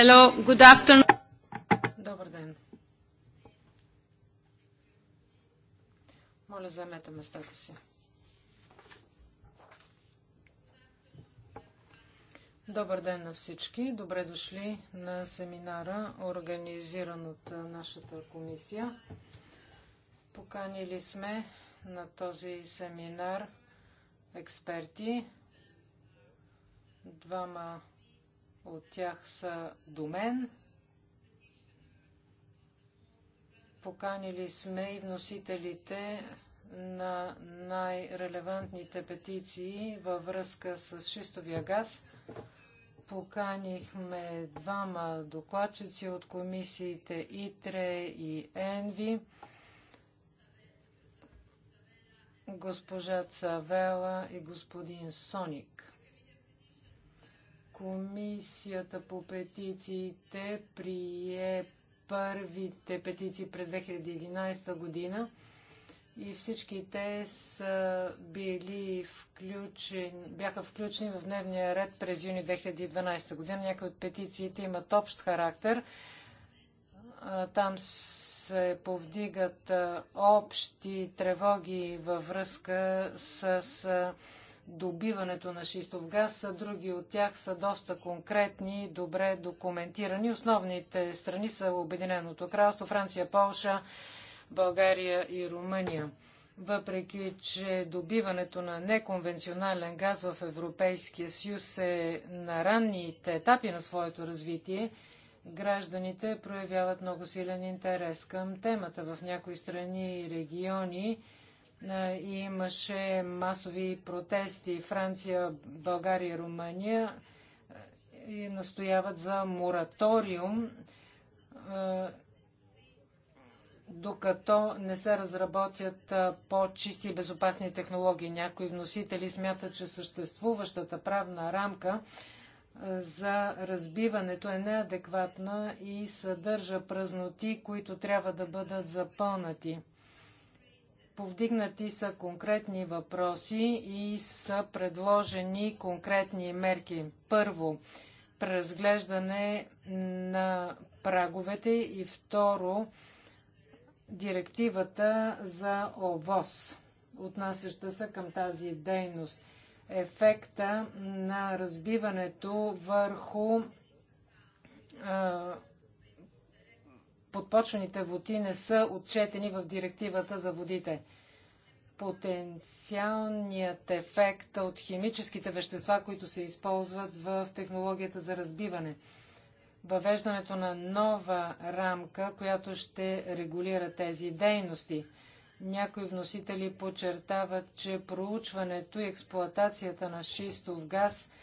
Hello, good afternoon. Добър ден. Моля, заемете местата си. Добър ден на всички. Добре дошли на семинара, организиран от нашата комисия. Поканили сме на този семинар експерти, двама от тях са до мен. Поканили сме и вносителите на най-релевантните петиции във връзка с шистовия газ. Поканихме двама докладчици от комисиите ИТРЕ и ЕНВИ. Госпожа Цавела и господин Соник. Комисията по петициите прие първите петиции през 2011 година и всички те са били включен, бяха включени в дневния ред през юни 2012 година. Някои от петициите имат общ характер. Там се повдигат общи тревоги във връзка с добиването на шистов газ, други от тях са доста конкретни, и добре документирани. Основните страни са Обединеното кралство, Франция, Полша, България и Румъния. Въпреки, че добиването на неконвенционален газ в Европейския съюз е на ранните етапи на своето развитие, гражданите проявяват много силен интерес към темата. В някои страни и региони имаше масови протести Франция, България и Румъния и настояват за мораториум, докато не се разработят по-чисти и безопасни технологии. Някои вносители смятат, че съществуващата правна рамка за разбиването е неадекватна и съдържа празноти, които трябва да бъдат запълнати. Повдигнати са конкретни въпроси и са предложени конкретни мерки. Първо, преразглеждане на праговете и второ, директивата за ОВОС, отнасяща се към тази дейност. Ефекта на разбиването върху а, подпочвените води не са отчетени в директивата за водите. Потенциалният ефект от химическите вещества, които се използват в технологията за разбиване. Въвеждането на нова рамка, която ще регулира тези дейности. Някои вносители подчертават, че проучването и експлоатацията на шистов газ –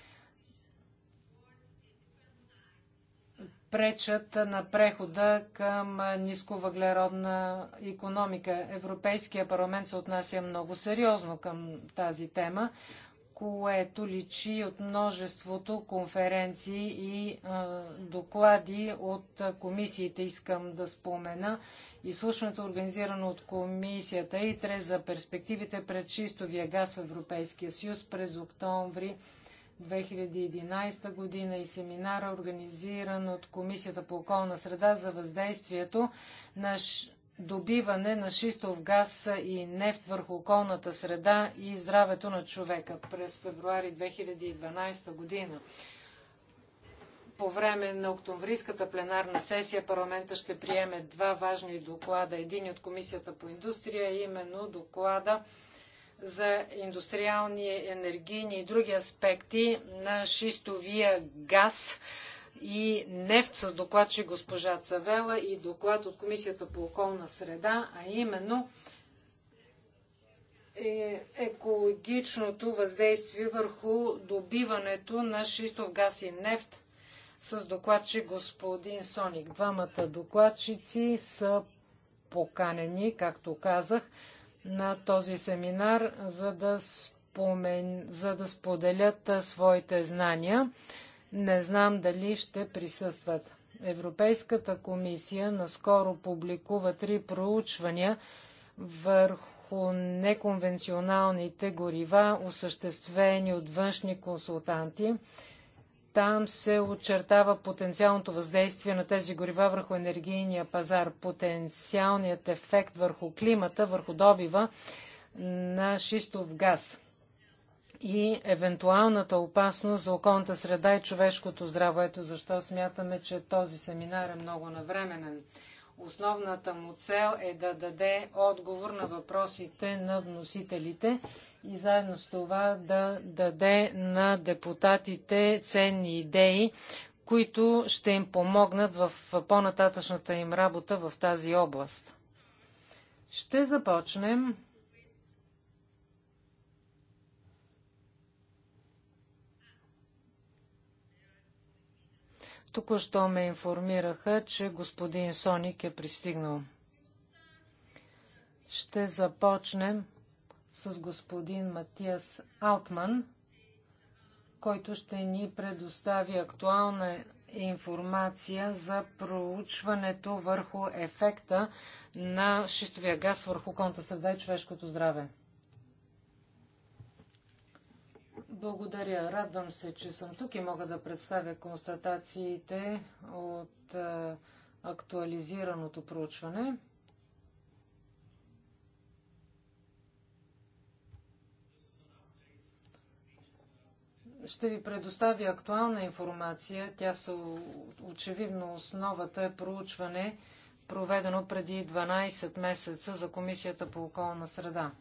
пречат на прехода към нисковъглеродна економика. Европейския парламент се отнася много сериозно към тази тема, което личи от множеството конференции и а, доклади от комисиите. Искам да спомена изслушването, организирано от комисията ИТРЕ за перспективите пред чистовия газ в Европейския съюз през октомври 2011 година и семинара, организиран от Комисията по околна среда за въздействието на добиване на шистов газ и нефт върху околната среда и здравето на човека през февруари 2012 година. По време на октомврийската пленарна сесия парламента ще приеме два важни доклада. Един е от Комисията по индустрия, именно доклада за индустриални, енергийни и други аспекти на шистовия газ и нефт с докладчи госпожа Цавела и доклад от Комисията по околна среда, а именно е екологичното въздействие върху добиването на шистов газ и нефт с докладчи господин Соник. Двамата докладчици са поканени, както казах на този семинар, за да, спомен... за да споделят своите знания. Не знам дали ще присъстват. Европейската комисия наскоро публикува три проучвания върху неконвенционалните горива, осъществени от външни консултанти. Там се очертава потенциалното въздействие на тези горива върху енергийния пазар, потенциалният ефект върху климата, върху добива на шистов газ и евентуалната опасност за околната среда и човешкото здраве. Ето защо смятаме, че този семинар е много навременен. Основната му цел е да даде отговор на въпросите на вносителите и заедно с това да даде на депутатите ценни идеи, които ще им помогнат в по-нататъчната им работа в тази област. Ще започнем Току-що ме информираха, че господин Соник е пристигнал. Ще започнем с господин Матиас Алтман, който ще ни предостави актуална информация за проучването върху ефекта на шистовия газ върху конта среда и човешкото здраве. Благодаря. Радвам се, че съм тук и мога да представя констатациите от актуализираното проучване. Ще ви предоставя актуална информация. Тя са очевидно основата е проучване, проведено преди 12 месеца за Комисията по околна среда.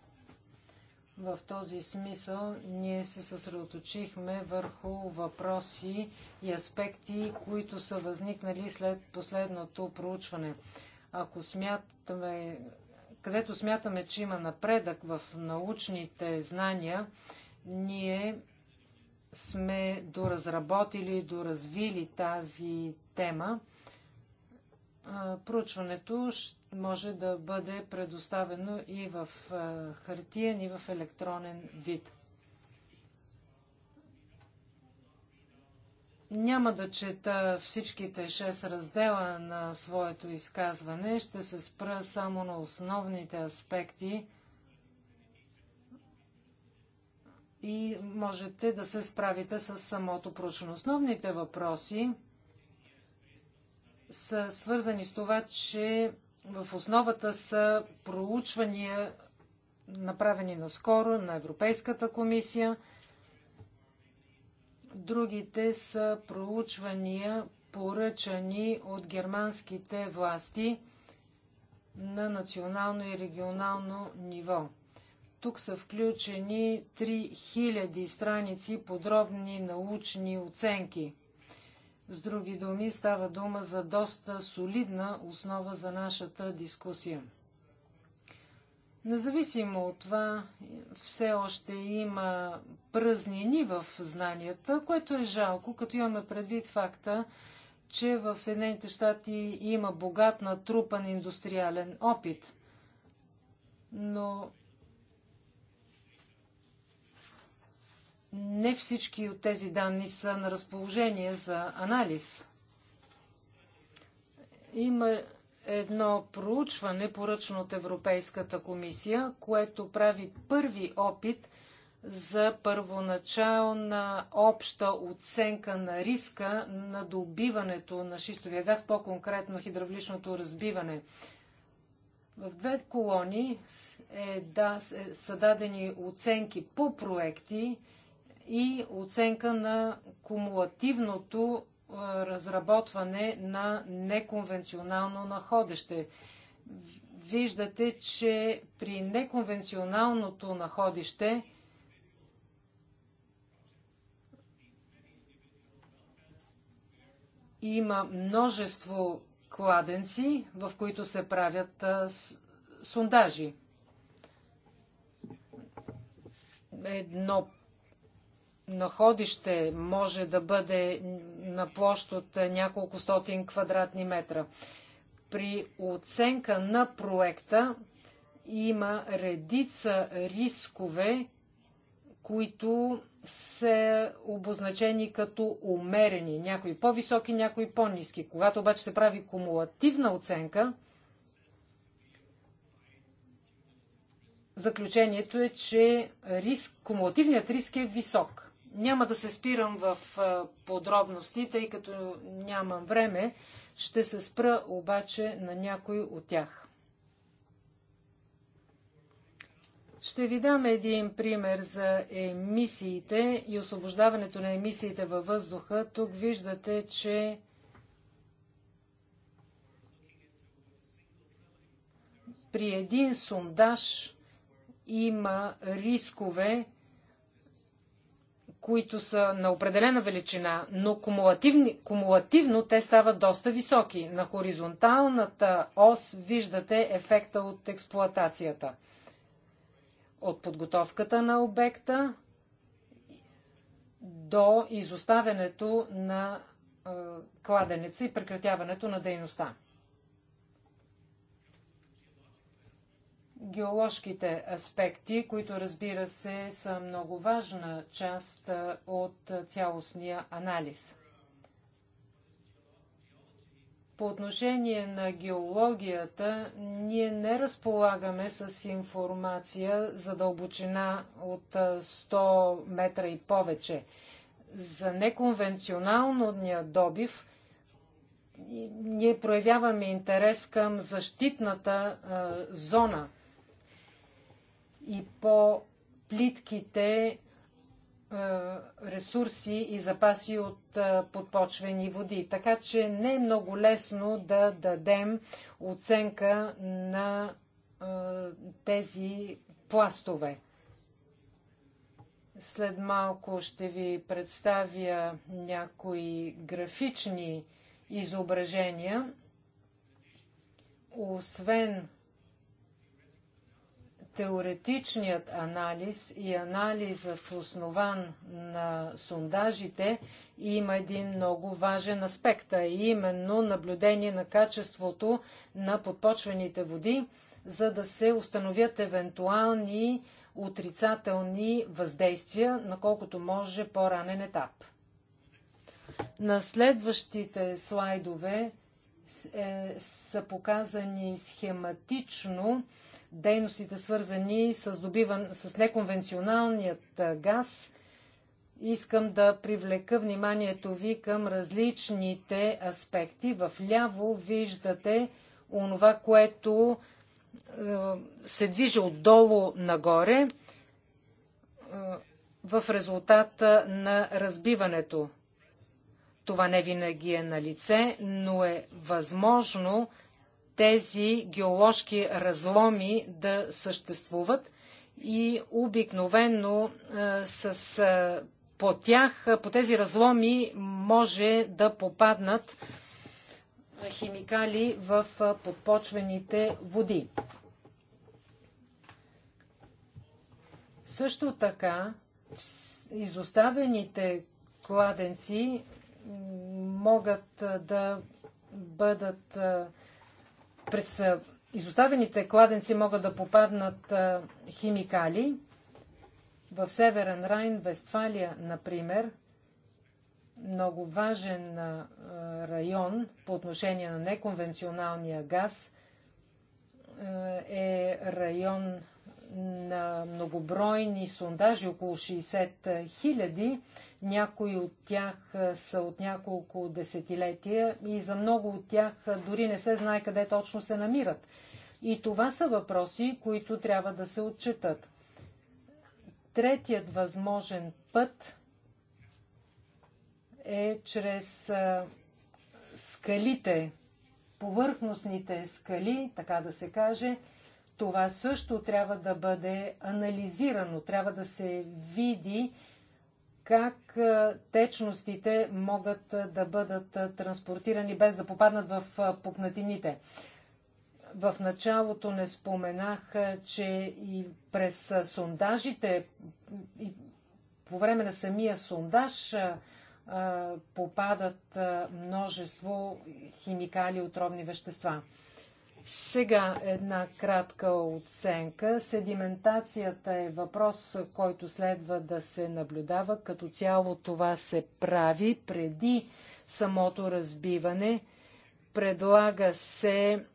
В този смисъл ние се съсредоточихме върху въпроси и аспекти, които са възникнали след последното проучване. Ако смятаме, където смятаме, че има напредък в научните знания, ние сме доразработили, доразвили тази тема, проучването може да бъде предоставено и в хартиен, и в електронен вид. Няма да чета всичките шест раздела на своето изказване, ще се спра само на основните аспекти, и можете да се справите с самото проучване. Основните въпроси са свързани с това, че в основата са проучвания, направени наскоро на Европейската комисия. Другите са проучвания, поръчани от германските власти на национално и регионално ниво. Тук са включени 3000 страници подробни научни оценки. С други думи, става дума за доста солидна основа за нашата дискусия. Независимо от това, все още има пръзнини в знанията, което е жалко, като имаме предвид факта, че в Съединените щати има богат натрупан индустриален опит. Но не всички от тези данни са на разположение за анализ. Има едно проучване, поръчно от Европейската комисия, което прави първи опит за първоначална обща оценка на риска на добиването на шистовия газ, по-конкретно хидравличното разбиване. В две колони е, да, са дадени оценки по проекти и оценка на кумулативното разработване на неконвенционално находище. Виждате, че при неконвенционалното находище има множество кладенци, в които се правят сундажи. Едно находище може да бъде на площ от няколко стотин квадратни метра. При оценка на проекта има редица рискове, които са обозначени като умерени, някои по-високи, някои по-низки. Когато обаче се прави кумулативна оценка, заключението е, че риск, кумулативният риск е висок. Няма да се спирам в подробности, тъй като нямам време. Ще се спра обаче на някой от тях. Ще ви дам един пример за емисиите и освобождаването на емисиите във въздуха. Тук виждате, че при един сондаж има рискове които са на определена величина, но кумулативно те стават доста високи. На хоризонталната ос виждате ефекта от експлоатацията. От подготовката на обекта до изоставянето на кладенеца и прекратяването на дейността. геоложките аспекти, които разбира се са много важна част от цялостния анализ. По отношение на геологията, ние не разполагаме с информация за дълбочина от 100 метра и повече. За неконвенционалния добив ние проявяваме интерес към защитната зона, и по-плитките ресурси и запаси от подпочвени води. Така че не е много лесно да дадем оценка на тези пластове. След малко ще ви представя някои графични изображения. Освен теоретичният анализ и анализът основан на сондажите има един много важен аспект, а именно наблюдение на качеството на подпочвените води, за да се установят евентуални отрицателни въздействия на колкото може по-ранен етап. На следващите слайдове е, са показани схематично дейностите свързани с, добиван, с неконвенционалният газ, искам да привлека вниманието ви към различните аспекти. В ляво виждате онова, което се движи отдолу нагоре в резултат на разбиването. Това не винаги е на лице, но е възможно тези геоложки разломи да съществуват и обикновено с, по, тях, по тези разломи може да попаднат химикали в подпочвените води. Също така, изоставените кладенци могат да бъдат през изоставените кладенци могат да попаднат химикали. В Северен Райн, Вестфалия, например, много важен район по отношение на неконвенционалния газ е район на многобройни сондажи, около 60 хиляди. Някои от тях са от няколко десетилетия и за много от тях дори не се знае къде точно се намират. И това са въпроси, които трябва да се отчитат. Третият възможен път е чрез скалите, повърхностните скали, така да се каже, това също трябва да бъде анализирано, трябва да се види как течностите могат да бъдат транспортирани без да попаднат в пукнатините. В началото не споменах, че и през сондажите, и по време на самия сондаж попадат множество химикали и отровни вещества. Сега една кратка оценка. Седиментацията е въпрос, който следва да се наблюдава. Като цяло това се прави преди самото разбиване. Предлага се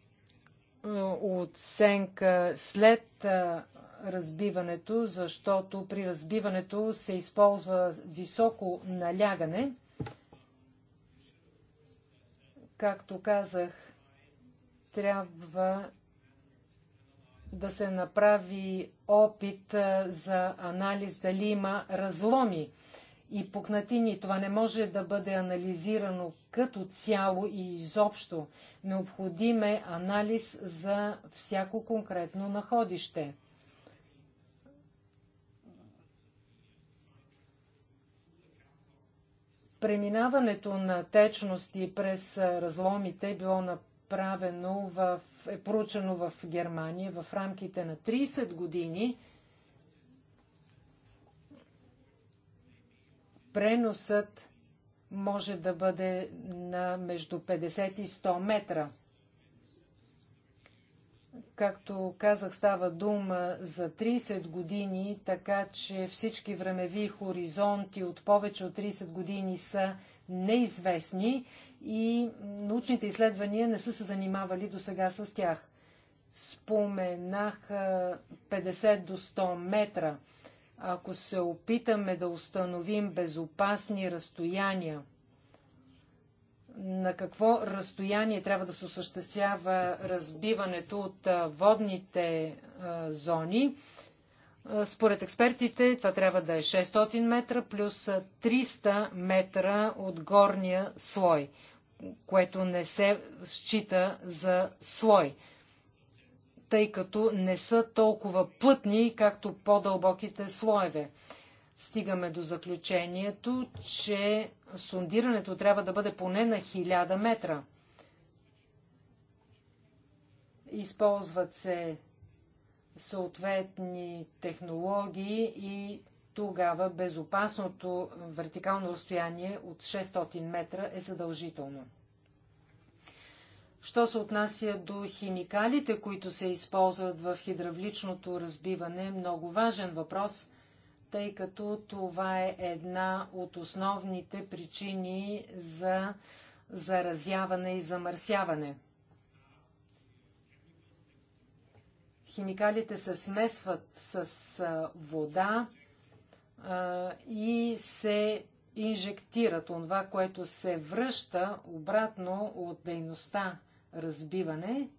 оценка след разбиването, защото при разбиването се използва високо налягане. Както казах, трябва да се направи опит за анализ дали има разломи и пукнатини. Това не може да бъде анализирано като цяло и изобщо. Необходим е анализ за всяко конкретно находище. Преминаването на течности през разломите е било на правено в, е поручено в Германия в рамките на 30 години. Преносът може да бъде на между 50 и 100 метра. Както казах, става дума за 30 години, така че всички времеви хоризонти от повече от 30 години са неизвестни и научните изследвания не са се занимавали до сега с тях. Споменах 50 до 100 метра. Ако се опитаме да установим безопасни разстояния, на какво разстояние трябва да се осъществява разбиването от водните зони. Според експертите това трябва да е 600 метра плюс 300 метра от горния слой което не се счита за слой, тъй като не са толкова плътни, както по-дълбоките слоеве. Стигаме до заключението, че сондирането трябва да бъде поне на 1000 метра. Използват се съответни технологии и тогава безопасното вертикално разстояние от 600 метра е задължително. Що се отнася до химикалите, които се използват в хидравличното разбиване, е много важен въпрос, тъй като това е една от основните причини за заразяване и замърсяване. Химикалите се смесват с вода, а, и се инжектират. това, което се връща обратно от дейността разбиване,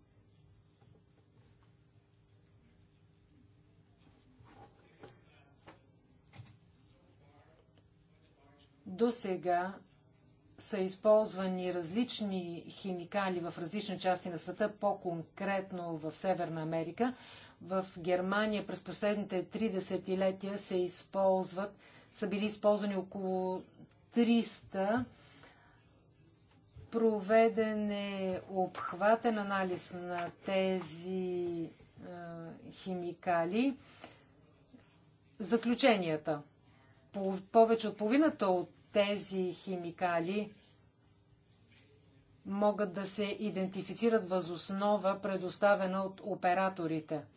до сега са използвани различни химикали в различни части на света, по-конкретно в Северна Америка, в Германия през последните три десетилетия се използват, са били използвани около 300. Проведен е обхватен анализ на тези е, химикали. Заключенията. По, повече от половината от тези химикали могат да се идентифицират възоснова, предоставена от операторите –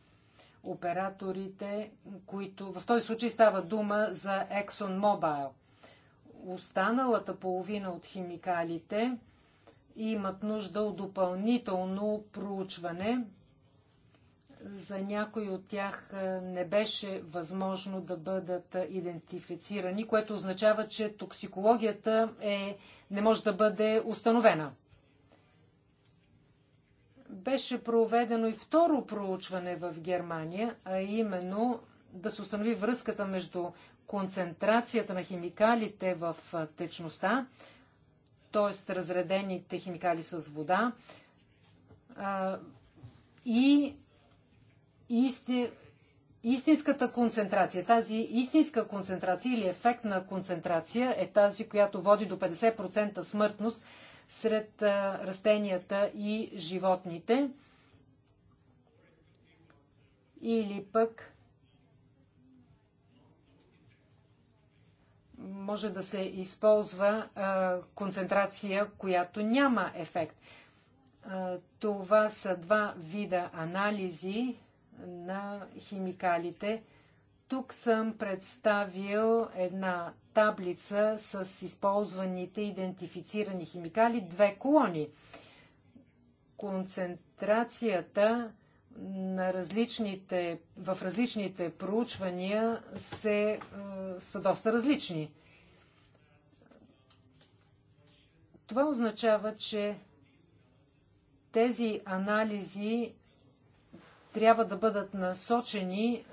операторите, които в този случай става дума за Exxon Mobil. Останалата половина от химикалите имат нужда от допълнително проучване. За някои от тях е, не беше възможно да бъдат е, идентифицирани, което означава, че токсикологията е, не може да бъде установена беше проведено и второ проучване в Германия, а именно да се установи връзката между концентрацията на химикалите в течността, т.е. разредените химикали с вода, и истинската концентрация. Тази истинска концентрация или ефектна концентрация е тази, която води до 50% смъртност сред растенията и животните. Или пък може да се използва концентрация, която няма ефект. това са два вида анализи на химикалите – тук съм представил една таблица с използваните идентифицирани химикали, две колони. Концентрацията на различните, в различните проучвания се, е, са доста различни. Това означава, че тези анализи трябва да бъдат насочени е,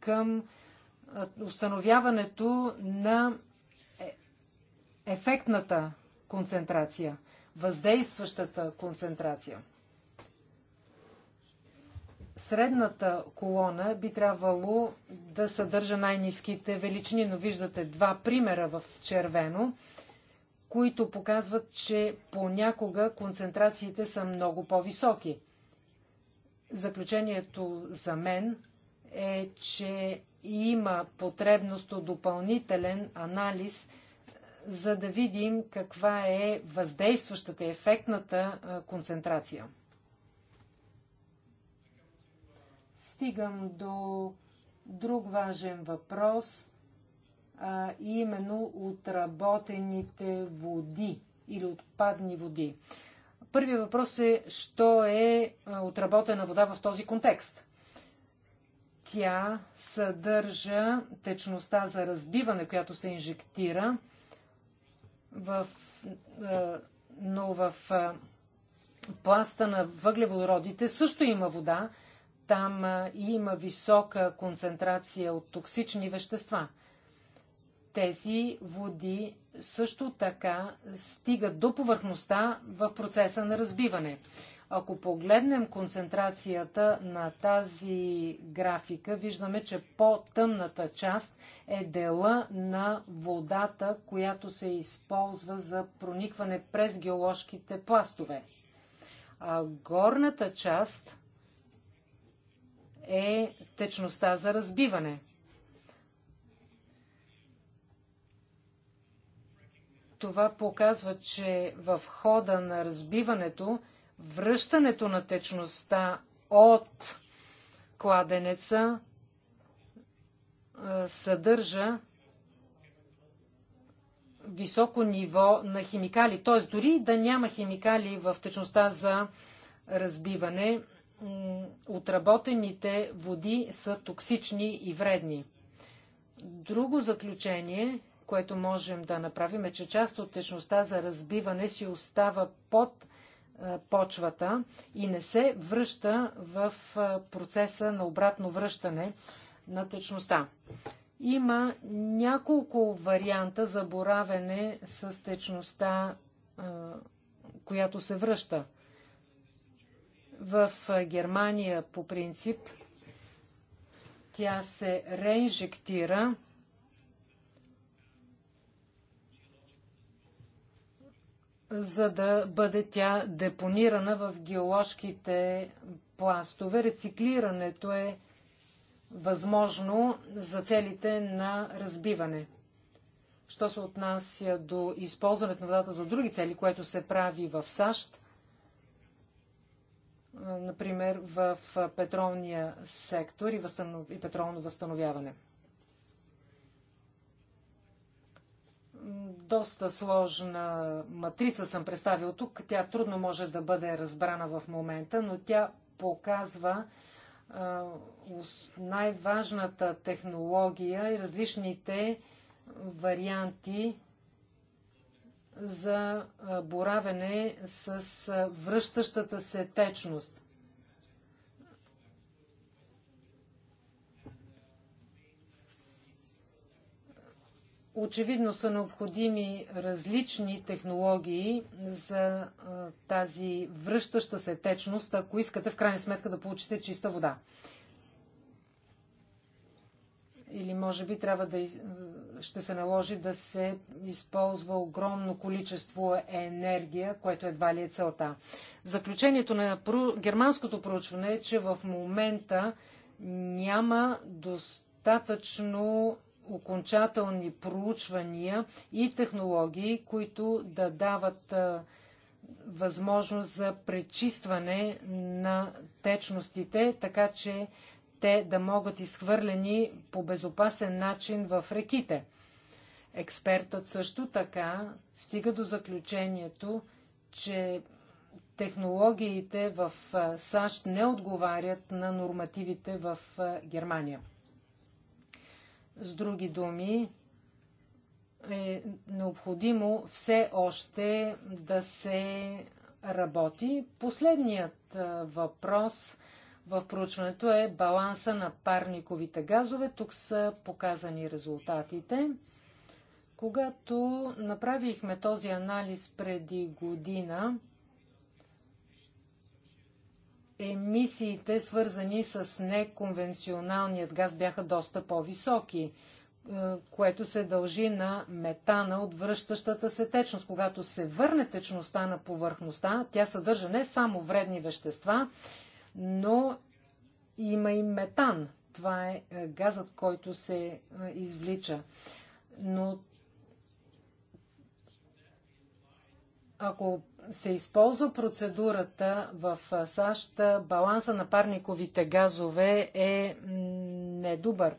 към е, установяването на е, ефектната концентрация, въздействащата концентрация. Средната колона би трябвало да съдържа най-низките величини, но виждате два примера в червено, които показват, че понякога концентрациите са много по-високи. Заключението за мен е, че има потребност от допълнителен анализ, за да видим каква е въздействащата ефектната концентрация. Стигам до друг важен въпрос, а именно отработените води или отпадни води. Първият въпрос е, що е отработена вода в този контекст? Тя съдържа течността за разбиване, която се инжектира, в, но в пласта на въглеводородите също има вода. Там има висока концентрация от токсични вещества – тези води също така стигат до повърхността в процеса на разбиване. Ако погледнем концентрацията на тази графика, виждаме, че по-тъмната част е дела на водата, която се използва за проникване през геоложките пластове. А горната част е течността за разбиване. Това показва, че в хода на разбиването, връщането на течността от кладенеца съдържа високо ниво на химикали. Т.е. дори да няма химикали в течността за разбиване, отработените води са токсични и вредни. Друго заключение което можем да направим е, че част от течността за разбиване си остава под е, почвата и не се връща в е, процеса на обратно връщане на течността. Има няколко варианта за боравене с течността, е, която се връща. В Германия по принцип тя се реинжектира за да бъде тя депонирана в геоложките пластове. Рециклирането е възможно за целите на разбиване. Що се отнася до използването на водата за други цели, което се прави в САЩ, например в петролния сектор и, възстанов... и петролно възстановяване. доста сложна матрица съм представил тук. Тя трудно може да бъде разбрана в момента, но тя показва най-важната технология и различните варианти за боравене с връщащата се течност. Очевидно са необходими различни технологии за тази връщаща се течност, ако искате в крайна сметка да получите чиста вода. Или може би трябва да ще се наложи да се използва огромно количество енергия, което едва ли е целта. Заключението на германското проучване е, че в момента няма достатъчно окончателни проучвания и технологии, които да дават възможност за пречистване на течностите, така че те да могат изхвърлени по безопасен начин в реките. Експертът също така стига до заключението, че технологиите в САЩ не отговарят на нормативите в Германия. С други думи, е необходимо все още да се работи. Последният въпрос в проучването е баланса на парниковите газове. Тук са показани резултатите. Когато направихме този анализ преди година, емисиите, свързани с неконвенционалният газ, бяха доста по-високи, е, което се дължи на метана от връщащата се течност. Когато се върне течността на повърхността, тя съдържа не само вредни вещества, но има и метан. Това е, е газът, който се е, извлича. Но ако се използва процедурата в САЩ, баланса на парниковите газове е недобър.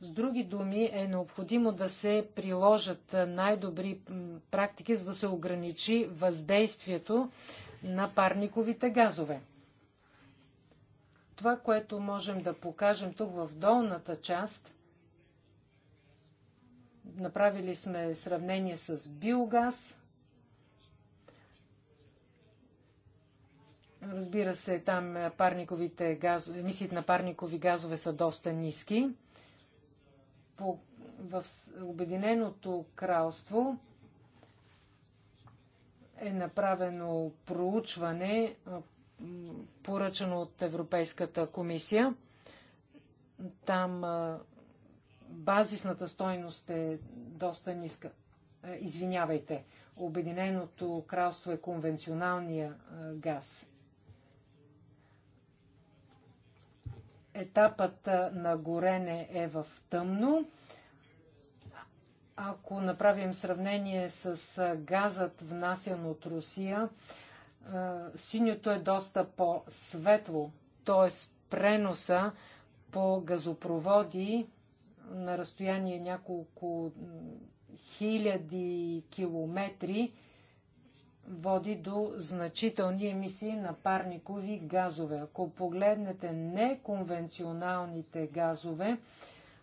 С други думи, е необходимо да се приложат най-добри практики, за да се ограничи въздействието на парниковите газове. Това, което можем да покажем тук в долната част, направили сме сравнение с биогаз – Разбира се, там е, парниковите газ... емисиите на парникови газове са доста ниски. По... В Обединеното кралство е направено проучване, е, поръчано от Европейската комисия. Там е, базисната стойност е доста ниска. Извинявайте, Обединеното кралство е конвенционалния газ. етапът на горене е в тъмно. Ако направим сравнение с газът, внасян от Русия, синьото е доста по-светло, т.е. преноса по газопроводи на разстояние няколко хиляди километри води до значителни емисии на парникови газове. Ако погледнете неконвенционалните газове,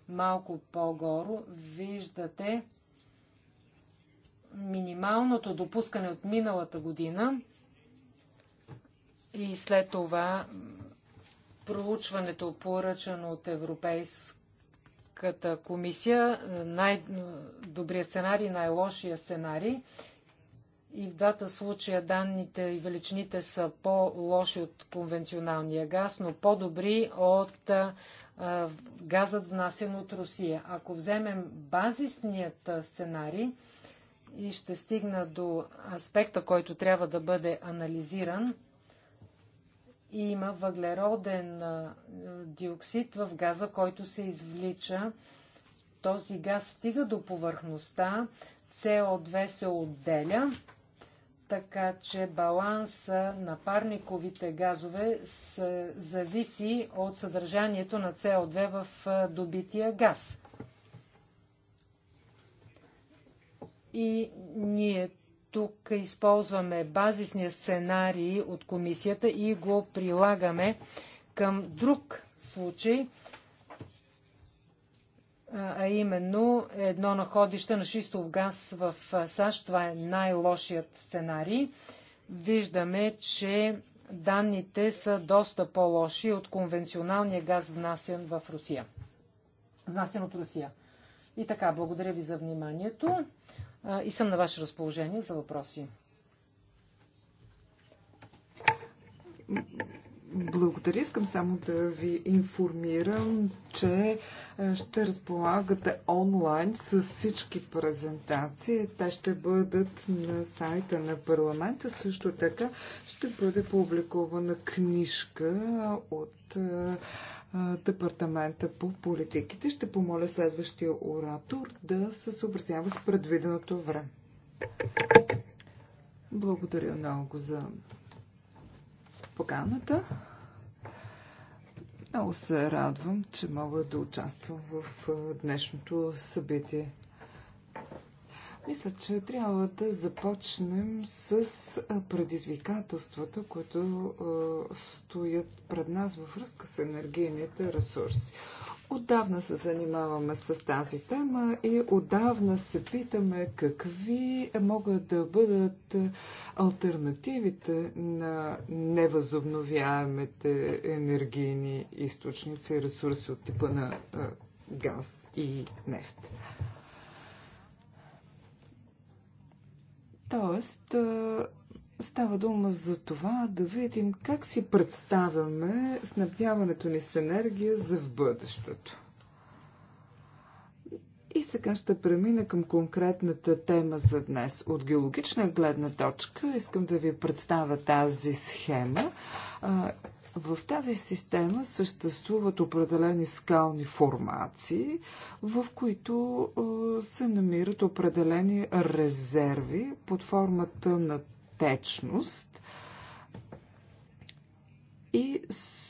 малко по-горо, виждате минималното допускане от миналата година и след това проучването, поръчано от Европейската комисия, най-добрият сценарий, най-лошия сценарий и в двата случая данните и величините са по-лоши от конвенционалния газ, но по-добри от газът внасен от Русия. Ако вземем базисният сценарий и ще стигна до аспекта, който трябва да бъде анализиран, има въглероден диоксид в газа, който се извлича. Този газ стига до повърхността, CO2 се отделя така че баланса на парниковите газове с, зависи от съдържанието на со 2 в добития газ. И ние тук използваме базисния сценарий от комисията и го прилагаме към друг случай – а именно едно находище на шистов газ в САЩ. Това е най-лошият сценарий. Виждаме, че данните са доста по-лоши от конвенционалния газ внасен в Русия. Внасен от Русия. И така, благодаря ви за вниманието и съм на ваше разположение за въпроси. Благодаря. Искам само да ви информирам, че е, ще разполагате онлайн с всички презентации. Те ще бъдат на сайта на парламента. Също така ще бъде публикувана книжка е, от е, Департамента по политиките. Ще помоля следващия оратор да се съобразява с предвиденото време. Благодаря много за поканата. Много се радвам, че мога да участвам в днешното събитие. Мисля, че трябва да започнем с предизвикателствата, които стоят пред нас във връзка с енергийните ресурси. Отдавна се занимаваме с тази тема и отдавна се питаме какви могат да бъдат альтернативите на невъзобновяемите енергийни източници и ресурси от типа на газ и нефт. Тоест, Става дума за това да видим как си представяме снабдяването ни с енергия за в бъдещето. И сега ще премина към конкретната тема за днес. От геологична гледна точка искам да ви представя тази схема. В тази система съществуват определени скални формации, в които се намират определени резерви под формата на течност и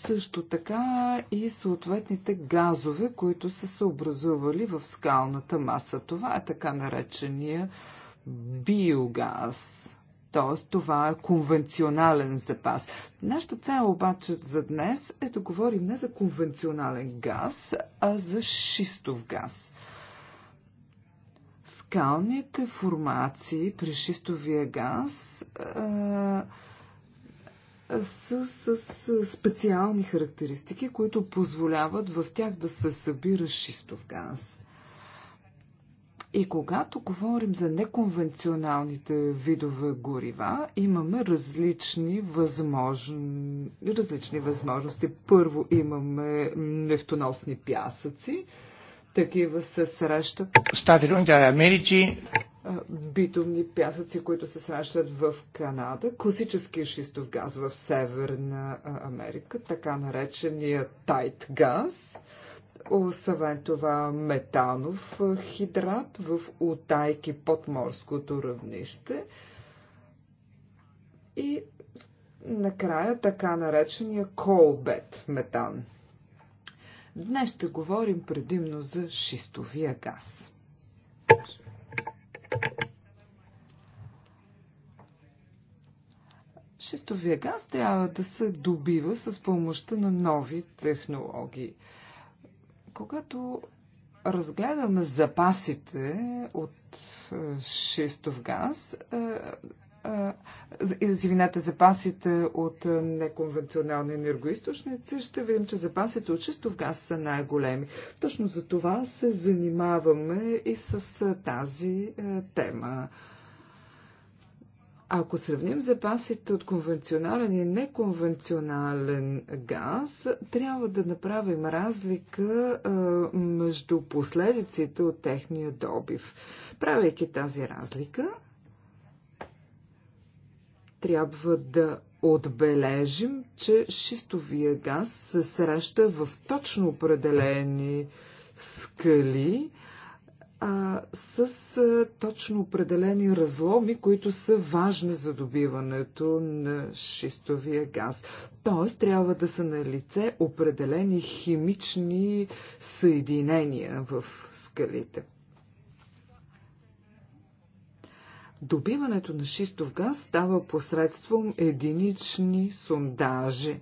също така и съответните газове, които са се образували в скалната маса. Това е така наречения биогаз. Т.е. това е конвенционален запас. Нашата цел обаче за днес е да говорим не за конвенционален газ, а за шистов газ фискалните формации при шистовия газ са с, с, с специални характеристики, които позволяват в тях да се събира шистов газ. И когато говорим за неконвенционалните видове горива, имаме различни, възможни, различни възможности. Първо имаме нефтоносни пясъци, такива се срещат. Статилунта е Битумни пясъци, които се срещат в Канада, класическия шистов газ в Северна Америка, така наречения тайт газ. Освен това метанов хидрат в утайки под морското равнище. И накрая така наречения колбет метан. Днес ще говорим предимно за шистовия газ. Шистовия газ трябва да се добива с помощта на нови технологии. Когато разгледаме запасите от е, шистов газ, е, извинете, запасите от неконвенционални енергоисточници, ще видим, че запасите от чистов газ са най-големи. Точно за това се занимаваме и с тази тема. Ако сравним запасите от конвенционален и неконвенционален газ, трябва да направим разлика между последиците от техния добив. Правейки тази разлика, трябва да отбележим, че шистовия газ се среща в точно определени скали а, с а, точно определени разломи, които са важни за добиването на шистовия газ. Тоест, трябва да са на лице определени химични съединения в скалите. Добиването на шистов газ става посредством единични сондажи.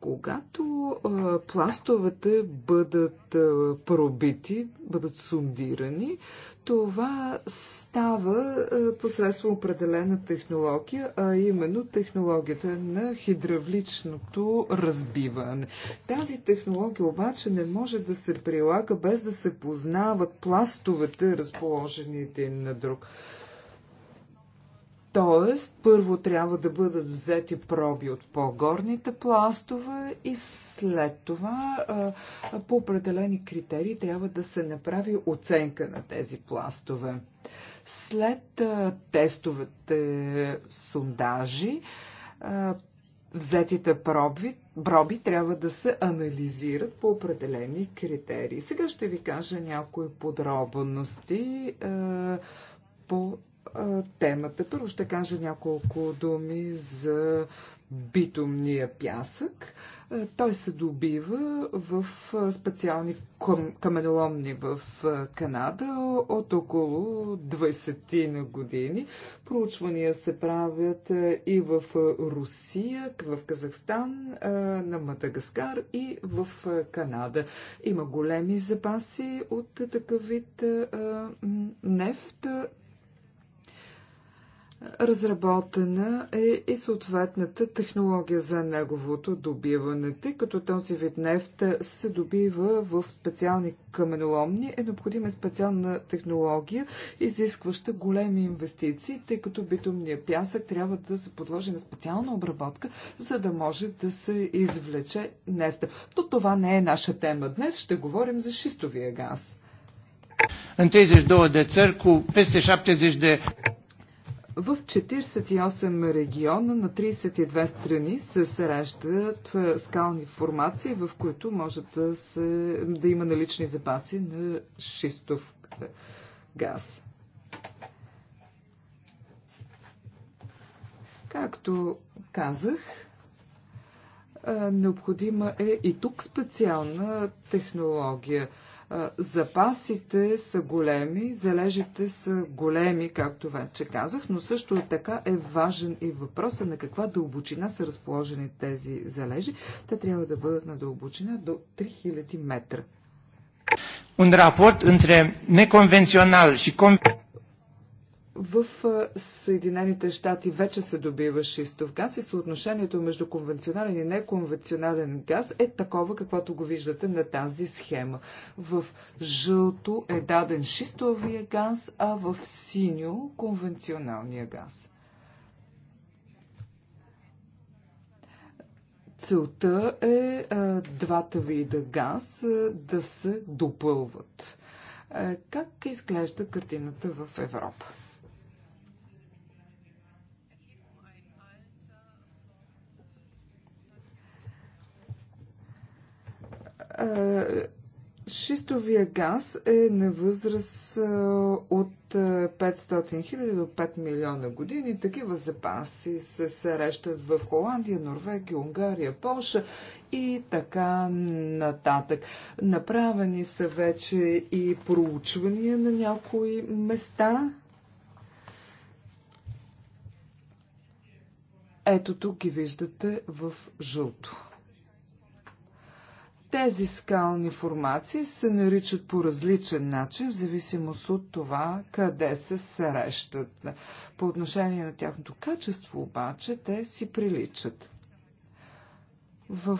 Когато а, пластовете бъдат а, пробити, бъдат сундирани, това става а, посредством определена технология, а именно технологията на хидравличното разбиване. Тази технология обаче не може да се прилага без да се познават пластовете, разположените един на друг. А, Тоест, първо трябва да бъдат взети проби от по-горните пластове и след това по определени критерии трябва да се направи оценка на тези пластове. След тестовете сондажи, взетите проби, проби трябва да се анализират по определени критерии. Сега ще ви кажа някои подробности по темата. Първо ще кажа няколко думи за битумния пясък. Той се добива в специални каменоломни в Канада от около 20 на години. Проучвания се правят и в Русия, в Казахстан, на Мадагаскар и в Канада. Има големи запаси от такъв вид нефт. Разработена е и съответната технология за неговото добиване, тъй като този вид нефт се добива в специални каменоломни, е необходима специална технология, изискваща големи инвестиции, тъй като битумния пясък трябва да се подложи на специална обработка, за да може да се извлече нефта. Но това не е наша тема днес, ще говорим за шистовия газ. 32 de țări cu peste 70 de в 48 региона на 32 страни се срещат е, скални формации, в които може да, се, да има налични запаси на шистов е, газ. Както казах, е, необходима е и тук специална технология – Запасите са големи, залежите са големи, както вече казах, но също така е важен и въпросът е на каква дълбочина са разположени тези залежи. Те трябва да бъдат на дълбочина до 3000 метра. Un raport între neconvențional și convențional в Съединените щати вече се добива шистов газ и съотношението между конвенционален и неконвенционален газ е такова, каквото го виждате на тази схема. В жълто е даден шистовия газ, а в синьо конвенционалния газ. Целта е двата вида газ да се допълват. как изглежда картината в Европа? Шистовия газ е на възраст от 500 000 до 5 милиона години. Такива запаси се срещат в Холандия, Норвегия, Унгария, Польша и така нататък. Направени са вече и проучвания на някои места. Ето тук ги виждате в жълто. Тези скални формации се наричат по различен начин, в зависимост от това къде се срещат. По отношение на тяхното качество обаче, те си приличат. В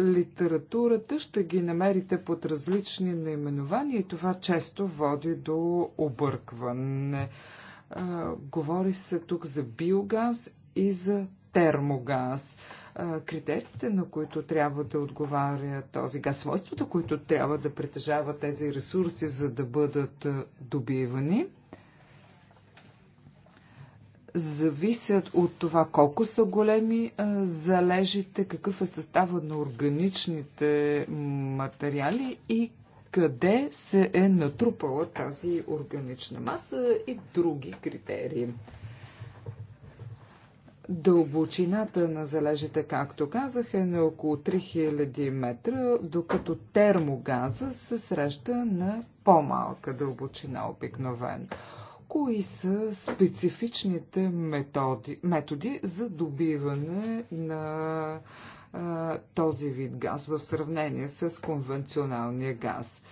литературата ще ги намерите под различни наименования и това често води до объркване. говори се тук за биогаз и за термогаз критериите, на които трябва да отговаря този газ, свойствата, които трябва да притежават тези ресурси, за да бъдат добивани, зависят от това колко са големи залежите, какъв е състава на органичните материали и къде се е натрупала тази органична маса и други критерии. Дълбочината на залежите, както казах, е на около 3000 метра, докато термогаза се среща на по-малка дълбочина обикновен. Кои са специфичните методи, методи за добиване на а, този вид газ в сравнение с конвенционалния газ?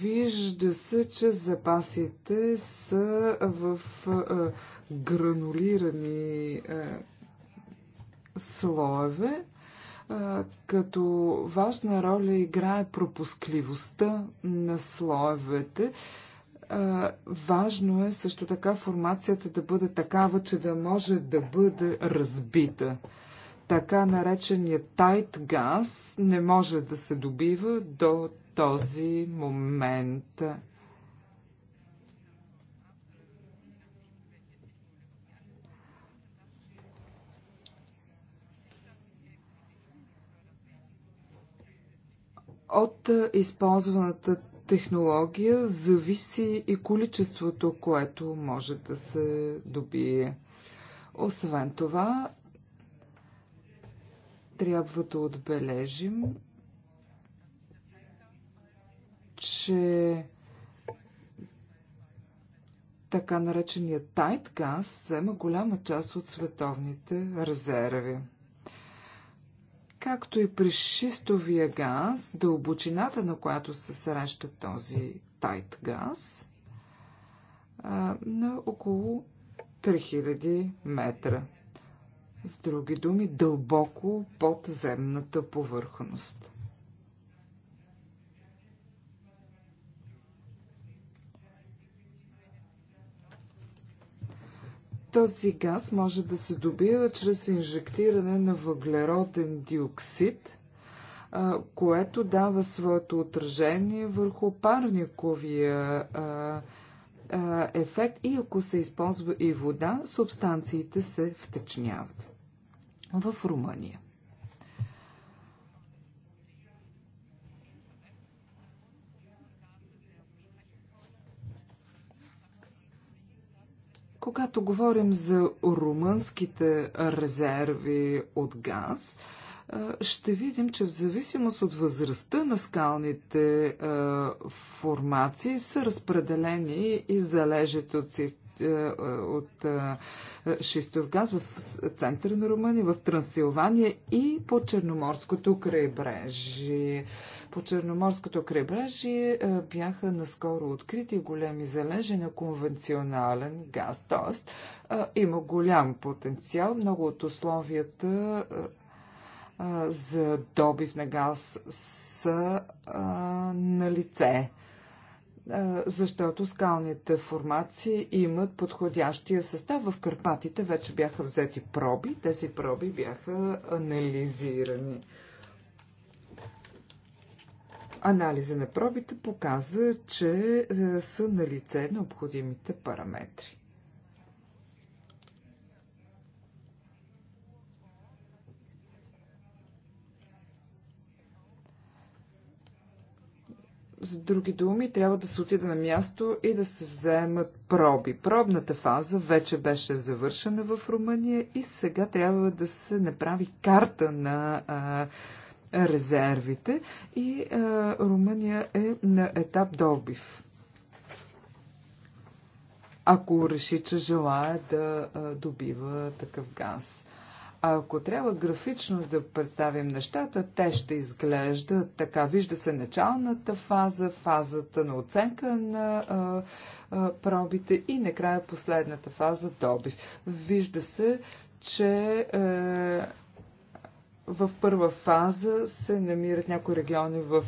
Вижда се, че запасите са в а, гранулирани а, слоеве, а, като важна роля играе пропускливостта на слоевете. А, важно е също така формацията да бъде такава, че да може да бъде разбита така наречения тайт газ не може да се добива до този момент. От използваната технология зависи и количеството, което може да се добие. Освен това, трябва да отбележим, че така наречения тайт газ взема голяма част от световните резерви. Както и при шистовия газ, дълбочината на която се среща този тайт газ, на около 3000 метра. С други думи, дълбоко под земната повърхност. Този газ може да се добива чрез инжектиране на въглероден диоксид, което дава своето отражение върху парниковия ефект и ако се използва и вода, субстанциите се втечняват в Румъния. Когато говорим за румънските резерви от газ, ще видим, че в зависимост от възрастта на скалните формации са разпределени и залежите от е, от е, шистов газ в центъра на Румъния, в Трансилвания и по Черноморското крайбрежие. По Черноморското крайбрежие е, бяха наскоро открити големи залежи на конвенционален газ. Тоест, има голям потенциал. Много от условията за добив на газ са на лице защото скалните формации имат подходящия състав. В Карпатите вече бяха взети проби. Тези проби бяха анализирани. Анализа на пробите показа, че е, са на лице необходимите параметри. С други думи, трябва да се отида на място и да се вземат проби. Пробната фаза вече беше завършена в Румъния и сега трябва да се направи карта на а, резервите и а, Румъния е на етап добив. Ако реши, че желая да а, добива такъв газ. Ако трябва графично да представим нещата, те ще изглеждат така. Вижда се началната фаза, фазата на оценка на а, а, пробите и накрая последната фаза добив. Вижда се, че е, в първа фаза се намират някои региони в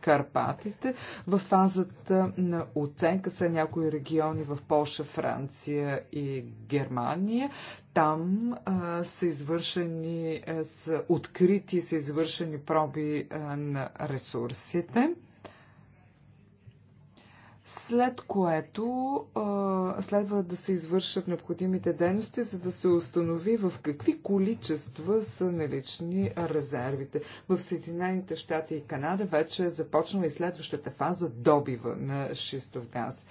Карпатите. В фазата на оценка са някои региони в Польша, Франция и Германия. Там а, са извършени, а, са открити, са извършени проби а, на ресурсите след което а, следва да се извършат необходимите дейности, за да се установи в какви количества са налични резервите. В Съединените щати и Канада вече е започнала и следващата фаза добива на шистов газ.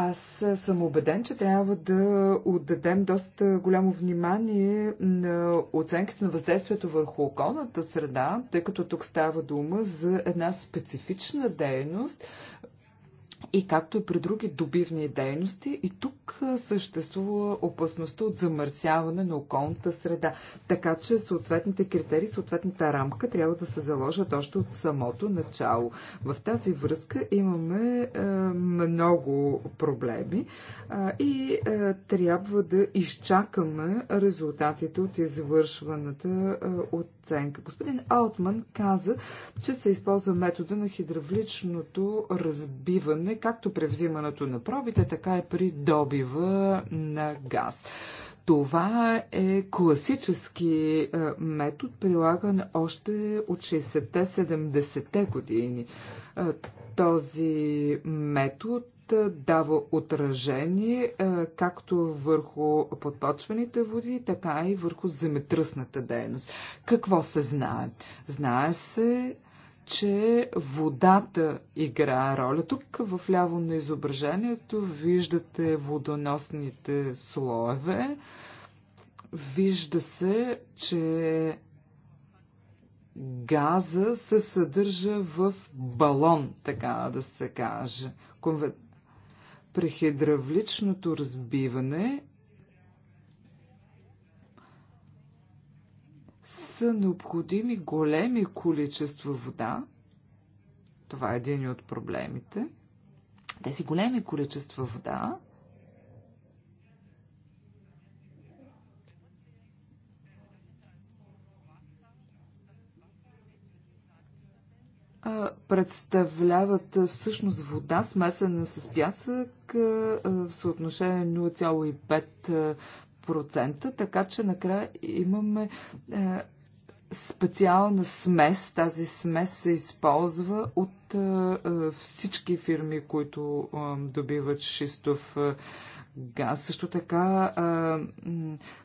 Аз съм убеден, че трябва да отдадем доста голямо внимание на оценката на въздействието върху околната среда, тъй като тук става дума за една специфична дейност, и както и при други добивни дейности. И тук съществува опасността от замърсяване на околната среда. Така че съответните критерии, съответната рамка трябва да се заложат още от самото начало. В тази връзка имаме е, много проблеми е, и е, трябва да изчакаме резултатите от извършваната е, оценка. Господин Аутман каза, че се използва метода на хидравличното разбиване както при взимането на пробите, така и при добива на газ. Това е класически е, метод, прилаган още от 60-те, 70-те години. Е, този метод е, дава отражение както върху подпочвените води, така и върху земетръсната дейност. Какво се знае? Знае се, че водата играе роля. Тук в ляво на изображението виждате водоносните слоеве. Вижда се, че газа се съдържа в балон, така да се каже. При хидравличното разбиване са необходими големи количества вода. Това е един от проблемите. Тези големи количества вода представляват всъщност вода, смесена с пясък в съотношение 0,5 процента, така че накрая имаме е, специална смес. Тази смес се използва от е, е, всички фирми, които добиват шистов газ. Също така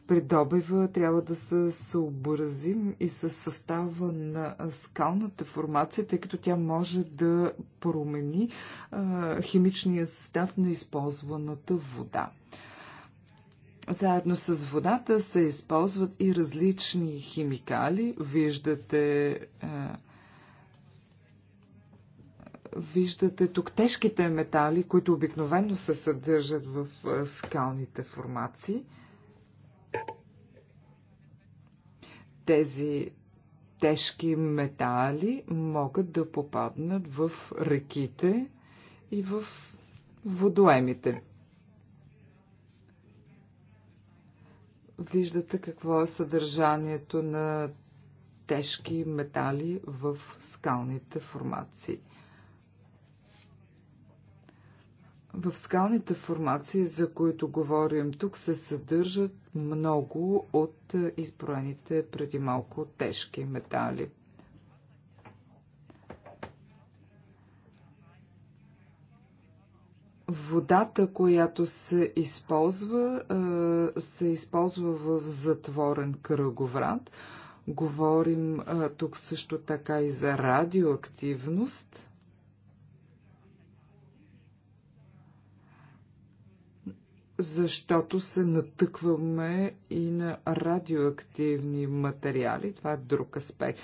при добива трябва да се съобразим и с състава на скалната формация, тъй като тя може да промени химичния състав на използваната вода. Заедно с водата се използват и различни химикали. Виждате е, виждате тук тежките метали, които обикновено се съдържат в е, скалните формации. Тези тежки метали могат да попаднат в реките и в водоемите. виждате какво е съдържанието на тежки метали в скалните формации. В скалните формации, за които говорим тук, се съдържат много от изброените преди малко тежки метали. водата, която се използва, се използва в затворен кръговрат. Говорим тук също така и за радиоактивност. защото се натъкваме и на радиоактивни материали. Това е друг аспект.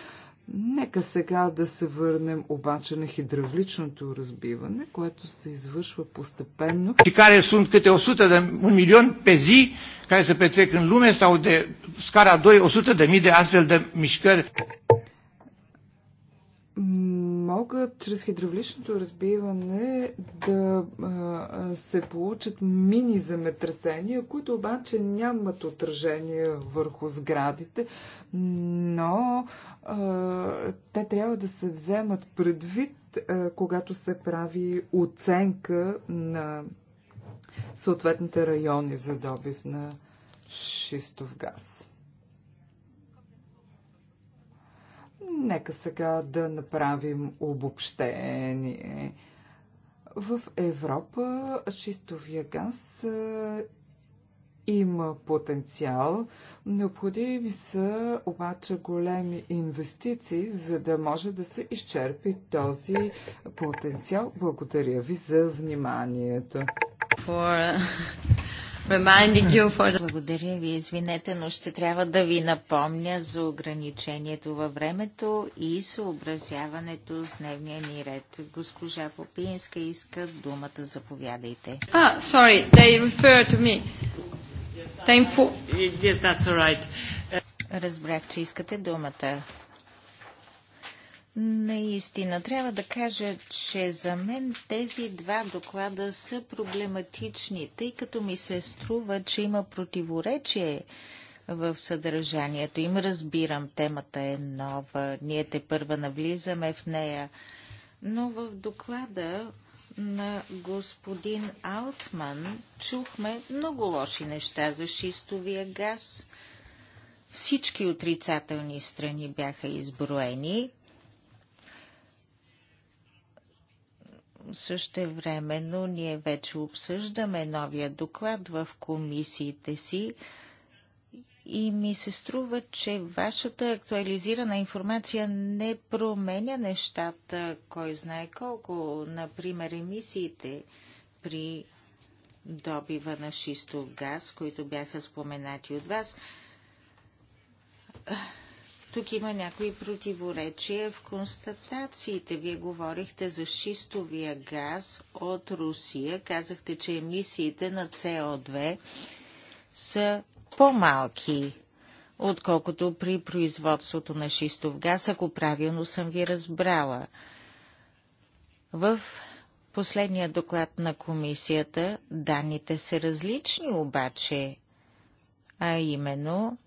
Нека сега да се върнем обаче на хидравличното разбиване, което се извършва постепенно. Ти каре сум кате осута да милион пези, кае се петрек лумен, сау де скара дой осута да миде азвел да мишкър могат чрез хидравличното разбиване да се получат мини земетресения, които обаче нямат отражение върху сградите, но те трябва да се вземат предвид, когато се прави оценка на съответните райони за добив на шистов газ. Нека сега да направим обобщение. В Европа шистовия газ има потенциал. Необходими са обаче големи инвестиции, за да може да се изчерпи този потенциал. Благодаря ви за вниманието. For, For... Благодаря ви, извинете, но ще трябва да ви напомня за ограничението във времето и съобразяването с дневния ни ред. Госпожа Попинска иска думата, заповядайте. А, ah, sorry, they refer to me. Yes, that's all right. Разбрах, че искате думата. Наистина, трябва да кажа, че за мен тези два доклада са проблематични, тъй като ми се струва, че има противоречие в съдържанието им. Разбирам, темата е нова, ние те първа навлизаме в нея, но в доклада на господин Алтман чухме много лоши неща за шистовия газ. Всички отрицателни страни бяха изброени, Също Същевременно ние вече обсъждаме новия доклад в комисиите си и ми се струва, че вашата актуализирана информация не променя нещата, кой знае колко. Например, емисиите при добива на шистов газ, които бяха споменати от вас тук има някои противоречия в констатациите. Вие говорихте за шистовия газ от Русия. Казахте, че емисиите на СО2 са по-малки, отколкото при производството на шистов газ, ако правилно съм ви разбрала. В последния доклад на комисията данните са различни обаче, а именно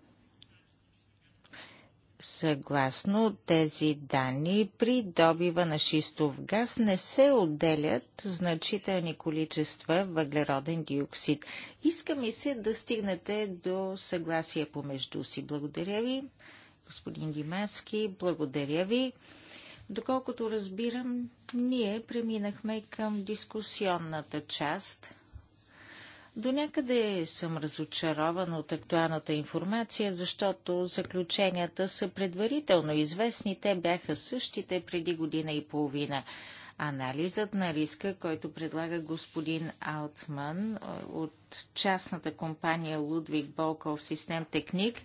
Съгласно тези данни, при добива на шистов газ не се отделят значителни количества въглероден диоксид. Иска ми се да стигнете до съгласие помежду си. Благодаря ви, господин Димаски, благодаря ви. Доколкото разбирам, ние преминахме към дискусионната част – до някъде съм разочарован от актуалната информация, защото заключенията са предварително известни, те бяха същите преди година и половина. Анализът на риска, който предлага господин Алтман е, от частната компания Лудвиг Болков Систем Техник,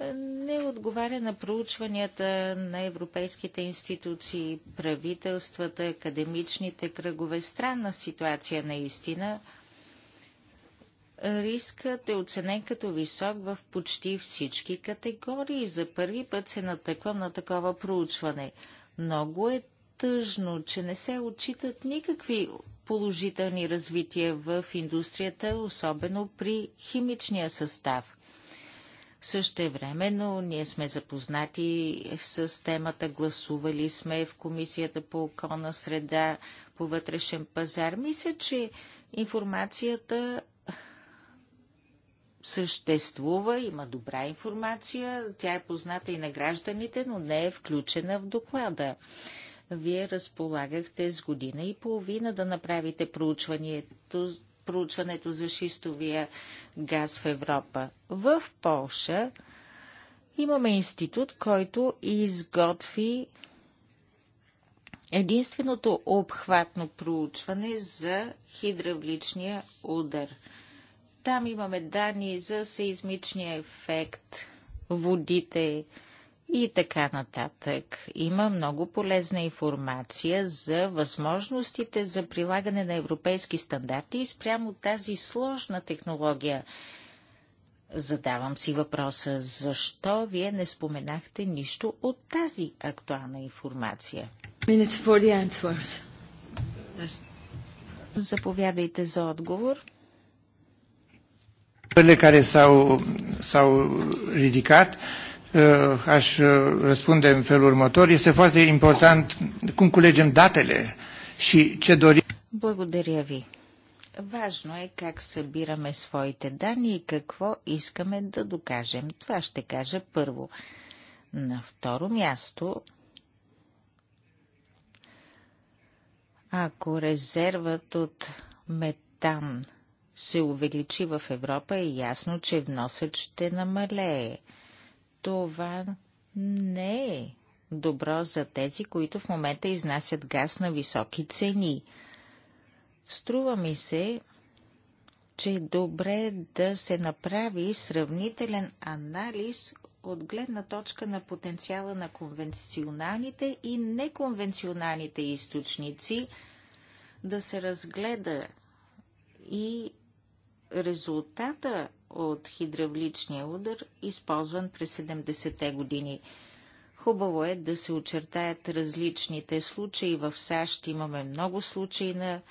е, не отговаря на проучванията на европейските институции, правителствата, академичните кръгове. Странна ситуация наистина – Рискът е оценен като висок в почти всички категории. За първи път се натъквам на такова проучване. Много е тъжно, че не се отчитат никакви положителни развития в индустрията, особено при химичния състав. Същевременно ние сме запознати с темата, гласували сме в Комисията по околна среда, по вътрешен пазар. Мисля, че информацията съществува, има добра информация, тя е позната и на гражданите, но не е включена в доклада. Вие разполагахте с година и половина да направите проучването, проучването за шистовия газ в Европа. В Полша имаме институт, който изготви единственото обхватно проучване за хидравличния удар – там имаме данни за сейзмичния ефект, водите и така нататък. Има много полезна информация за възможностите за прилагане на европейски стандарти и спрямо тази сложна технология. Задавам си въпроса, защо вие не споменахте нищо от тази актуална информация? Заповядайте за отговор întrebările care s-au, s-au ridicat, uh, aș uh, răspunde în felul următor. Este foarte important cum culegem datele și ce dorim. Благодаря ви. Важно е как събираме своите данни и какво искаме да докажем. Това ще кажа първо. На второ място, ако резервът от метан – се увеличи в Европа, е ясно, че вносът ще намалее. Това не е добро за тези, които в момента изнасят газ на високи цени. Струва ми се, че е добре да се направи сравнителен анализ от гледна точка на потенциала на конвенционалните и неконвенционалните източници, да се разгледа и резултата от хидравличния удар, използван през 70-те години. Хубаво е да се очертаят различните случаи. В САЩ имаме много случаи на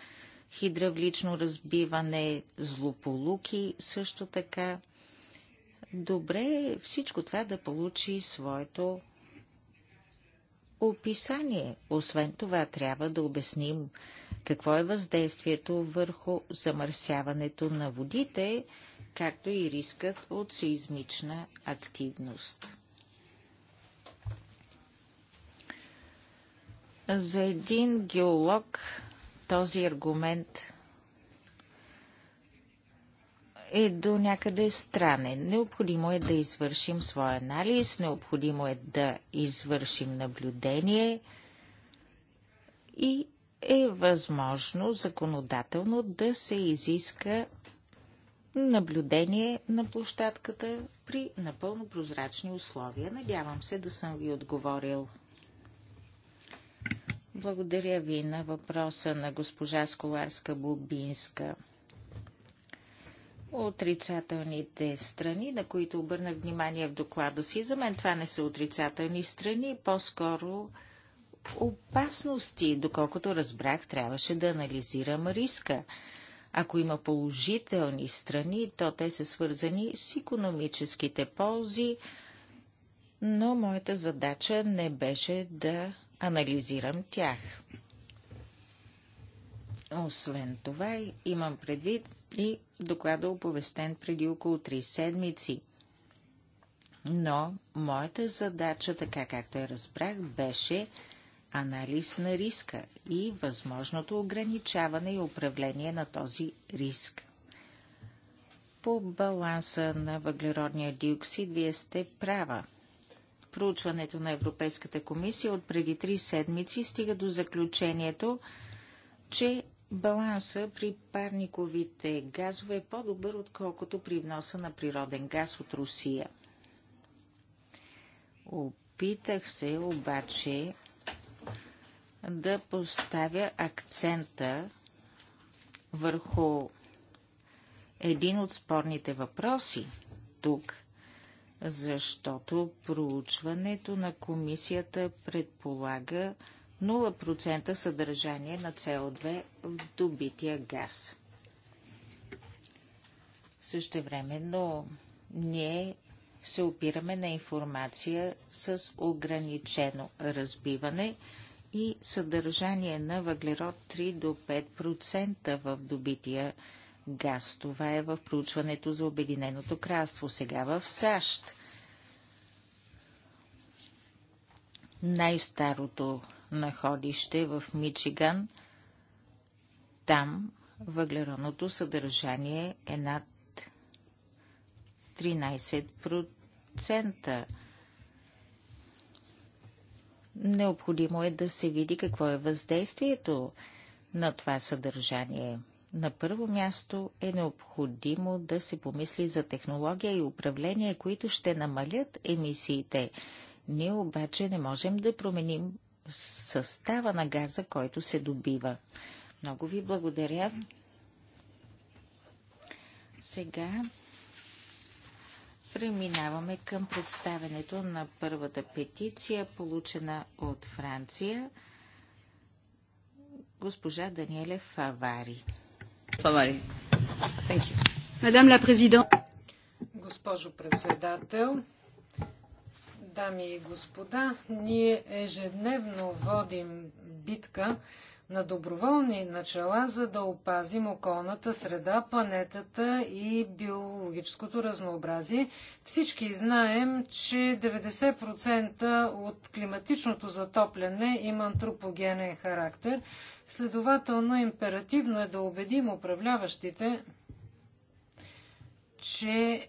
хидравлично разбиване, злополуки също така. Добре е всичко това да получи своето описание. Освен това трябва да обясним какво е въздействието върху замърсяването на водите, както и рискът от сейзмична активност. За един геолог този аргумент е до някъде странен. Необходимо е да извършим своя анализ, необходимо е да извършим наблюдение и е възможно законодателно да се изиска наблюдение на площадката при напълно прозрачни условия. Надявам се да съм ви отговорил. Благодаря ви на въпроса на госпожа Сколарска-Бубинска. Отрицателните страни, на които обърнах внимание в доклада си, за мен това не са отрицателни страни, по-скоро опасности. Доколкото разбрах, трябваше да анализирам риска. Ако има положителни страни, то те са свързани с економическите ползи, но моята задача не беше да анализирам тях. Освен това, имам предвид и доклада оповестен преди около 3 седмици. Но моята задача, така както я разбрах, беше анализ на риска и възможното ограничаване и управление на този риск. По баланса на въглеродния диоксид вие сте права. Проучването на Европейската комисия от преди три седмици стига до заключението, че баланса при парниковите газове е по-добър, отколкото при вноса на природен газ от Русия. Опитах се обаче да поставя акцента върху един от спорните въпроси тук, защото проучването на комисията предполага 0% съдържание на со 2 в добития газ. Същевременно ние се опираме на информация с ограничено разбиване – и съдържание на въглерод 3 до 5% в добития газ. Това е в проучването за Обединеното кралство. Сега в САЩ. Най-старото находище в Мичиган. Там въглеродното съдържание е над 13%. Необходимо е да се види какво е въздействието на това съдържание. На първо място е необходимо да се помисли за технология и управление, които ще намалят емисиите. Ние обаче не можем да променим състава на газа, който се добива. Много ви благодаря. Сега Преминаваме към представенето на първата петиция, получена от Франция. Госпожа Даниеле Фавари. Фавари. Thank you. Мадам ла президент. Госпожо председател, дами и господа, ние ежедневно водим битка на доброволни начала, за да опазим околната среда, планетата и биологическото разнообразие. Всички знаем, че 90% от климатичното затопляне има антропогенен характер. Следователно, императивно е да убедим управляващите, че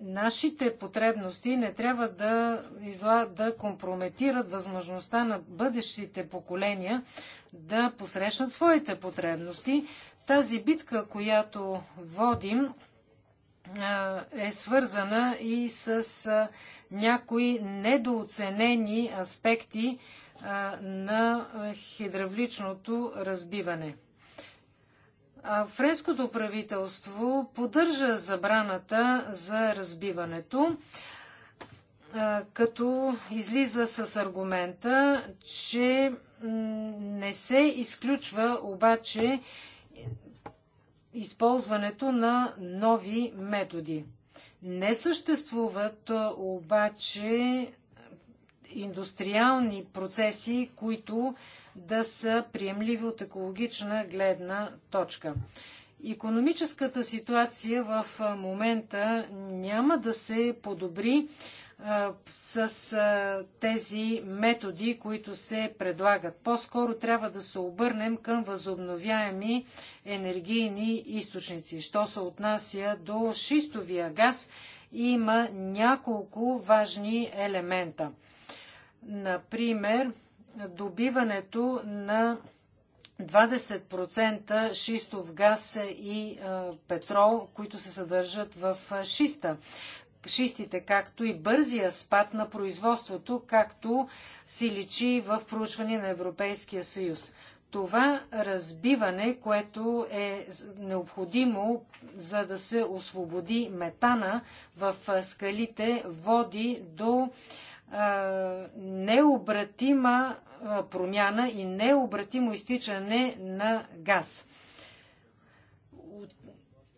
нашите потребности не трябва да, изла... да компрометират възможността на бъдещите поколения да посрещнат своите потребности. Тази битка, която водим, е свързана и с някои недооценени аспекти на хидравличното разбиване – Френското правителство поддържа забраната за разбиването, като излиза с аргумента, че не се изключва обаче използването на нови методи. Не съществуват обаче индустриални процеси, които да са приемливи от екологична гледна точка. Економическата ситуация в момента няма да се подобри а, с а, тези методи, които се предлагат. По-скоро трябва да се обърнем към възобновяеми енергийни източници. Що се отнася до шистовия газ, има няколко важни елемента. Например, добиването на 20% шистов газ и петрол, които се съдържат в шиста. Шистите, както и бързия спад на производството, както си личи в проучване на Европейския съюз. Това разбиване, което е необходимо за да се освободи метана в скалите, води до необратима промяна и необратимо изтичане на газ.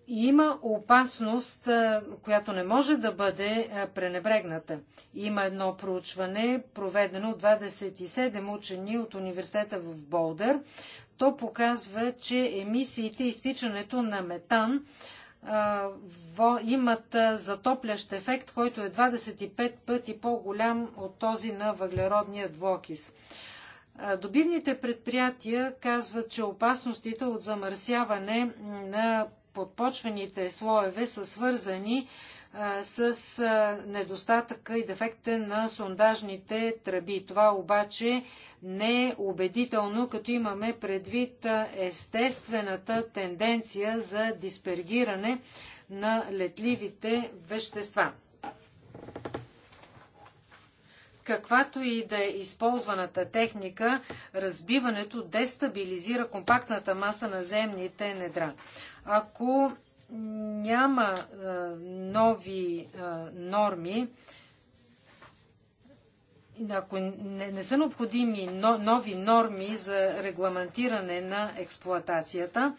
Има опасност, която не може да бъде пренебрегната. Има едно проучване, проведено от 27 учени от университета в Болдър. То показва, че емисиите и изтичането на метан имат затоплящ ефект, който е 25 пъти по-голям от този на въглеродния двокис. Добивните предприятия казват, че опасностите от замърсяване на подпочвените слоеве са свързани с недостатъка и дефекта на сондажните тръби. Това обаче не е убедително, като имаме предвид естествената тенденция за диспергиране на летливите вещества. Каквато и да е използваната техника, разбиването дестабилизира компактната маса на земните недра. Ако няма а, нови а, норми, ако не, не са необходими но, нови норми за регламентиране на експлоатацията,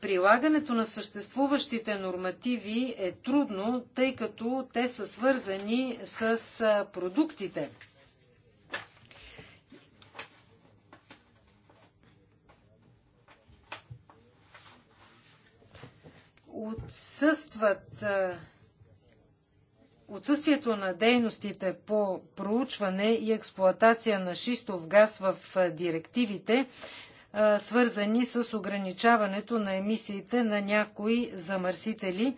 прилагането на съществуващите нормативи е трудно, тъй като те са свързани с а, продуктите – отсъстват Отсъствието на дейностите по проучване и експлоатация на шистов газ в директивите, свързани с ограничаването на емисиите на някои замърсители,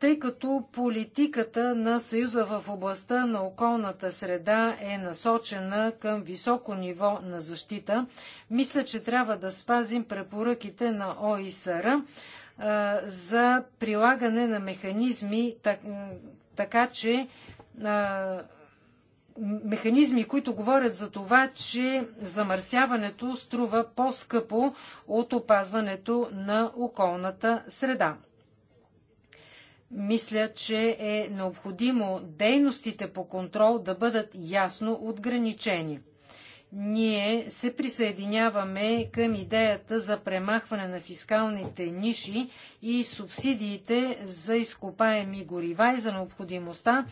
тъй като политиката на Съюза в областта на околната среда е насочена към високо ниво на защита, мисля, че трябва да спазим препоръките на ОИСР за прилагане на механизми, така че механизми, които говорят за това, че замърсяването струва по-скъпо от опазването на околната среда. Мисля, че е необходимо дейностите по контрол да бъдат ясно отграничени ние се присъединяваме към идеята за премахване на фискалните ниши и субсидиите за изкопаеми горива и за необходимостта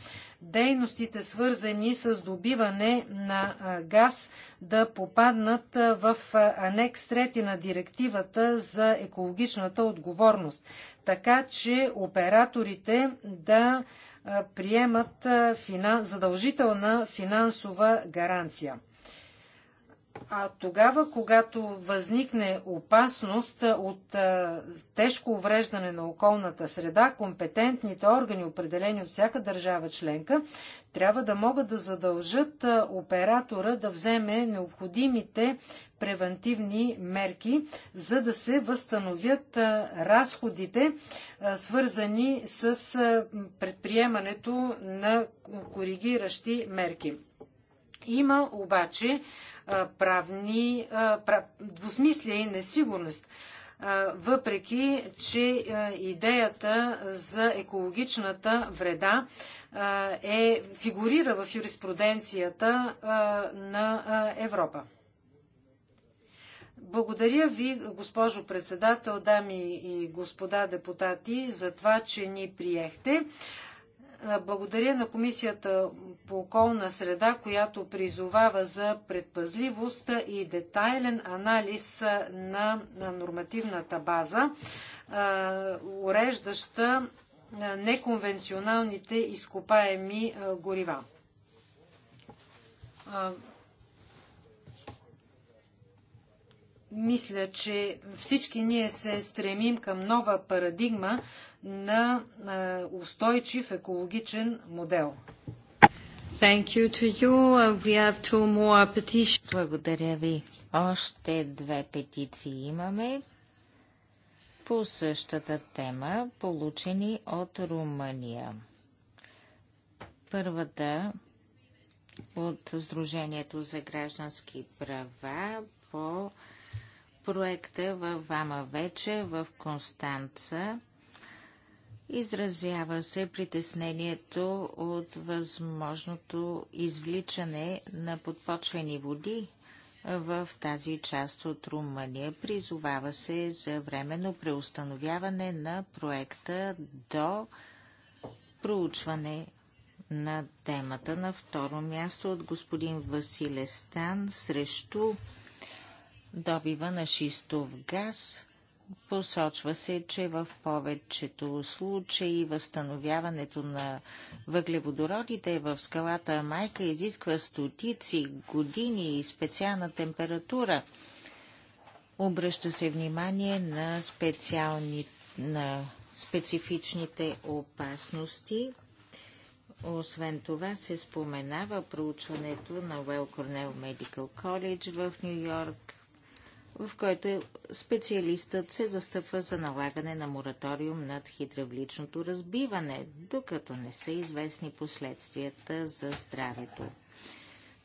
дейностите свързани с добиване на газ да попаднат в анекс 3 на директивата за екологичната отговорност, така че операторите да приемат задължителна финансова гаранция. А тогава, когато възникне опасност от а, тежко увреждане на околната среда, компетентните органи, определени от всяка държава членка, трябва да могат да задължат а, оператора да вземе необходимите превентивни мерки, за да се възстановят а, разходите, свързани с предприемането на коригиращи мерки. Има обаче правни, двусмислия двусмислие и несигурност. Въпреки, че идеята за екологичната вреда е, фигурира в юриспруденцията на Европа. Благодаря ви, госпожо председател, дами и господа депутати, за това, че ни приехте. Благодаря на комисията по околна среда, която призовава за предпазливост и детайлен анализ на нормативната база, уреждаща неконвенционалните изкопаеми горива. Мисля, че всички ние се стремим към нова парадигма на устойчив екологичен модел. Thank you to you. We have two more petitions. Благодаря ви. Още две петиции имаме по същата тема, получени от Румъния. Първата от Сдружението за граждански права по проекта във Вама вече в Констанца – Изразява се притеснението от възможното извличане на подпочвени води в тази част от Румъния. Призовава се за временно преустановяване на проекта до проучване на темата. На второ място от господин Василестан срещу добива на шистов газ Посочва се, че в повечето случаи възстановяването на въглеводородите е в скалата Майка изисква стотици години и специална температура. Обръща се внимание на, специални, на специфичните опасности. Освен това се споменава проучването на Уел Корнел Медикал Коледж в Нью Йорк, в който е специалистът се застъпва за налагане на мораториум над хидравличното разбиване, докато не са известни последствията за здравето.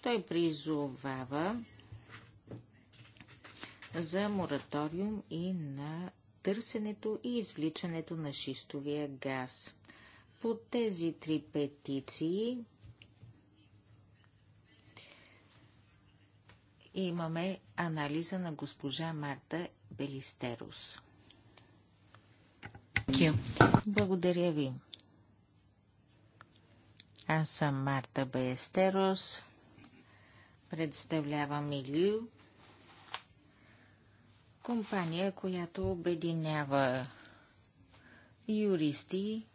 Той призовава за мораториум и на търсенето и извличането на шистовия газ. По тези три петиции И имаме анализа на госпожа Марта Белистерус. Благодаря ви. Аз съм Марта Белистерус. Представлявам Илю, компания, която обединява юристи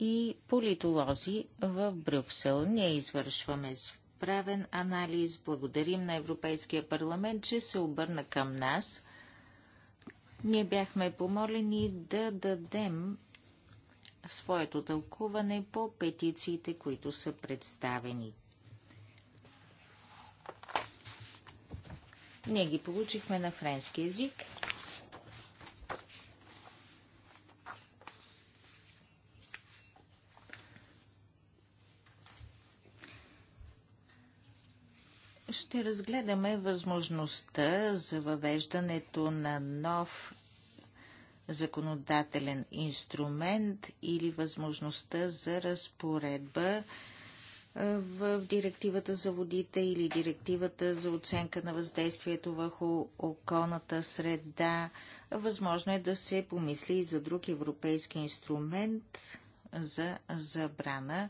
и политолози в Брюксел. Ние извършваме правен анализ. Благодарим на Европейския парламент, че се обърна към нас. Ние бяхме помолени да дадем своето тълкуване по петициите, които са представени. Ние ги получихме на френски язик. ще разгледаме възможността за въвеждането на нов законодателен инструмент или възможността за разпоредба е, в директивата за водите или директивата за оценка на въздействието върху околната среда. Възможно е да се помисли и за друг европейски инструмент за забрана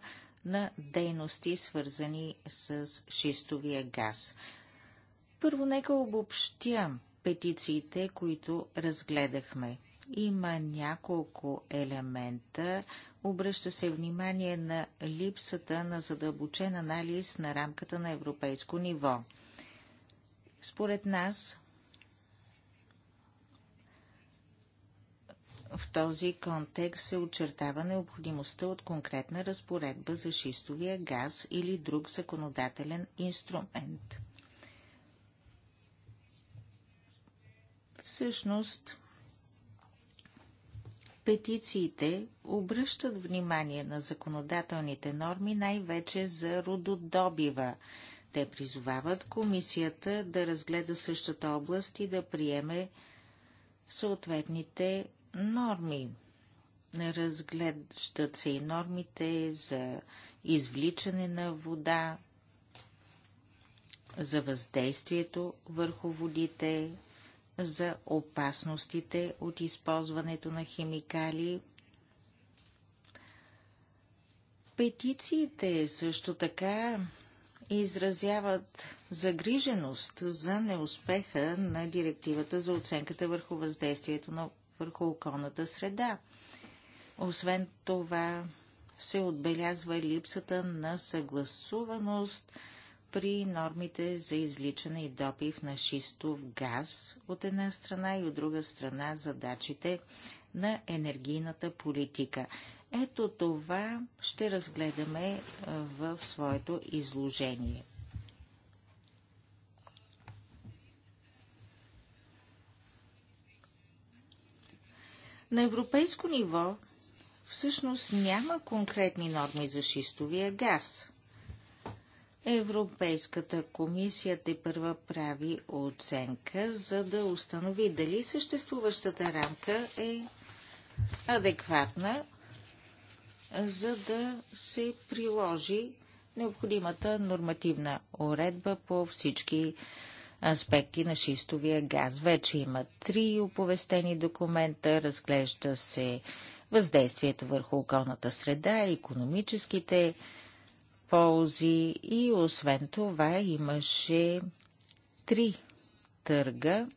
на дейности, свързани с шистовия газ. Първо нека обобщя петициите, които разгледахме. Има няколко елемента. Обръща се внимание на липсата на задълбочен анализ на рамката на европейско ниво. Според нас В този контекст се очертава необходимостта от конкретна разпоредба за шистовия газ или друг законодателен инструмент. Всъщност, петициите обръщат внимание на законодателните норми най-вече за рододобива. Те призовават комисията да разгледа същата област и да приеме съответните норми. Разглеждат се и нормите за извличане на вода, за въздействието върху водите, за опасностите от използването на химикали. Петициите също така изразяват загриженост за неуспеха на директивата за оценката върху въздействието на върху околната среда. Освен това, се отбелязва липсата на съгласуваност при нормите за извличане и допив на шистов газ от една страна и от друга страна задачите на енергийната политика. Ето това ще разгледаме в своето изложение. На европейско ниво всъщност няма конкретни норми за шистовия газ. Европейската комисия те първа прави оценка, за да установи дали съществуващата рамка е адекватна, за да се приложи необходимата нормативна уредба по всички аспекти на шистовия газ. Вече има три оповестени документа, разглежда се въздействието върху околната среда, економическите ползи и освен това имаше три търга,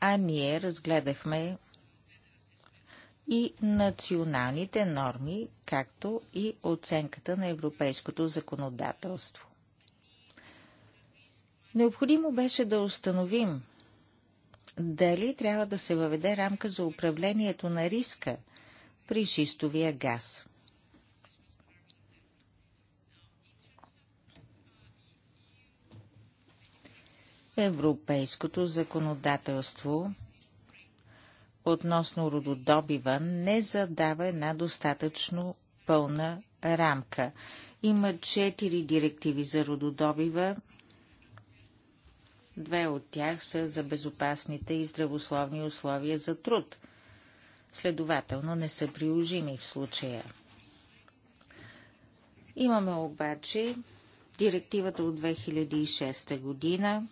а ние разгледахме и националните норми, както и оценката на европейското законодателство. Необходимо беше да установим дали трябва да се въведе рамка за управлението на риска при шистовия газ. Европейското законодателство относно рододобива не задава една достатъчно пълна рамка. Има четири директиви за рододобива, Две от тях са за безопасните и здравословни условия за труд. Следователно не са приложими в случая. Имаме обаче директивата от 2006 година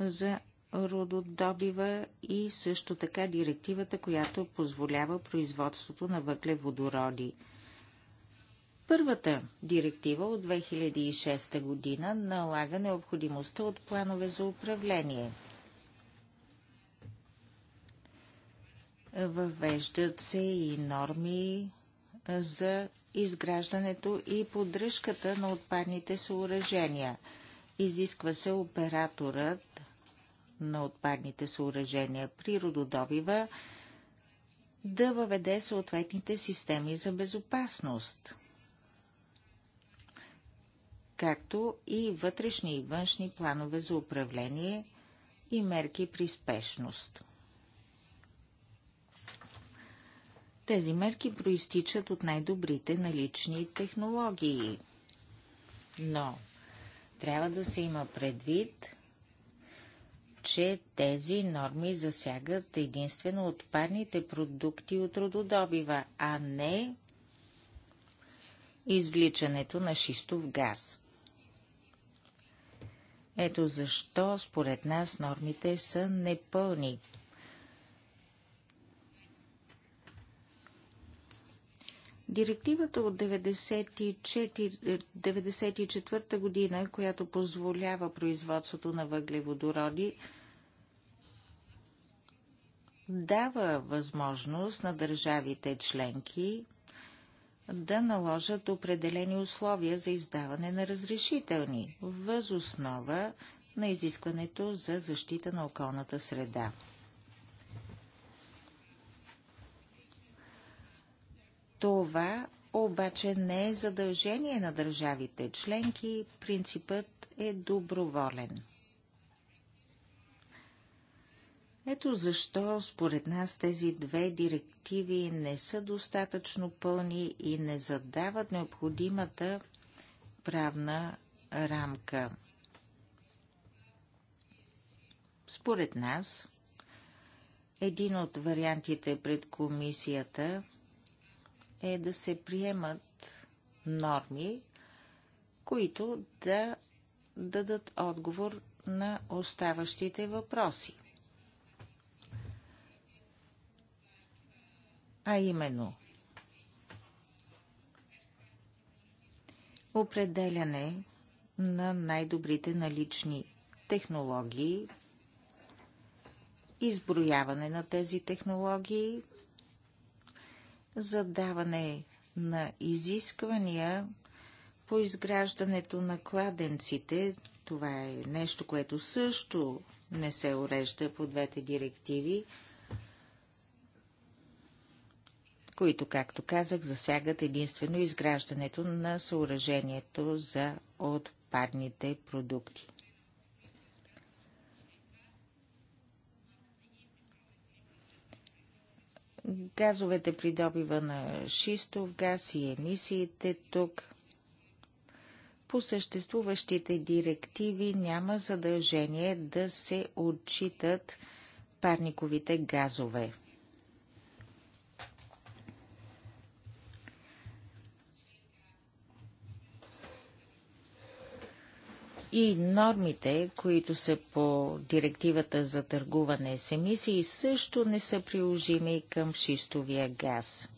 за рододобива и също така директивата, която позволява производството на въглеводороди – Първата директива от 2006 година налага необходимостта от планове за управление. Въвеждат се и норми за изграждането и поддръжката на отпадните съоръжения. Изисква се операторът на отпадните съоръжения при рододобива да въведе съответните системи за безопасност – както и вътрешни и външни планове за управление и мерки при спешност. Тези мерки проистичат от най-добрите налични технологии. Но трябва да се има предвид, че тези норми засягат единствено отпадните продукти от рододобива, а не извличането на шистов газ. Ето защо, според нас, нормите са непълни. Директивата от 1994, година, която позволява производството на въглеводороди, дава възможност на държавите членки да наложат определени условия за издаване на разрешителни, въз основа на изискването за защита на околната среда. Това обаче не е задължение на държавите членки, принципът е доброволен. Ето защо според нас тези две директиви не са достатъчно пълни и не задават необходимата правна рамка. Според нас, един от вариантите пред комисията е да се приемат норми, които да дадат отговор на оставащите въпроси. а именно определяне на най-добрите налични технологии, изброяване на тези технологии, задаване на изисквания по изграждането на кладенците. Това е нещо, което също не се урежда по двете директиви – които, както казах, засягат единствено изграждането на съоръжението за отпадните продукти. газовете при добива на шистов газ и емисиите тук. По съществуващите директиви няма задължение да се отчитат парниковите газове. И нормите, които са по директивата за търгуване с емисии, също не са приложими към шистовия газ.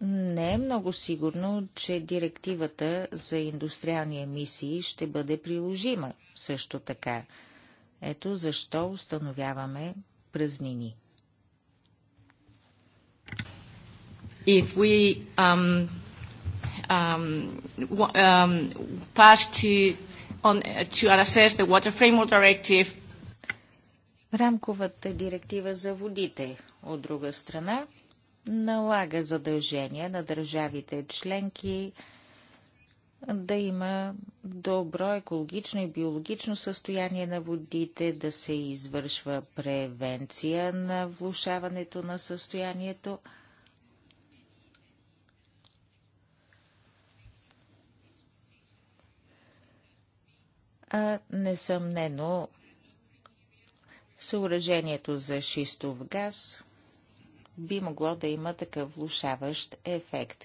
Не е много сигурно, че директивата за индустриални емисии ще бъде приложима също така. Ето защо установяваме празнини. If we, um, um, um, passed to, on, uh, to assess the Water Framework Directive. Рамковата директива за водите, от друга страна, налага задължения на държавите членки да има добро екологично и биологично състояние на водите, да се извършва превенция на влушаването на състоянието – а несъмнено съоръжението за шистов газ би могло да има такъв влушаващ ефект.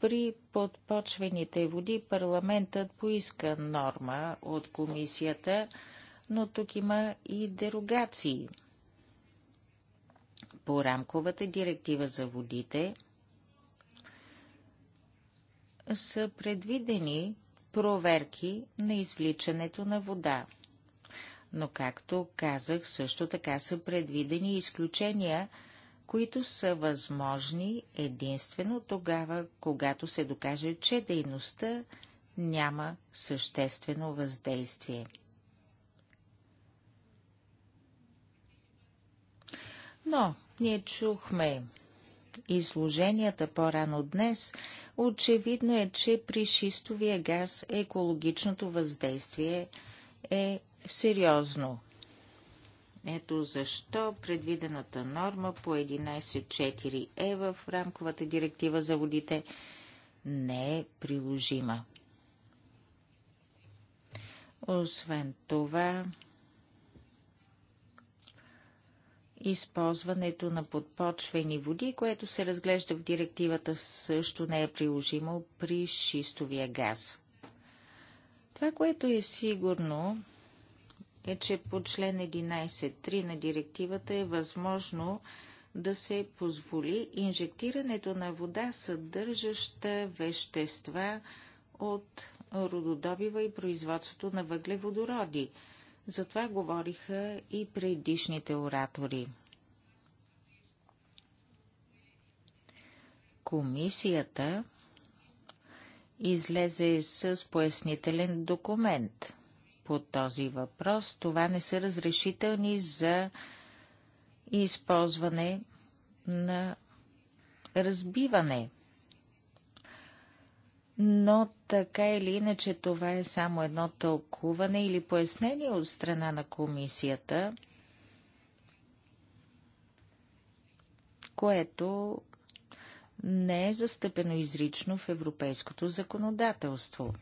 При подпочвените води парламентът поиска норма от комисията, но тук има и дерогации. По рамковата директива за водите са предвидени проверки на извличането на вода. Но, както казах, също така са предвидени изключения, които са възможни единствено тогава, когато се докаже, че дейността няма съществено въздействие. Но ние чухме изложенията по-рано днес, очевидно е, че при шистовия газ екологичното въздействие е сериозно. Ето защо предвидената норма по 11.4 е в рамковата директива за водите не е приложима. Освен това, използването на подпочвени води, което се разглежда в директивата също не е приложимо при шистовия газ. Това, което е сигурно, е, че по член 11.3 на директивата е възможно да се позволи инжектирането на вода, съдържаща вещества от рододобива и производството на въглеводороди – за това говориха и предишните оратори. Комисията излезе с пояснителен документ по този въпрос. Това не са разрешителни за използване на разбиване но така или иначе това е само едно тълкуване или пояснение от страна на комисията, което не е застъпено изрично в европейското законодателство.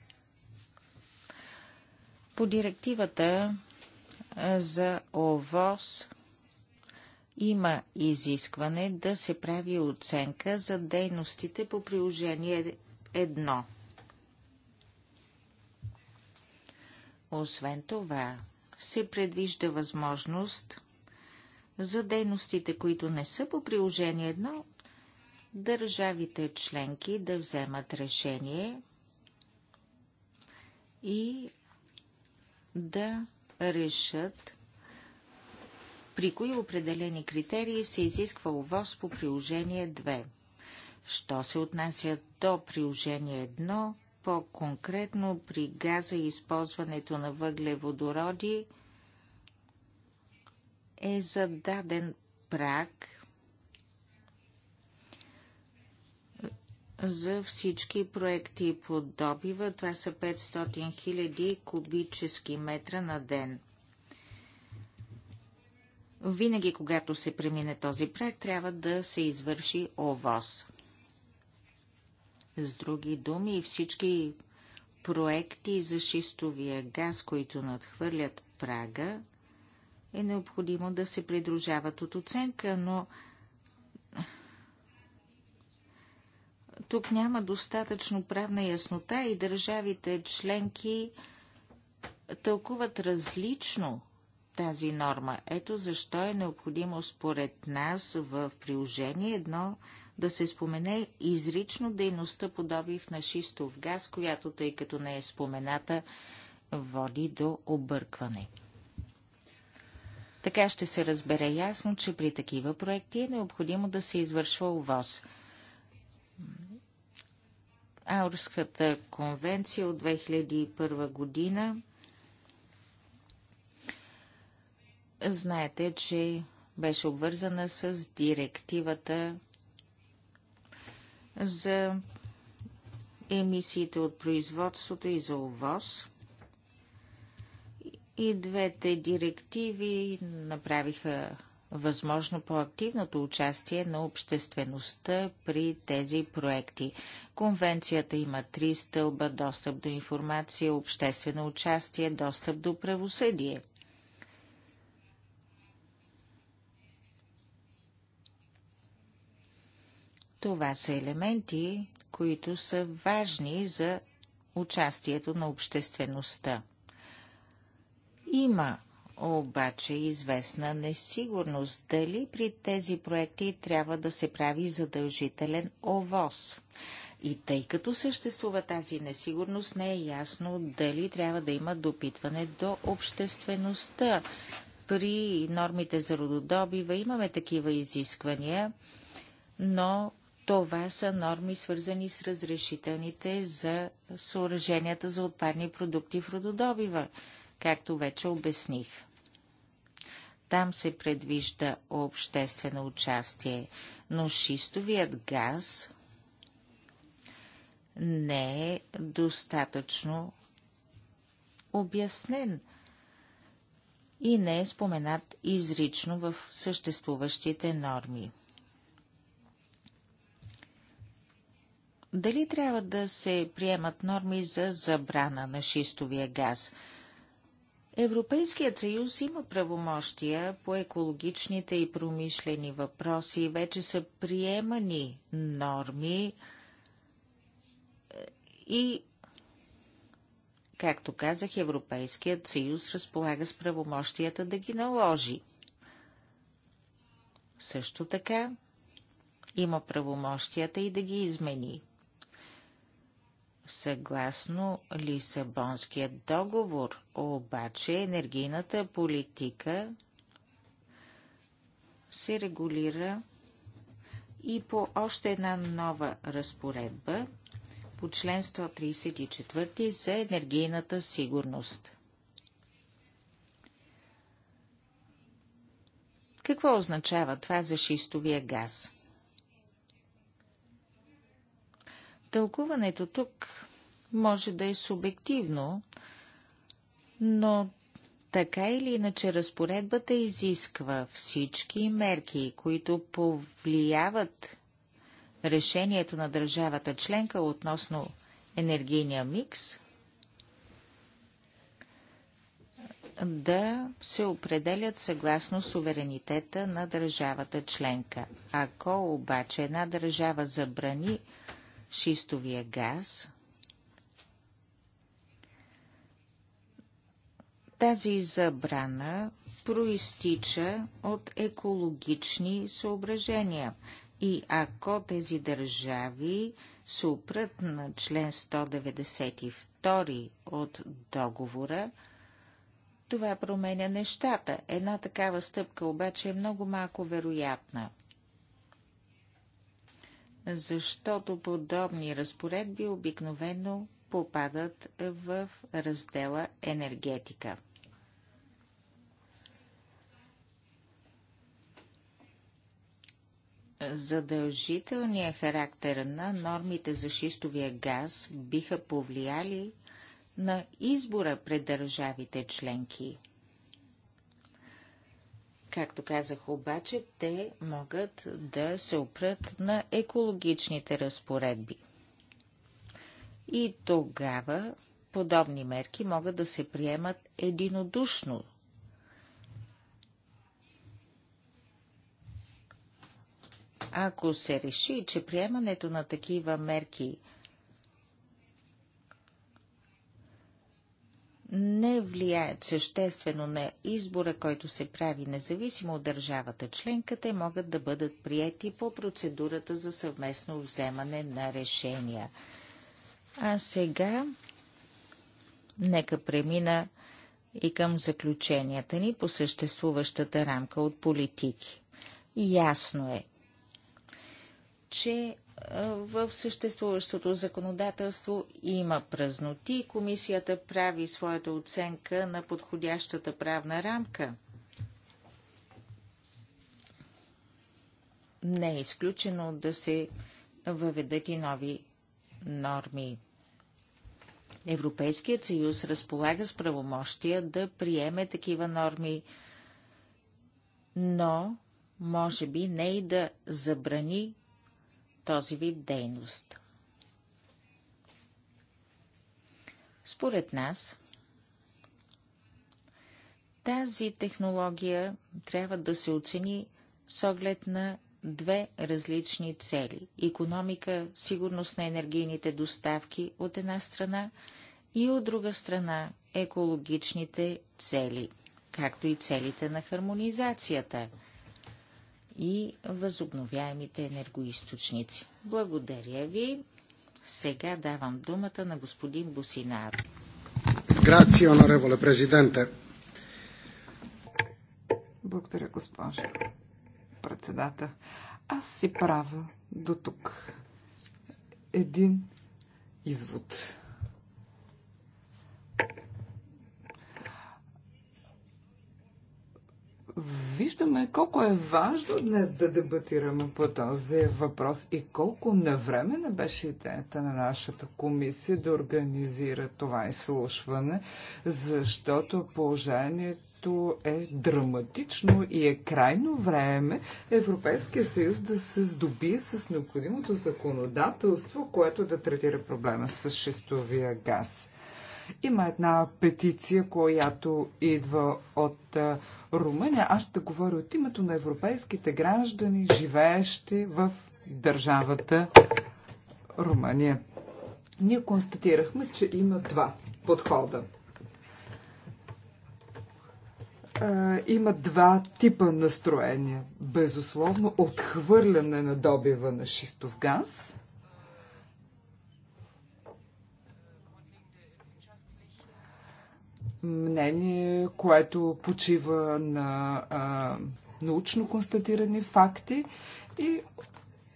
По директивата за ОВОС има изискване да се прави оценка за дейностите по приложение Едно, Освен това, се предвижда възможност за дейностите, които не са по приложение едно, държавите членки да вземат решение и да решат при кои определени критерии се изисква ОВОз по приложение 2. Що се отнася до приложение 1, по-конкретно при газа и използването на въглеводороди е зададен прак за всички проекти по добива. Това са 500 000 кубически метра на ден. Винаги, когато се премине този проект, трябва да се извърши ОВОз. С други думи, всички проекти за шистовия газ, които надхвърлят прага, е необходимо да се придружават от оценка, но тук няма достатъчно правна яснота и държавите членки тълкуват различно тази норма. Ето защо е необходимо според нас в приложение едно да се спомене изрично дейността по добив на шистов газ, която, тъй като не е спомената, води до объркване. Така ще се разбере ясно, че при такива проекти е необходимо да се извършва увоз. Аурската конвенция от 2001 година знаете, че беше обвързана с директивата за емисиите от производството и за ОВОз. И двете директиви направиха възможно по-активното участие на обществеността при тези проекти. Конвенцията има три стълба – достъп до информация, обществено участие, достъп до правосъдие – Това са елементи, които са важни за участието на обществеността. Има обаче известна несигурност дали при тези проекти трябва да се прави задължителен овоз. И тъй като съществува тази несигурност, не е ясно дали трябва да има допитване до обществеността. При нормите за рододобива имаме такива изисквания, но това са норми, свързани с разрешителните за съоръженията за отпадни продукти в рододобива, както вече обясних. Там се предвижда обществено участие, но шистовият газ не е достатъчно обяснен и не е споменат изрично в съществуващите норми. Дали трябва да се приемат норми за забрана на шистовия газ? Европейският съюз има правомощия по екологичните и промишлени въпроси. Вече са приемани норми и, както казах, Европейският съюз разполага с правомощията да ги наложи. Също така има правомощията и да ги измени – Съгласно Лисабонският договор, обаче енергийната политика се регулира и по още една нова разпоредба по член 134 за енергийната сигурност. Какво означава това за шистовия газ? Тълкуването тук може да е субективно, но така или иначе разпоредбата изисква всички мерки, които повлияват решението на държавата членка относно енергийния микс, да се определят съгласно суверенитета на държавата членка. Ако обаче една държава забрани шистовия газ. Тази забрана проистича от екологични съображения. И ако тези държави се на член 192 от договора, това променя нещата. Една такава стъпка обаче е много малко вероятна – защото подобни разпоредби обикновено попадат в раздела енергетика. Задължителният характер на нормите за шистовия газ биха повлияли на избора пред държавите членки – Както казах обаче, те могат да се опрат на екологичните разпоредби. И тогава подобни мерки могат да се приемат единодушно. Ако се реши, че приемането на такива мерки – влияят съществено на избора, който се прави независимо от държавата членка, те могат да бъдат прияти по процедурата за съвместно вземане на решения. А сега нека премина и към заключенията ни по съществуващата рамка от политики. Ясно е, че в съществуващото законодателство има празноти. Комисията прави своята оценка на подходящата правна рамка. Не е изключено да се въведат и нови норми. Европейският съюз разполага с правомощия да приеме такива норми, но може би не и да забрани този вид дейност. Според нас, тази технология трябва да се оцени с оглед на две различни цели – економика, сигурност на енергийните доставки от една страна и от друга страна екологичните цели, както и целите на хармонизацията – и възобновяемите енергоисточници. Благодаря ви. Сега давам думата на господин Босинар. Грация, онореволе президенте. Благодаря, госпожо председател. Аз си правя до тук един извод. виждаме колко е важно днес да дебатираме по този въпрос и колко навременно беше идеята на нашата комисия да организира това изслушване, защото положението е драматично и е крайно време Европейския съюз да се здоби с необходимото законодателство, което да третира проблема с шестовия газ. Има една петиция, която идва от Румъния. Аз ще говоря от името на европейските граждани, живеещи в държавата Румъния. Ние констатирахме, че има два подхода има два типа настроения. Безусловно, отхвърляне на добива на шистов газ мнение, което почива на а, научно констатирани факти и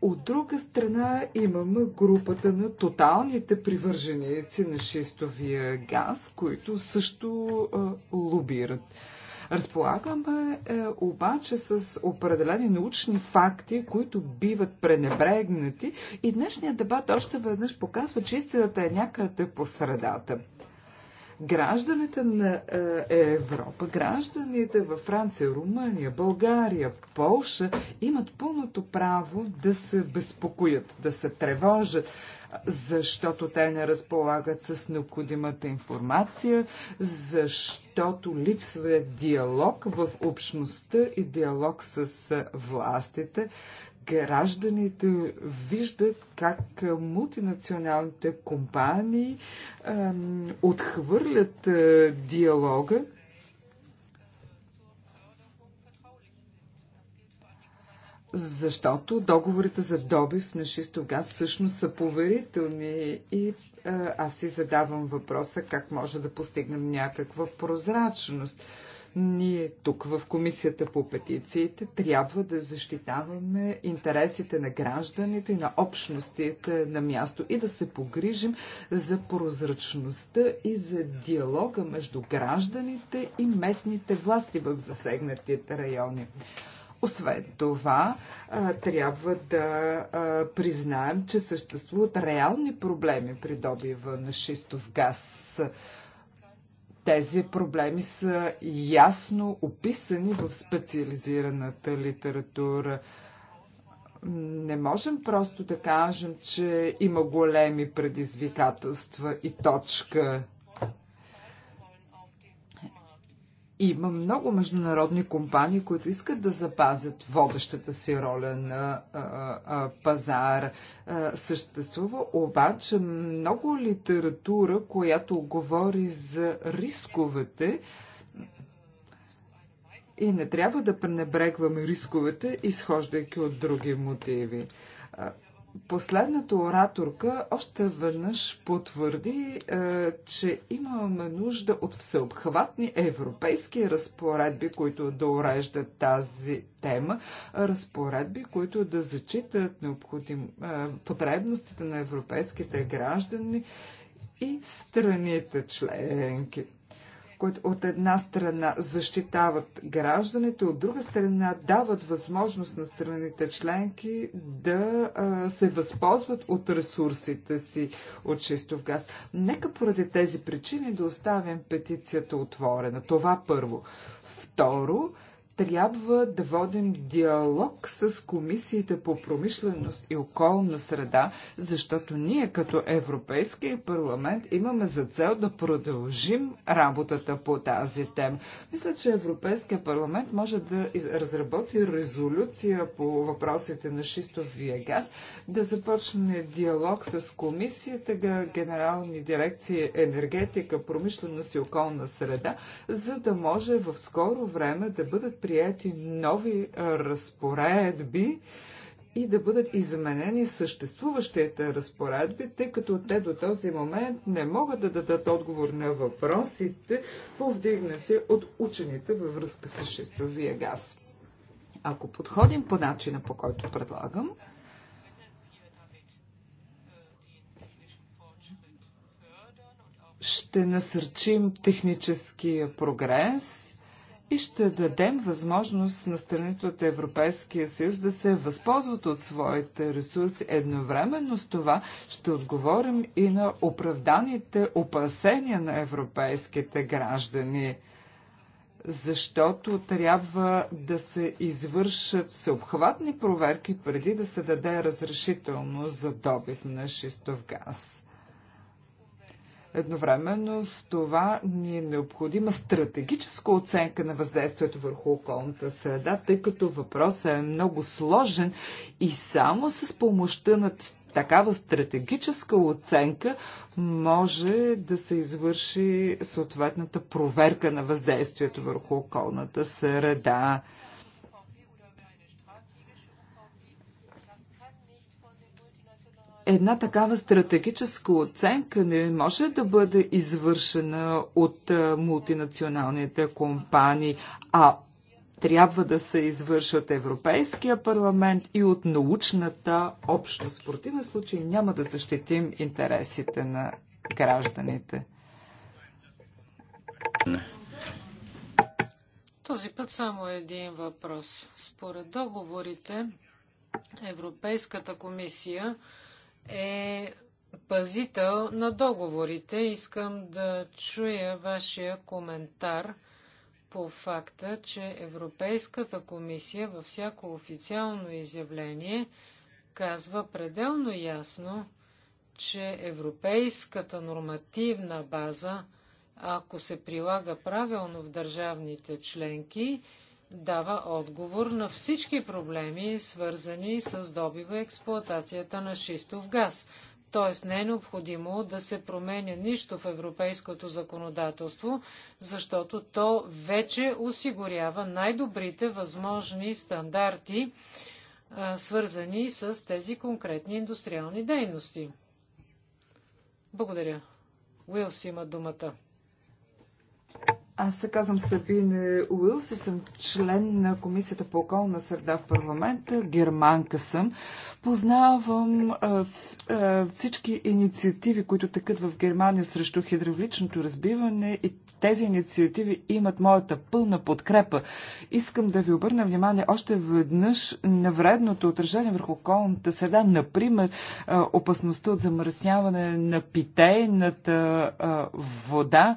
от друга страна имаме групата на тоталните привърженици на шистовия газ, които също а, лобират. Разполагаме е, обаче с определени научни факти, които биват пренебрегнати и днешният дебат още веднъж показва, че истината е някъде по средата. Гражданите на е, Европа, гражданите във Франция, Румъния, България, Полша имат пълното право да се безпокоят, да се тревожат, защото те не разполагат с необходимата информация, защото липсва диалог в общността и диалог с е, властите, гражданите виждат как мултинационалните компании а, отхвърлят а, диалога. Защото договорите за добив на шистов газ всъщност са поверителни и аз си задавам въпроса как може да постигнем някаква прозрачност. Ние тук в Комисията по петициите трябва да защитаваме интересите на гражданите и на общностите на място и да се погрижим за прозрачността и за диалога между гражданите и местните власти в засегнатите райони. Освен това, трябва да признаем, че съществуват реални проблеми при добива на шистов газ. Тези проблеми са ясно описани в специализираната литература. Не можем просто да кажем, че има големи предизвикателства и точка. Има много международни компании, които искат да запазят водещата си роля на а, а, пазар. А, съществува обаче много литература, която говори за рисковете и не трябва да пренебрегваме рисковете, изхождайки от други мотиви. Последната ораторка още веднъж потвърди, е, че имаме нужда от всеобхватни европейски разпоредби, които да уреждат тази тема, разпоредби, които да зачитат необходим, е, потребностите на европейските граждани и страните членки които от една страна защитават гражданите, от друга страна дават възможност на страните членки да а, се възползват от ресурсите си от шистов газ. Нека поради тези причини да оставим петицията отворена. Това първо. Второ, трябва да водим диалог с комисиите по промишленост и околна среда, защото ние като Европейския парламент имаме за цел да продължим работата по тази тема. Мисля, че Европейския парламент може да разработи резолюция по въпросите на шистовия газ, да започне диалог с комисията, генерални дирекции енергетика, промишленост и околна среда, за да може в скоро време да бъдат прияти нови разпоредби и да бъдат изменени съществуващите разпоредби, тъй като те до този момент не могат да дадат отговор на въпросите, повдигнати от учените във връзка с шестовия газ. Ако подходим по начина, по който предлагам, ще насърчим техническия прогрес и ще дадем възможност на страните от Европейския съюз да се възползват от своите ресурси. Едновременно с това ще отговорим и на оправданите опасения на европейските граждани защото трябва да се извършат всеобхватни проверки преди да се даде разрешително за добив на шистов газ. Едновременно с това ни е необходима стратегическа оценка на въздействието върху околната среда, тъй като въпросът е много сложен и само с помощта на такава стратегическа оценка може да се извърши съответната проверка на въздействието върху околната среда. една такава стратегическа оценка не може да бъде извършена от мултинационалните компании, а трябва да се извърши от Европейския парламент и от научната общност. В противен случай няма да защитим интересите на гражданите. Този път само един въпрос. Според договорите, Европейската комисия е пазител на договорите. Искам да чуя вашия коментар по факта, че Европейската комисия във всяко официално изявление казва пределно ясно, че европейската нормативна база, ако се прилага правилно в държавните членки, дава отговор на всички проблеми, свързани с добива и експлоатацията на шистов газ. Т.е. не е необходимо да се променя нищо в европейското законодателство, защото то вече осигурява най-добрите възможни стандарти, свързани с тези конкретни индустриални дейности. Благодаря. Уилс има думата. Аз се казвам Сабине Уилс и съм член на Комисията по околна среда в парламента. Германка съм. Познавам а, а, всички инициативи, които тъкат в Германия срещу хидравличното разбиване и тези инициативи имат моята пълна подкрепа. Искам да ви обърна внимание още веднъж на вредното отражение върху околната среда. Например, а, опасността от замърсяване на питейната а, вода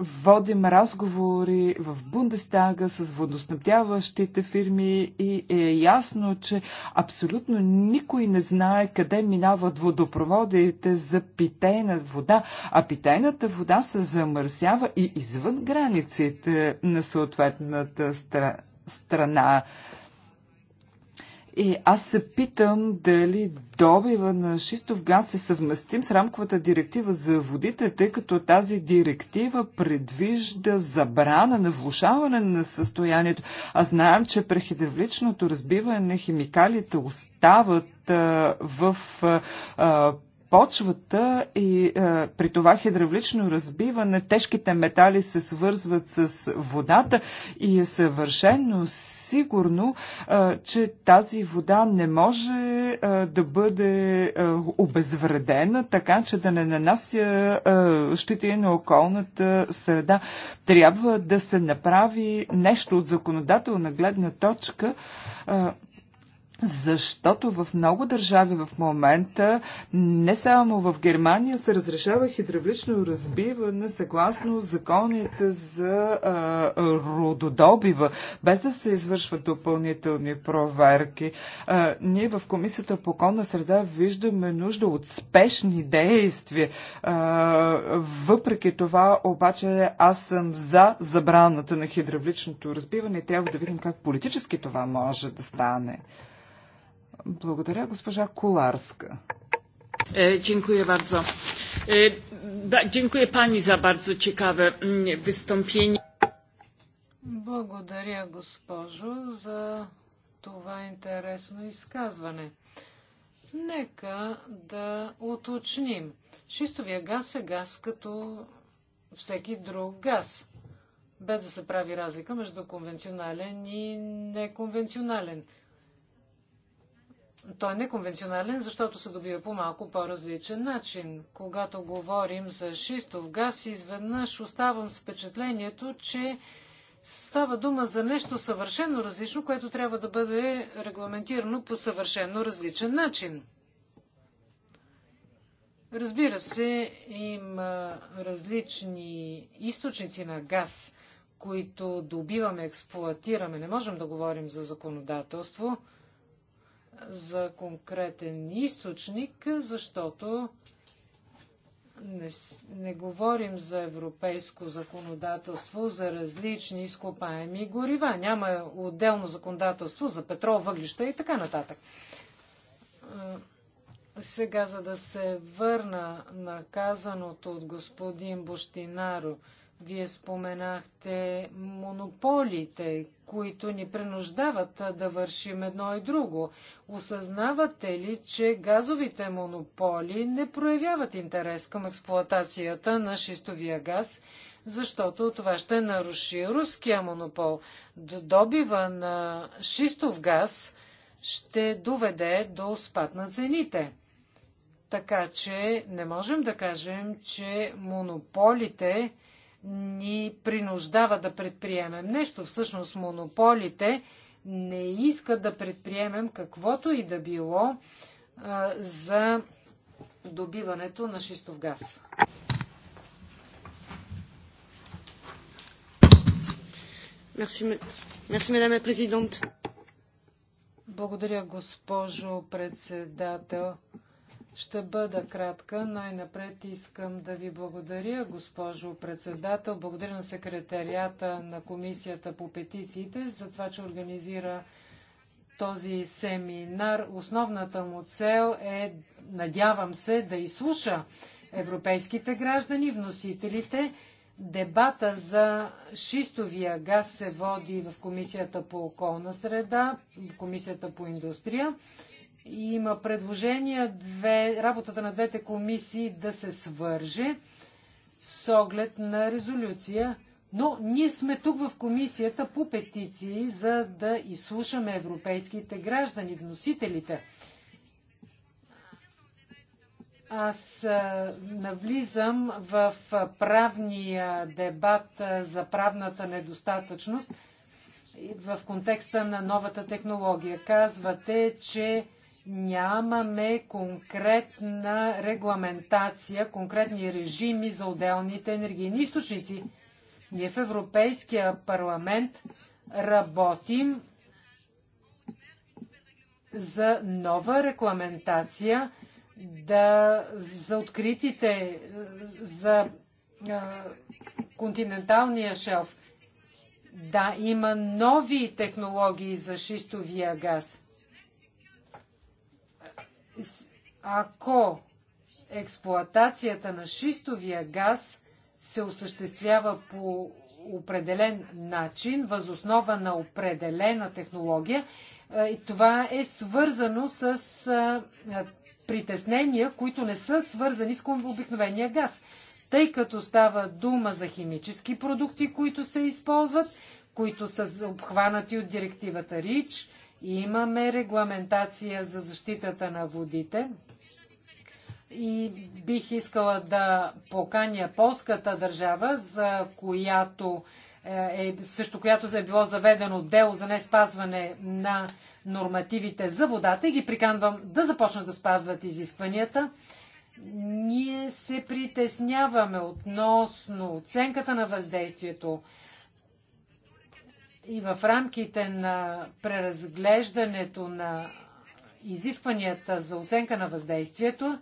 водим разговори в Бундестага с водоснабдяващите фирми и е ясно, че абсолютно никой не знае къде минават водопроводите за питейна вода, а питейната вода се замърсява и извън границите на съответната страна. И аз се питам дали добива на шистов газ е съвместим с рамковата директива за водите, тъй като тази директива предвижда забрана на влушаване на състоянието. А знаем, че прехидравличното разбиване на химикалите остават в почвата и а, е, при това хидравлично разбиване тежките метали се свързват с водата и е съвършено сигурно, а, е, че тази вода не може а, е, да бъде а, обезвредена, така че да не нанася а, щити на околната среда. Трябва да се направи нещо от законодателна гледна точка. А, защото в много държави в момента, не само в Германия, се разрешава хидравлично разбиване съгласно законите за а, рододобива, без да се извършват допълнителни проверки. А, ние в Комисията по околна среда виждаме нужда от спешни действия. А, въпреки това, обаче, аз съм за забраната на хидравличното разбиване и трябва да видим как политически това може да стане. Благодаря, госпожа Коларска. Dziękuję bardzo. Dziękuję Pani za bardzo ciekawe wystąpienie. Благодаря, госпожо, за това интересно изказване. Нека да уточним. Шистовия газ е газ като всеки друг газ, без да се прави разлика между конвенционален и неконвенционален той е неконвенционален, защото се добива по малко по-различен начин. Когато говорим за шистов газ, изведнъж оставам с впечатлението, че става дума за нещо съвършено различно, което трябва да бъде регламентирано по съвършено различен начин. Разбира се, има различни източници на газ, които добиваме, експлуатираме. Не можем да говорим за законодателство за конкретен източник, защото не, не говорим за европейско законодателство за различни изкопаеми горива. Няма отделно законодателство за петрол, въглища и така нататък. Сега, за да се върна на казаното от господин Бощинаро – вие споменахте монополите, които ни принуждават да вършим едно и друго. Осъзнавате ли, че газовите монополи не проявяват интерес към експлоатацията на шистовия газ, защото това ще наруши руския монопол? Добива на шистов газ ще доведе до спад на цените. Така че не можем да кажем, че монополите ни принуждава да предприемем нещо. Всъщност монополите не искат да предприемем каквото и да било а, за добиването на шистов газ. Благодаря, госпожо председател. Ще бъда кратка. Най-напред искам да ви благодаря, госпожо председател. Благодаря на секретарията на Комисията по петициите за това, че организира този семинар. Основната му цел е, надявам се, да изслуша европейските граждани, вносителите. Дебата за шистовия газ се води в Комисията по околна среда, Комисията по индустрия има предложение две, работата на двете комисии да се свърже с оглед на резолюция. Но ние сме тук в комисията по петиции, за да изслушаме европейските граждани, вносителите. Аз навлизам в правния дебат за правната недостатъчност в контекста на новата технология. Казвате, че нямаме конкретна регламентация, конкретни режими за отделните енергийни източници. Ние в Европейския парламент работим за нова регламентация да, за откритите, за а, континенталния шелф. Да, има нови технологии за шистовия газ ако експлоатацията на шистовия газ се осъществява по определен начин, възоснова на определена технология, е, и това е свързано с е, притеснения, които не са свързани с обикновения газ, тъй като става дума за химически продукти, които се използват, които са обхванати от директивата РИЧ, Имаме регламентация за защитата на водите и бих искала да поканя полската държава, за която е, е също която е било заведено дело за не спазване на нормативите за водата и ги приканвам да започнат да спазват изискванията. Ние се притесняваме относно оценката на въздействието, и в рамките на преразглеждането на изискванията за оценка на въздействието,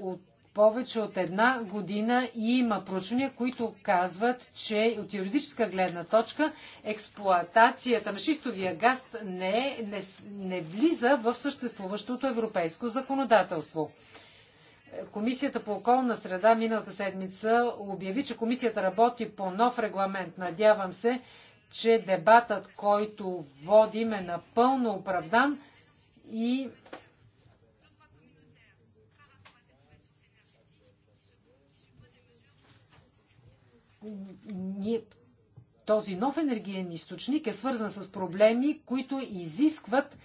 от повече от една година има проучвания, които казват, че от юридическа гледна точка експлоатацията на шистовия газ не, е, не, не влиза в съществуващото европейско законодателство. Комисията по околна среда миналата седмица обяви, че комисията работи по нов регламент. Надявам се, че дебатът, който водим е напълно оправдан и този нов енергиен източник е свързан с проблеми, които изискват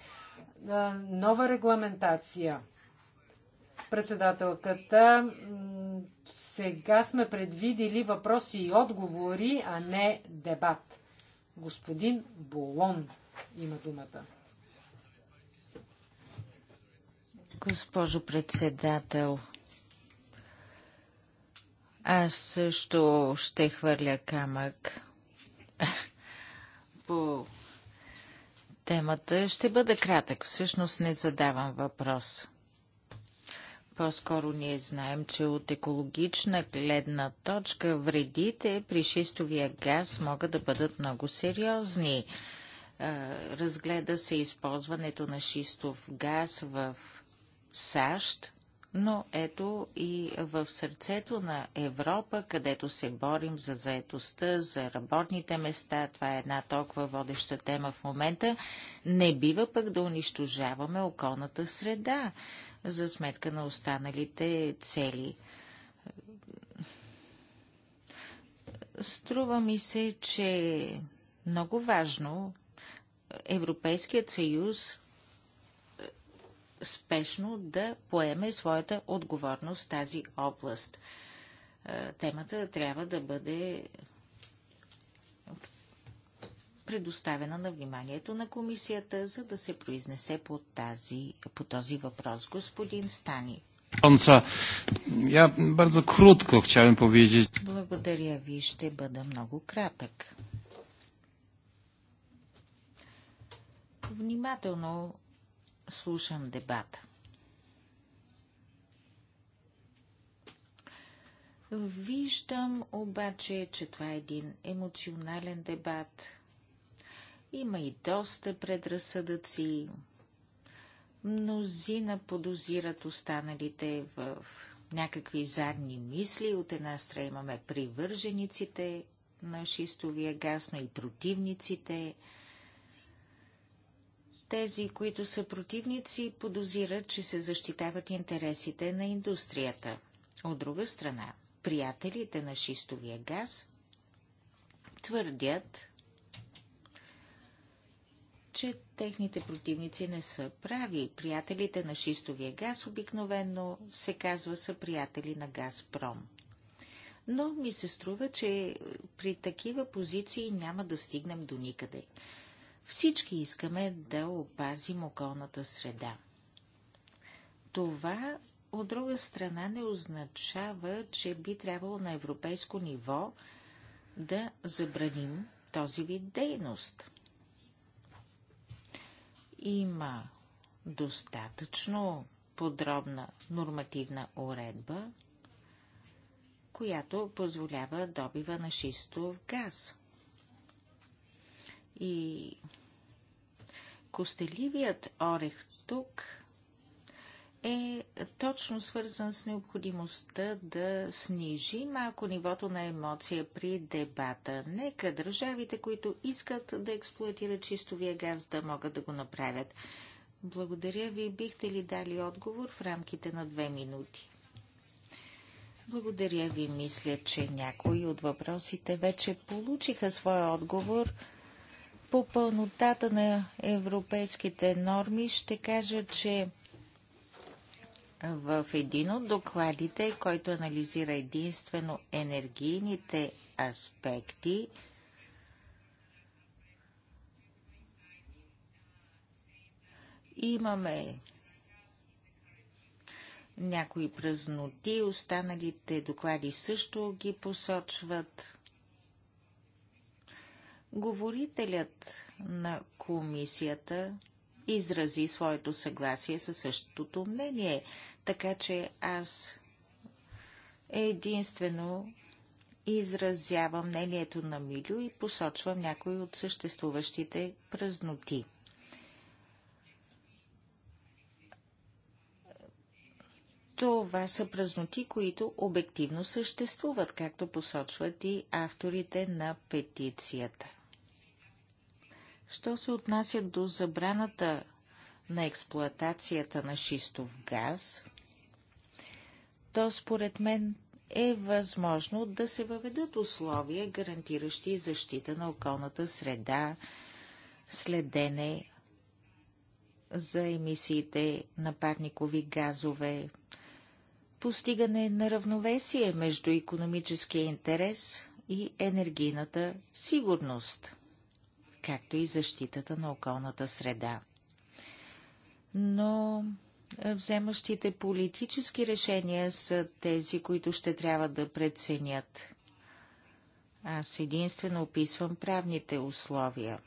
нова регламентация. Председателката, сега сме предвидили въпроси и отговори, а не дебат. Господин Болон има думата. Госпожо председател, аз също ще хвърля камък по темата. Ще бъда кратък. Всъщност не задавам въпрос. По-скоро ние знаем, че от екологична гледна точка вредите при шистовия газ могат да бъдат много сериозни. Е, разгледа се използването на шистов газ в САЩ, но ето и в сърцето на Европа, където се борим за заетостта, за работните места, това е една толкова водеща тема в момента, не бива пък да унищожаваме околната среда за сметка на останалите цели. Струва ми се, че много важно Европейският съюз е, спешно да поеме своята отговорност в тази област. Е, темата трябва да бъде предоставена на вниманието на комисията, за да се произнесе по, тази, по този въпрос. Господин Стани. Благодаря ви, ще бъда много кратък. Внимателно слушам дебата. Виждам обаче, че това е един емоционален дебат, има и доста предразсъдъци. Мнозина подозират останалите в някакви задни мисли. От една страна имаме привържениците на шистовия газ, но и противниците. Тези, които са противници, подозират, че се защитават интересите на индустрията. От друга страна, приятелите на шистовия газ твърдят, че техните противници не са прави. Приятелите на шистовия газ обикновено се казва са приятели на Газпром. Но ми се струва, че при такива позиции няма да стигнем до никъде. Всички искаме да опазим околната среда. Това, от друга страна, не означава, че би трябвало на европейско ниво да забраним този вид дейност – има достатъчно подробна нормативна уредба, която позволява добива на шистов газ. И костеливият орех тук – е точно свързан с необходимостта да снижи малко нивото на емоция при дебата. Нека държавите, които искат да експлуатират чистовия газ, да могат да го направят. Благодаря ви. Бихте ли дали отговор в рамките на две минути? Благодаря ви. Мисля, че някои от въпросите вече получиха своя отговор. По пълнотата на европейските норми ще кажа, че в един от докладите, който анализира единствено енергийните аспекти, имаме някои празноти, останалите доклади също ги посочват. Говорителят на комисията изрази своето съгласие със същото мнение. Така че аз единствено изразявам мнението на Милю и посочвам някои от съществуващите празноти. Това са празноти, които обективно съществуват, както посочват и авторите на петицията. Що се отнася до забраната на експлоатацията на шистов газ, то според мен е възможно да се въведат условия, гарантиращи защита на околната среда, следене за емисиите на парникови газове, постигане на равновесие между економическия интерес и енергийната сигурност, както и защитата на околната среда но е, вземащите политически решения са тези, които ще трябва да преценят. Аз единствено описвам правните условия.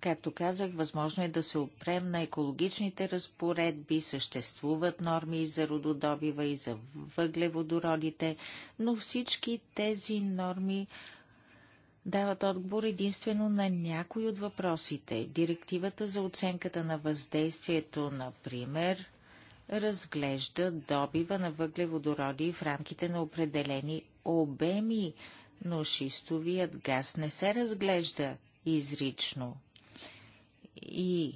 Както казах, възможно е да се опрем на екологичните разпоредби, съществуват норми за рододобива и за въглеводородите, но всички тези норми дават отговор единствено на някои от въпросите. Директивата за оценката на въздействието, например, разглежда добива на въглеводороди в рамките на определени обеми, но шистовият газ не се разглежда изрично. И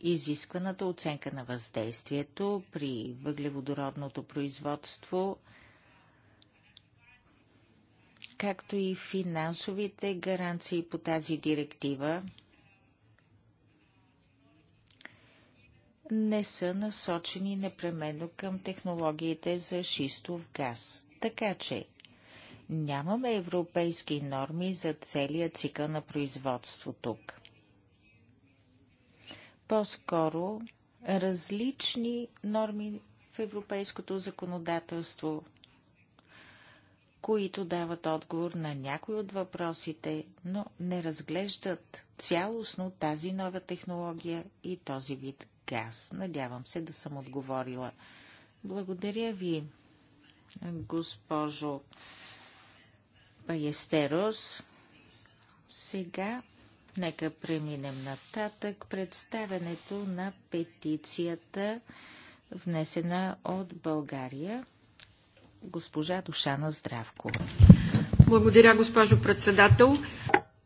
изискваната оценка на въздействието при въглеводородното производство – както и финансовите гаранции по тази директива не са насочени непременно към технологиите за шистов газ. Така че нямаме европейски норми за целия цикъл на производство тук. По-скоро различни норми в европейското законодателство – които дават отговор на някои от въпросите, но не разглеждат цялостно тази нова технология и този вид газ. Надявам се да съм отговорила. Благодаря ви, госпожо Паестерос. Сега нека преминем нататък представянето на петицията, внесена от България госпожа Душана Здравкова. Благодаря, госпожо председател.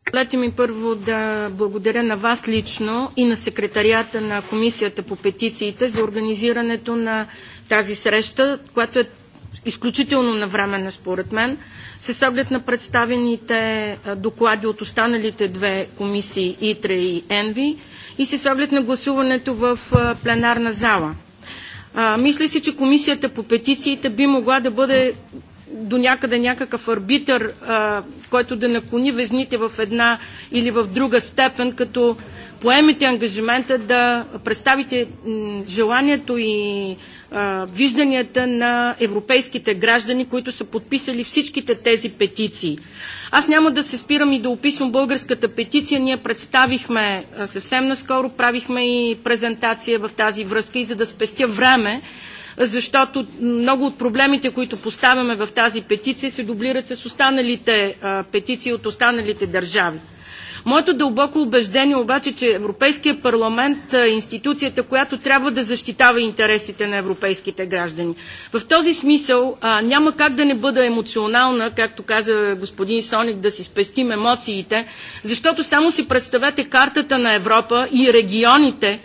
Позволете ми първо да благодаря на вас лично и на секретарията на Комисията по петициите за организирането на тази среща, която е изключително навременна според мен, с оглед на представените е, доклади от останалите две комисии ИТРА и ЕНВИ и с оглед на гласуването в е, пленарна зала. А, мисля си, че комисията по петициите би могла да бъде до някъде някакъв арбитър, а, който да наклони везните в една или в друга степен, като поемете ангажимента да представите желанието и а, вижданията на европейските граждани, които са подписали всичките тези петиции. Аз няма да се спирам и да описвам българската петиция. Ние представихме съвсем наскоро, правихме и презентация в тази връзка и за да спестя време, защото много от проблемите, които поставяме в тази петиция, се дублират с останалите петиции от останалите държави. Моето дълбоко убеждение обаче, е, че Европейския парламент е институцията, която трябва да защитава интересите на европейските граждани. В този смисъл а, няма как да не бъда емоционална, както каза господин Соник, да си спестим емоциите, защото само си представете картата на Европа и регионите,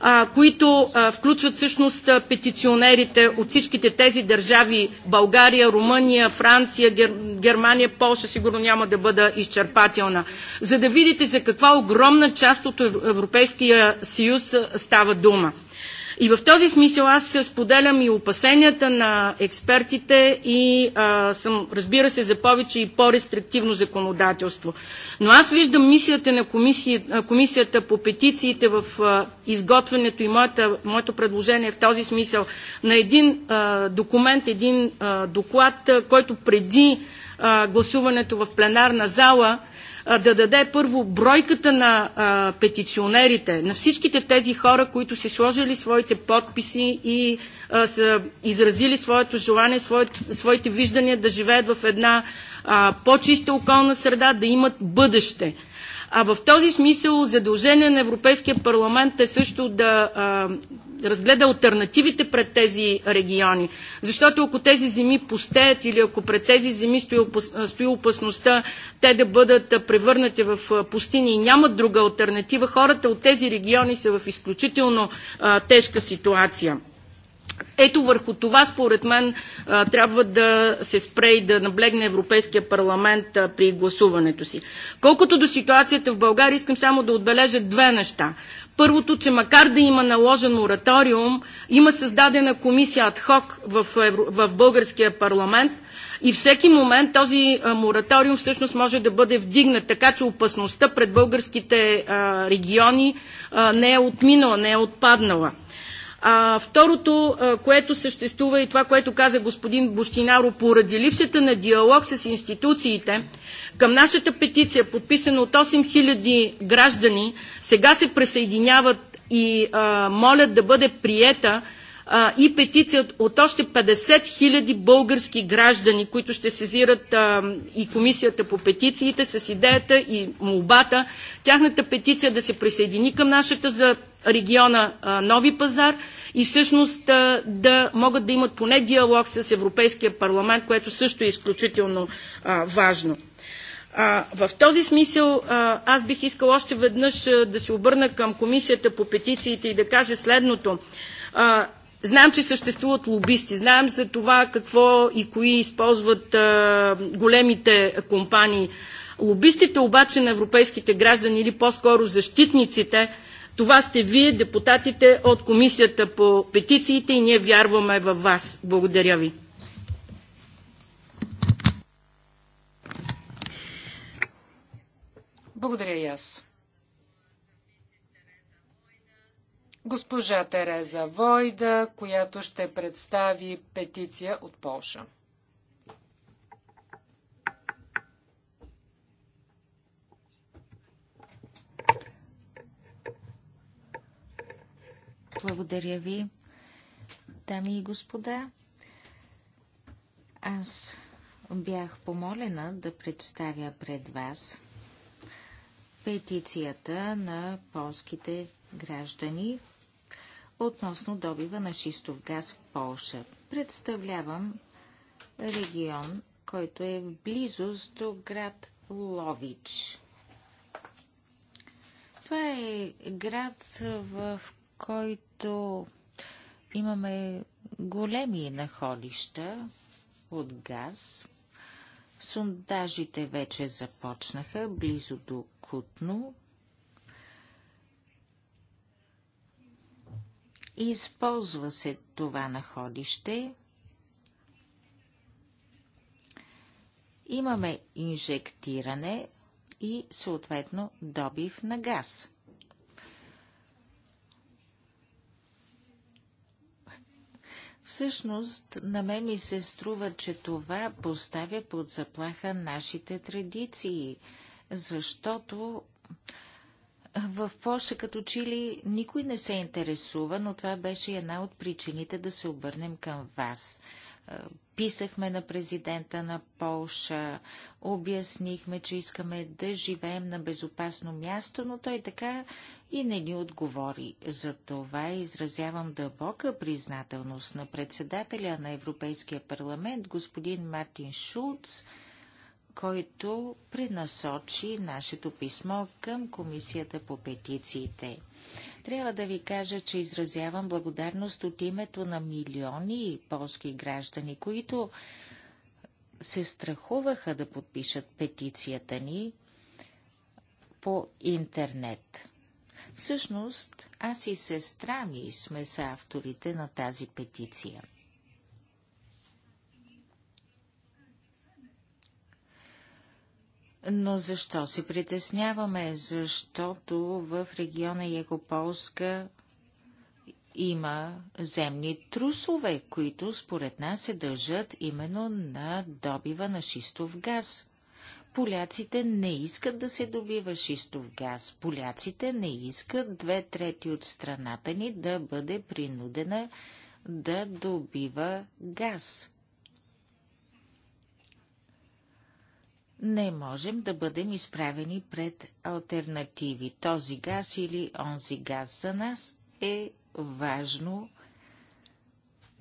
а, които а, включват всъщност петиционерите от всичките тези държави България, Румъния, Франция, Гер... Германия, Полша, сигурно няма да бъда изчерпателна, за да видите за каква огромна част от Европейския съюз става дума. И в този смисъл аз споделям и опасенията на експертите и а, съм, разбира се, за повече и по-рестриктивно законодателство. Но аз виждам мисията на комисията, комисията по петициите в а, изготвянето и моята, моето предложение е в този смисъл на един а, документ, един а, доклад, който преди а, гласуването в пленарна зала да даде първо бройката на а, петиционерите, на всичките тези хора, които са сложили своите подписи и а, са изразили своето желание, своите, своите виждания да живеят в една по-чиста околна среда, да имат бъдеще. А в този смисъл задължение на Европейския парламент е също да а, разгледа альтернативите пред тези региони. Защото ако тези земи пустеят или ако пред тези земи стои, опас, стои опасността те да бъдат превърнати в пустини и нямат друга альтернатива, хората от тези региони са в изключително а, тежка ситуация. Ето върху това, според мен, трябва да се спре и да наблегне Европейския парламент при гласуването си. Колкото до ситуацията в България, искам само да отбележа две неща. Първото, че макар да има наложен мораториум, има създадена комисия адхок в, в българския парламент и всеки момент този мораториум всъщност може да бъде вдигнат, така че опасността пред българските региони не е отминала, не е отпаднала. А, второто, а, което съществува и това, което каза господин Бощинаро, поради липсата на диалог с институциите, към нашата петиция, подписана от 8000 граждани, сега се присъединяват и а, молят да бъде приета а, и петиция от още 50 000 български граждани, които ще сезират а, и комисията по петициите с идеята и молбата тяхната петиция да се присъедини към нашата за региона Нови пазар и всъщност да могат да имат поне диалог с Европейския парламент, което също е изключително важно. В този смисъл аз бих искал още веднъж да се обърна към Комисията по петициите и да кажа следното. Знаем, че съществуват лобисти, знаем за това какво и кои използват а, големите компании. Лобистите обаче на европейските граждани или по-скоро защитниците това сте вие, депутатите от Комисията по петициите и ние вярваме във вас. Благодаря ви. Благодаря и аз. Госпожа Тереза Войда, която ще представи петиция от Полша. Благодаря ви, дами и господа. Аз бях помолена да представя пред вас петицията на полските граждани относно добива на шистов газ в Полша. Представлявам регион, който е в близост до град Лович. Това е град, в който имаме големи находища от газ. Сундажите вече започнаха близо до Кутно. Използва се това находище. Имаме инжектиране и съответно добив на газ. Всъщност, на мен ми се струва, че това поставя под заплаха нашите традиции, защото в Польша като Чили никой не се интересува, но това беше една от причините да се обърнем към вас. Писахме на президента на Полша, обяснихме, че искаме да живеем на безопасно място, но той така и не ни отговори. За това изразявам дълбока признателност на председателя на Европейския парламент, господин Мартин Шулц, който пренасочи нашето писмо към Комисията по петициите. Трябва да ви кажа, че изразявам благодарност от името на милиони полски граждани, които се страхуваха да подпишат петицията ни по интернет. Всъщност, аз и сестра ми сме са авторите на тази петиция. Но защо се притесняваме? Защото в региона Егополска има земни трусове, които според нас се държат именно на добива на шистов газ. Поляците не искат да се добива шистов газ. Поляците не искат две трети от страната ни да бъде принудена да добива газ. Не можем да бъдем изправени пред альтернативи. Този газ или онзи газ за нас е важно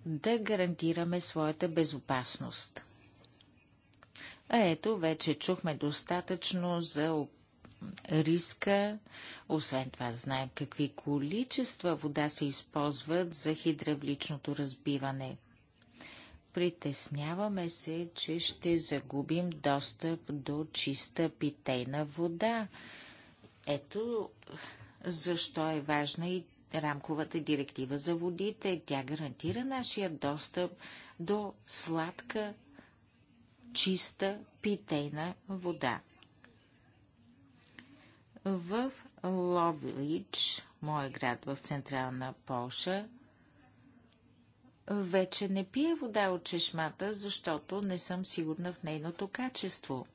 да гарантираме своята безопасност. А ето, вече чухме достатъчно за риска. Освен това, знаем какви количества вода се използват за хидравличното разбиване. Притесняваме се, че ще загубим достъп до чиста питейна вода. Ето защо е важна и рамковата директива за водите. Тя гарантира нашия достъп до сладка чиста питейна вода. В Лович, моя град в централна Полша, вече не пия вода от чешмата, защото не съм сигурна в нейното качество.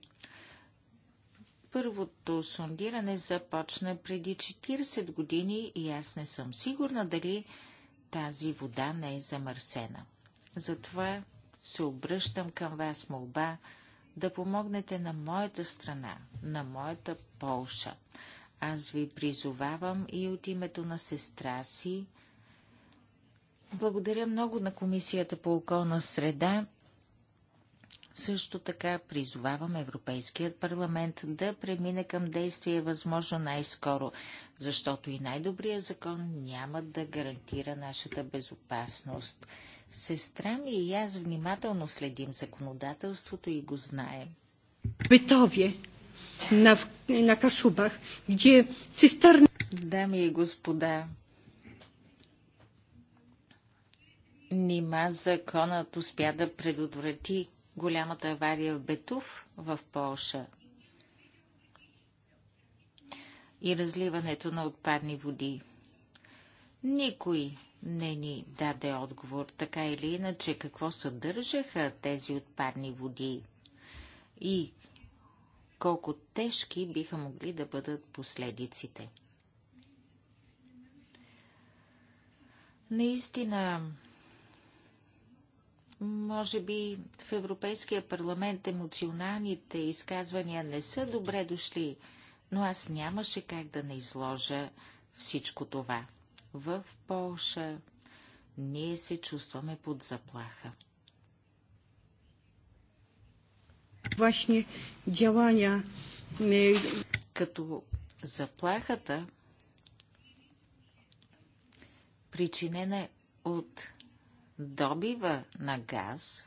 Първото сондиране започна преди 40 години и аз не съм сигурна дали тази вода не е замърсена. Затова се обръщам към вас молба да помогнете на моята страна, на моята Полша. Аз ви призовавам и от името на сестра си. Благодаря много на Комисията по околна среда. Също така призовавам Европейският парламент да премине към действие възможно най-скоро, защото и най-добрият закон няма да гарантира нашата безопасност. Сестра ми и аз внимателно следим законодателството и го знаем. Битовие на, на Кашубах, где цистерни... Дами и господа, нима законът успя да предотврати голямата авария в Бетув в Полша и разливането на отпадни води. Никой не ни даде отговор, така или иначе, какво съдържаха тези отпадни води и колко тежки биха могли да бъдат последиците. Наистина, може би в Европейския парламент емоционалните изказвания не са добре дошли, но аз нямаше как да не изложа всичко това в Полша. Ние се чувстваме под заплаха. делания не... Като заплахата, причинена от добива на газ,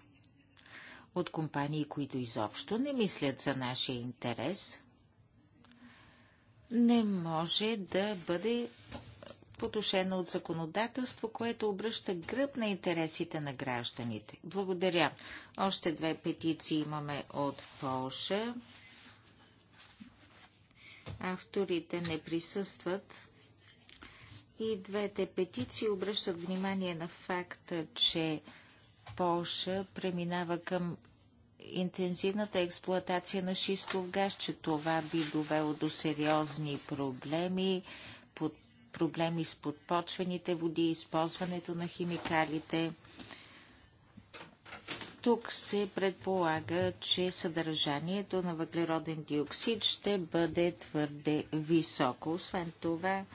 от компании, които изобщо не мислят за нашия интерес, не може да бъде потушено от законодателство, което обръща гръб на интересите на гражданите. Благодаря. Още две петиции имаме от Полша. Авторите не присъстват. И двете петиции обръщат внимание на факта, че Полша преминава към интензивната експлоатация на шистов газ, че това би довело до сериозни проблеми, под проблеми с подпочвените води, използването на химикалите. Тук се предполага, че съдържанието на въглероден диоксид ще бъде твърде високо. Освен това,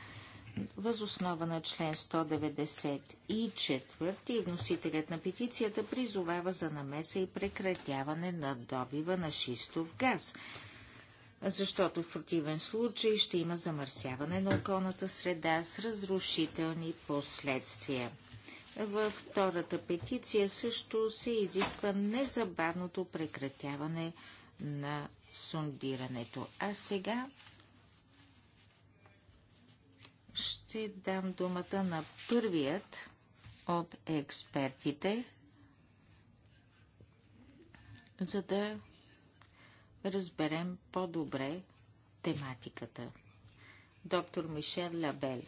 възоснова на член 194 вносителят на петицията призовава за намеса и прекратяване на добива на шистов газ – защото в противен случай ще има замърсяване на околната среда с разрушителни последствия. Във втората петиция също се изисква незабавното прекратяване на сундирането. А сега ще дам думата на първият от експертите, за да разберем по-добре тематиката. Доктор Мишел Лабел.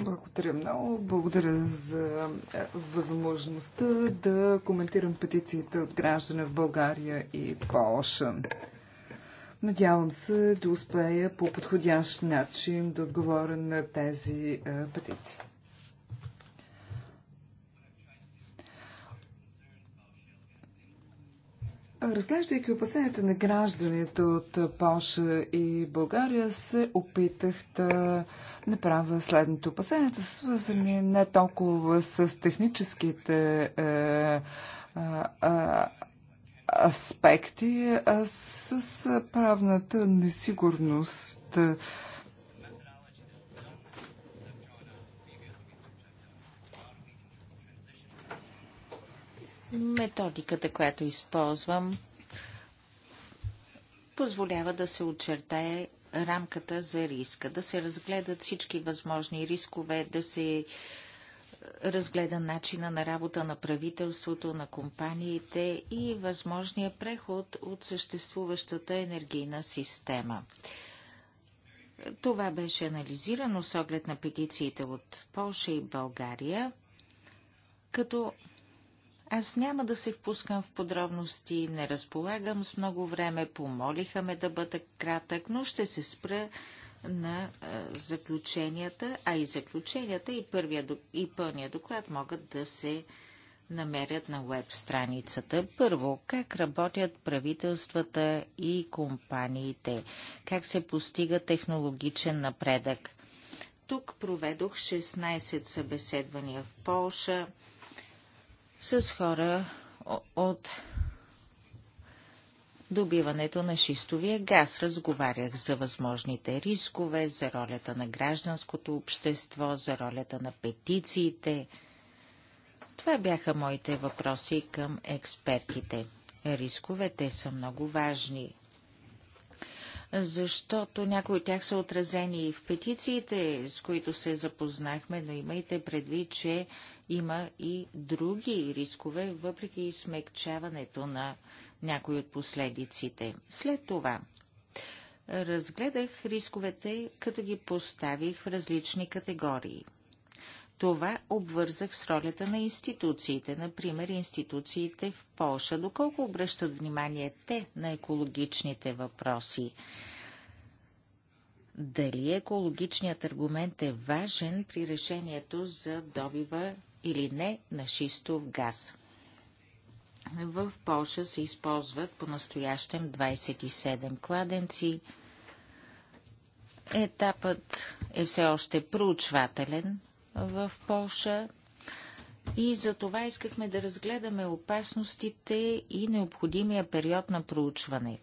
Благодаря много. Благодаря за е, възможността да коментирам петициите от граждане в България и Полша. Надявам се да успея по подходящ начин да отговоря на тези е, петиции. Разглеждайки опасенията на гражданите от Польша и България, се опитах да направя следното. Опасенията са свързани не толкова с техническите е, е, е аспекти, а с правната несигурност. Е, Методиката, която използвам, позволява да се очертае рамката за риска, да се разгледат всички възможни рискове, да се е, разгледа начина на работа на правителството, на компаниите и възможния преход от съществуващата енергийна система. Това беше анализирано с оглед на петициите от Полша и България, като аз няма да се впускам в подробности, не разполагам с много време, помолиха ме да бъда кратък, но ще се спра на заключенията, а и заключенията и, първия, и пълния доклад могат да се намерят на веб страницата. Първо, как работят правителствата и компаниите, как се постига технологичен напредък. Тук проведох 16 събеседвания в Полша, с хора от добиването на шистовия газ. Разговарях за възможните рискове, за ролята на гражданското общество, за ролята на петициите. Това бяха моите въпроси към експертите. Рисковете са много важни, защото някои от тях са отразени и в петициите, с които се запознахме, но имайте предвид, че има и други рискове, въпреки смекчаването на някои от последиците. След това разгледах рисковете, като ги поставих в различни категории. Това обвързах с ролята на институциите, например институциите в Польша, доколко обръщат внимание те на екологичните въпроси. Дали екологичният аргумент е важен при решението за добива или не на шистов газ. В Польша се използват по-настоящем 27 кладенци. Етапът е все още проучвателен в Польша и за това искахме да разгледаме опасностите и необходимия период на проучване.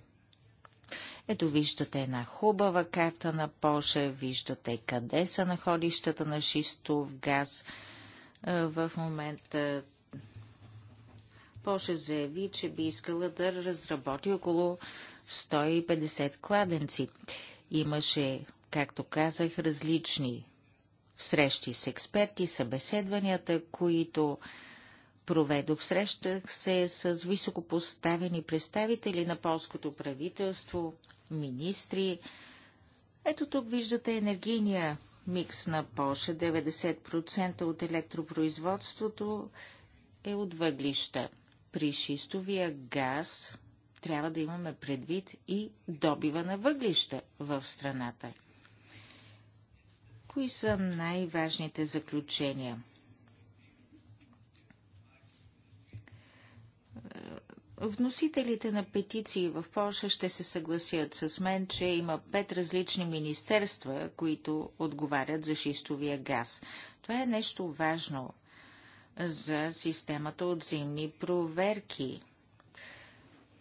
Ето виждате една хубава карта на Польша, виждате къде са находищата на шистов газ – в момента Польша заяви, че би искала да разработи около 150 кладенци. Имаше, както казах, различни срещи с експерти, събеседванията, които проведох. Срещах се с високопоставени представители на полското правителство, министри. Ето тук виждате енергийния микс на Польша. 90% от електропроизводството е от въглища. При шистовия газ трябва да имаме предвид и добива на въглища в страната. Кои са най-важните заключения? Вносителите на петиции в Польша ще се съгласят с мен, че има пет различни министерства, които отговарят за шистовия газ. Това е нещо важно за системата от зимни проверки.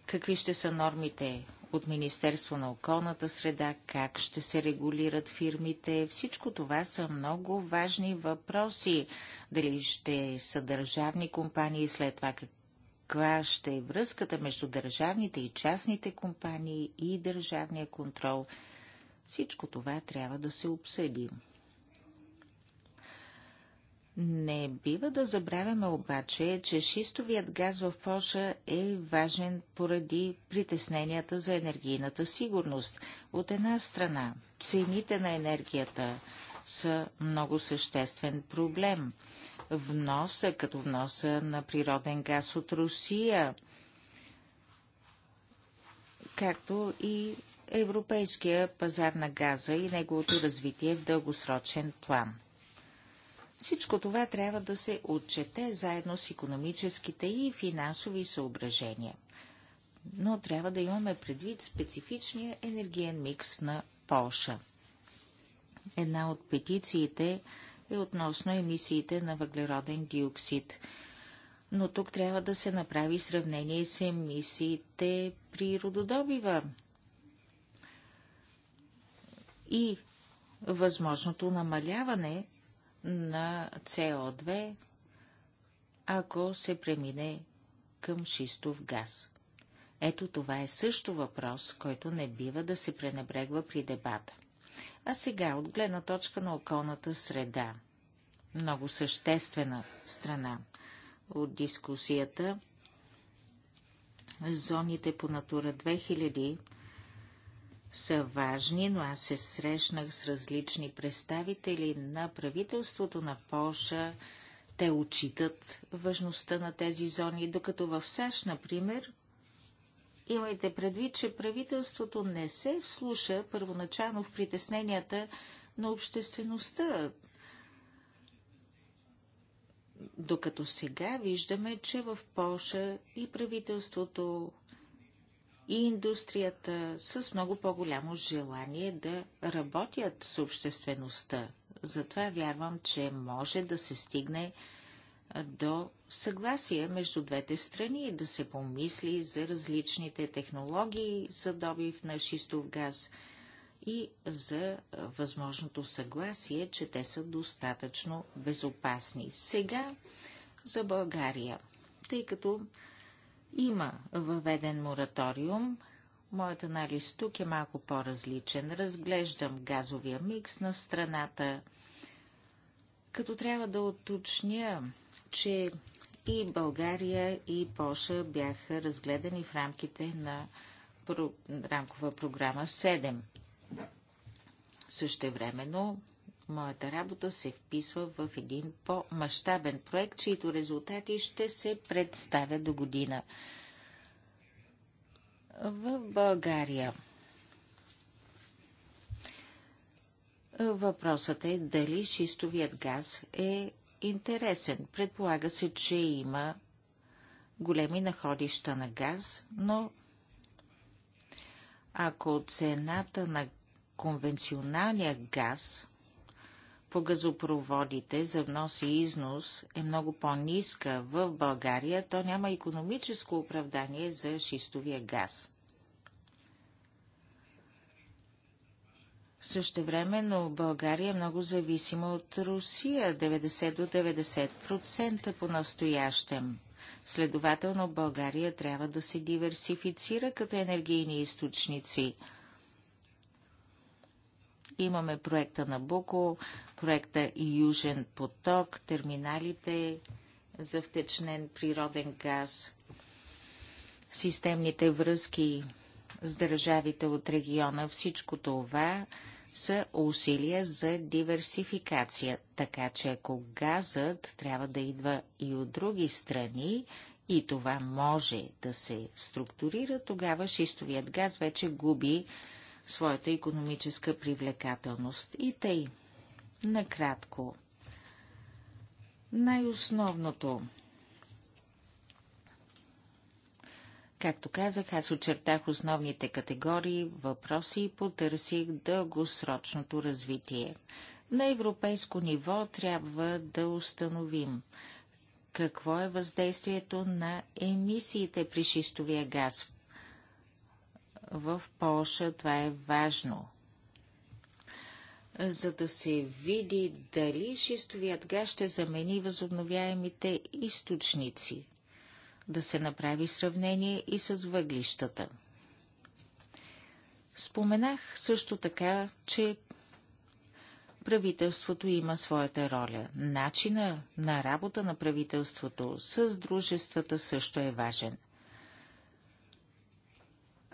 Какви ще са нормите от Министерство на околната среда, как ще се регулират фирмите. Всичко това са много важни въпроси. Дали ще са държавни компании, след това каква ще е връзката между държавните и частните компании и държавния контрол. Всичко това трябва да се обсъди. Не бива да забравяме обаче, че шистовият газ в Польша е важен поради притесненията за енергийната сигурност. От една страна, цените на енергията са много съществен проблем – вноса, като вноса на природен газ от Русия, както и европейския пазар на газа и неговото развитие в дългосрочен план. Всичко това трябва да се отчете заедно с економическите и финансови съображения. Но трябва да имаме предвид специфичния енергиен микс на Полша. Една от петициите е относно емисиите на въглероден диоксид. Но тук трябва да се направи сравнение с емисиите при рододобива и възможното намаляване на CO2, ако се премине към шистов газ. Ето това е също въпрос, който не бива да се пренебрегва при дебата. А сега, от гледна точка на околната среда, много съществена страна от дискусията, зоните по Натура 2000 са важни, но аз се срещнах с различни представители на правителството на Польша. Те отчитат важността на тези зони, докато в САЩ, например, Имайте предвид, че правителството не се вслуша първоначално в притесненията на обществеността. Докато сега виждаме, че в Польша и правителството, и индустрията с много по-голямо желание да работят с обществеността. Затова вярвам, че може да се стигне до съгласие между двете страни и да се помисли за различните технологии за добив на шистов газ и за възможното съгласие, че те са достатъчно безопасни. Сега за България, тъй като има въведен мораториум, моят анализ тук е малко по-различен. Разглеждам газовия микс на страната, като трябва да уточня че и България, и Польша бяха разгледани в рамките на про... рамкова програма 7. Същевременно, моята работа се вписва в един по-масштабен проект, чието резултати ще се представя до година. В България Въпросът е дали шистовият газ е интересен. Предполага се, че има големи находища на газ, но ако цената на конвенционалния газ по газопроводите за внос и износ е много по-ниска в България, то няма економическо оправдание за шистовия газ. Също но България е много зависима от Русия 90 до 90% по-настоящем. Следователно България трябва да се диверсифицира като енергийни източници. Имаме проекта на Буко, проекта Южен поток, терминалите за втечнен природен газ, системните връзки с държавите от региона. Всичко това са усилия за диверсификация, така че ако газът трябва да идва и от други страни, и това може да се структурира, тогава шистовият газ вече губи своята економическа привлекателност. И тъй, накратко, най-основното – Както казах, аз очертах основните категории въпроси и потърсих дългосрочното развитие. На европейско ниво трябва да установим какво е въздействието на емисиите при шистовия газ. В Польша това е важно, за да се види дали шистовият газ ще замени възобновяемите източници – да се направи сравнение и с въглищата. Споменах също така, че правителството има своята роля. Начина на работа на правителството с дружествата също е важен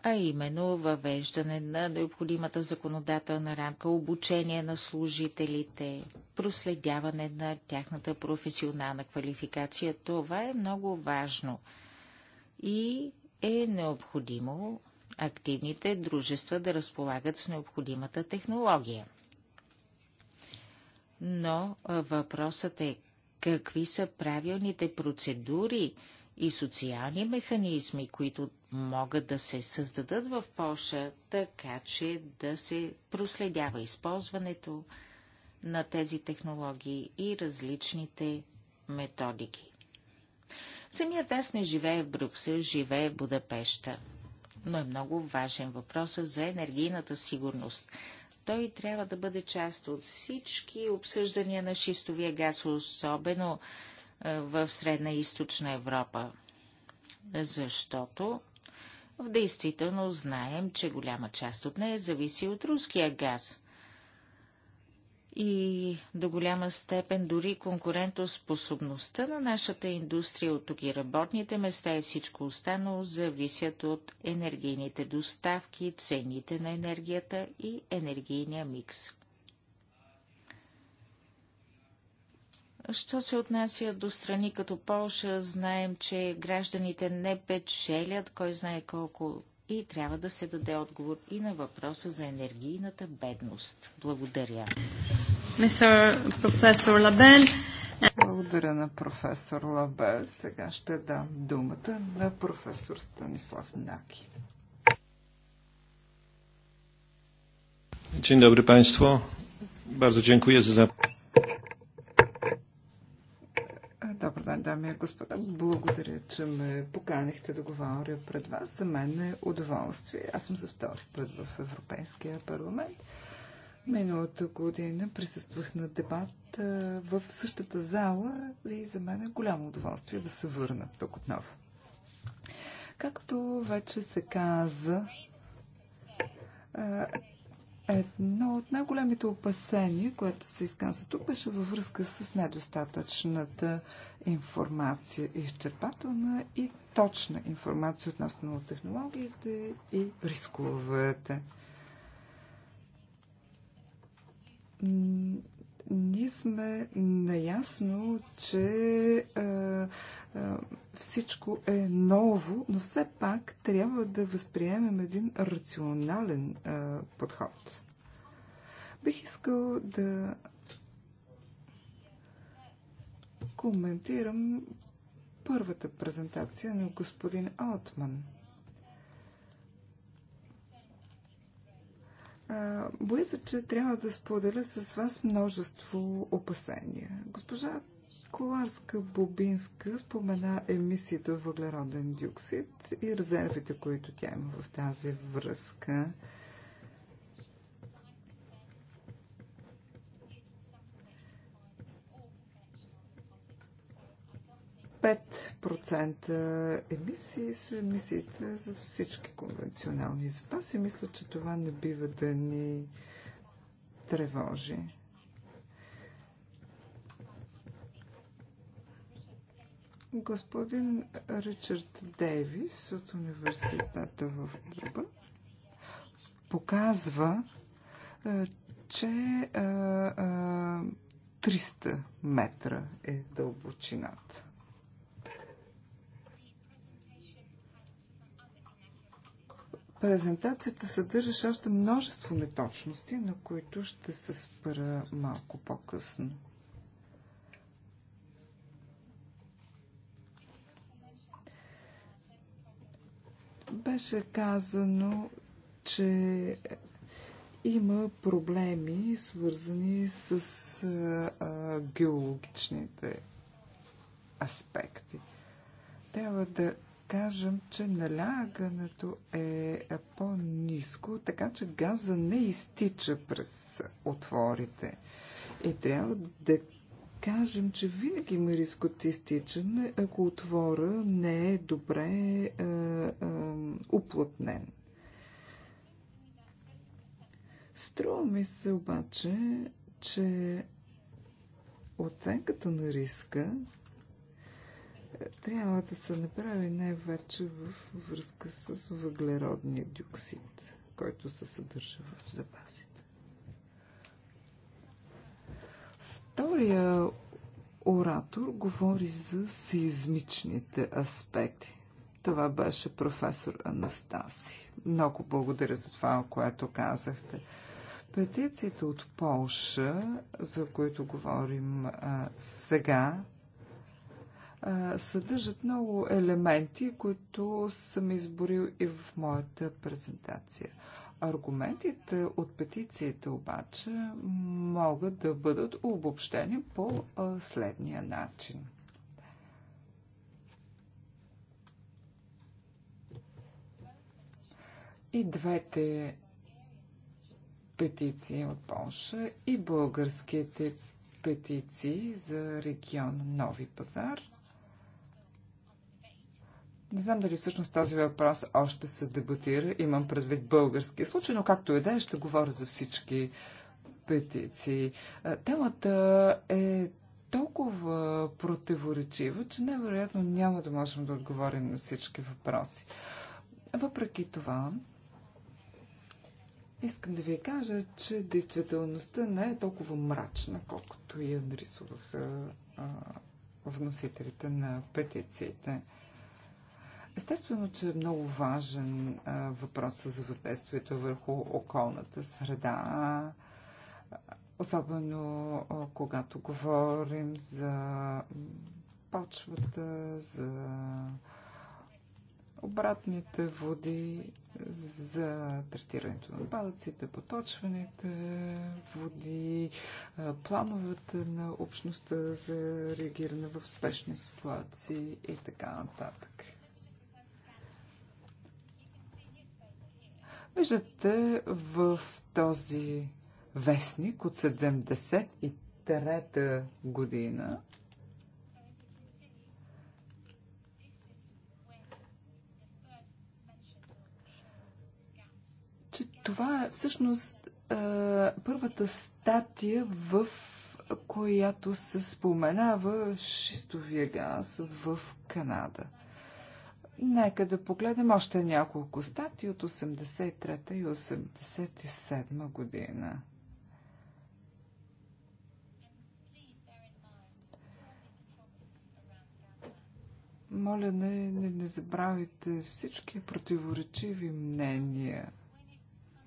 а именно въвеждане на необходимата законодателна рамка, обучение на служителите, проследяване на тяхната професионална квалификация. Това е много важно и е необходимо активните дружества да разполагат с необходимата технология. Но въпросът е какви са правилните процедури, и социални механизми, които могат да се създадат в Польша, така че да се проследява използването на тези технологии и различните методики. Самият аз не живее в Брюксел, живее в Будапеща. Но е много важен въпросът за енергийната сигурност. Той трябва да бъде част от всички обсъждания на шистовия газ, особено е, в Средна и Източна Европа. Защото в действително знаем, че голяма част от нея зависи от руския газ. И до голяма степен дори конкурентоспособността на нашата индустрия от тук и работните места и всичко останало зависят от енергийните доставки, цените на енергията и енергийния микс. Що се отнася до страни като Полша, знаем, че гражданите не печелят, кой знае колко и трябва да се даде отговор и на въпроса за енергийната бедност. Благодаря. Професор Лабен. Благодаря на професор Лабе. Сега ще дам думата на професор Станислав Наки. Dzień dobry Państwu. Bardzo dziękuję za zaproszenie. ден, дами и господа. Благодаря, че ме поканихте да говоря пред вас. За мен е удоволствие. Аз съм за втори път в Европейския парламент. Миналата година присъствах на дебат в същата зала и за мен е голямо удоволствие да се върна тук отново. Както вече се каза, Едно от най-големите опасения, което се изказа тук, беше във връзка с недостатъчната информация, изчерпателна и точна информация относно технологиите и рисковете. Ние сме наясно, че а, е, а, е, всичко е ново, но все пак трябва да възприемем един рационален а, е, подход. Бих искал да коментирам първата презентация на господин Алтман. Боя се, че трябва да споделя с вас множество опасения. Госпожа Коларска-Бобинска спомена емисията въглероден диоксид и резервите, които тя има в тази връзка. 5% емисии са емисиите за всички конвенционални запаси. Мисля, че това не бива да ни тревожи. Господин Ричард Дейвис от университета в Друба показва, е, че 300 е, е, метра е дълбочината. Презентацията съдържаше още множество неточности, на които ще се спра малко по-късно. Беше казано, че има проблеми, свързани с а, геологичните аспекти. Трябва да кажем, че налягането е по-низко, така че газа не изтича през отворите. И трябва да кажем, че винаги има риск от изтичане, ако отвора не е добре е, е, уплътнен. Струва ми се обаче, че оценката на риска трябва да се направи най-вече в връзка с въглеродния диоксид, който се съдържа в запасите. Втория оратор говори за сеизмичните аспекти. Това беше професор Анастаси. Много благодаря за това, което казахте. Петициите от Полша, за които говорим а, сега, съдържат много елементи, които съм изборил и в моята презентация. Аргументите от петициите обаче могат да бъдат обобщени по следния начин. И двете петиции от Польша и българските петиции за регион Нови пазар – не знам дали всъщност този въпрос още се дебатира. Имам предвид български случай, но както и да е, ще говоря за всички петиции. Е, темата е толкова противоречива, че невероятно няма да можем да отговорим на всички въпроси. Въпреки това, искам да ви кажа, че действителността не е толкова мрачна, колкото я нарисувах е, е, вносителите на петициите. Естествено, че е много важен въпрос за въздействието върху околната среда, особено когато говорим за почвата, за обратните води, за третирането на отпадъците, поточването води, плановете на общността за реагиране в спешни ситуации и така нататък. Виждате в този вестник от 73-та година, че това е всъщност първата статия, в която се споменава шистовия газ в Канада. Нека да погледнем още няколко стати от 83 та и 87 година. Моля, не, не, не забравяйте всички противоречиви мнения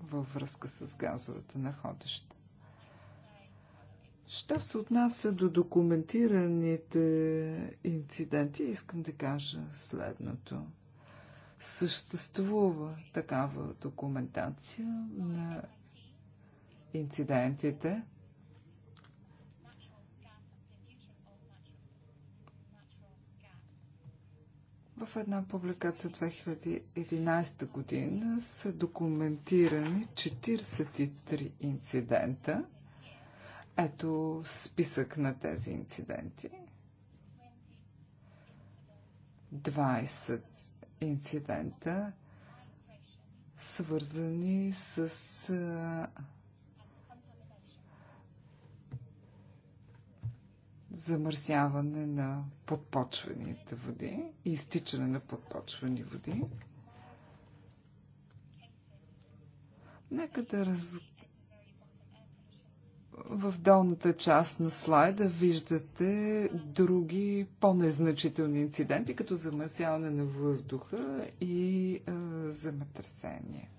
във връзка с газовата находища. Що се отнася до документираните инциденти, искам да кажа следното. Съществува такава документация на инцидентите. В една публикация от 2011 година са документирани 43 инцидента – ето списък на тези инциденти. 20 инцидента, свързани с замърсяване на подпочвените води и изтичане на подпочвени води. Нека да разгледаме в долната част на слайда виждате други по-незначителни инциденти, като замърсяване на въздуха и е, земетресение.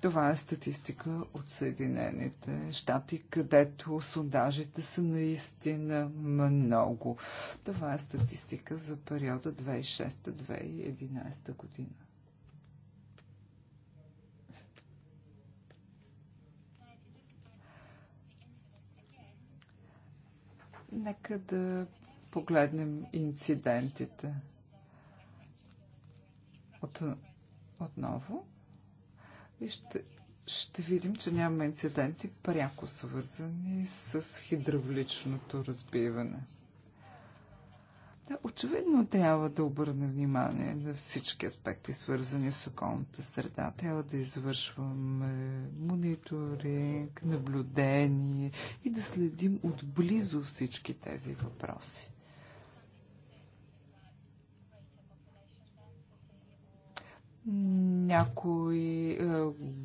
Това е статистика от Съединените щати, където сондажите са наистина много. Това е статистика за периода 2006-2011 година. Нека да погледнем инцидентите. От, отново. И ще, ще видим, че няма инциденти пряко свързани с хидравличното разбиване. Да, очевидно трябва да обърна внимание на всички аспекти, свързани с околната среда. Трябва да извършваме мониторинг, наблюдение и да следим отблизо всички тези въпроси. Някои е,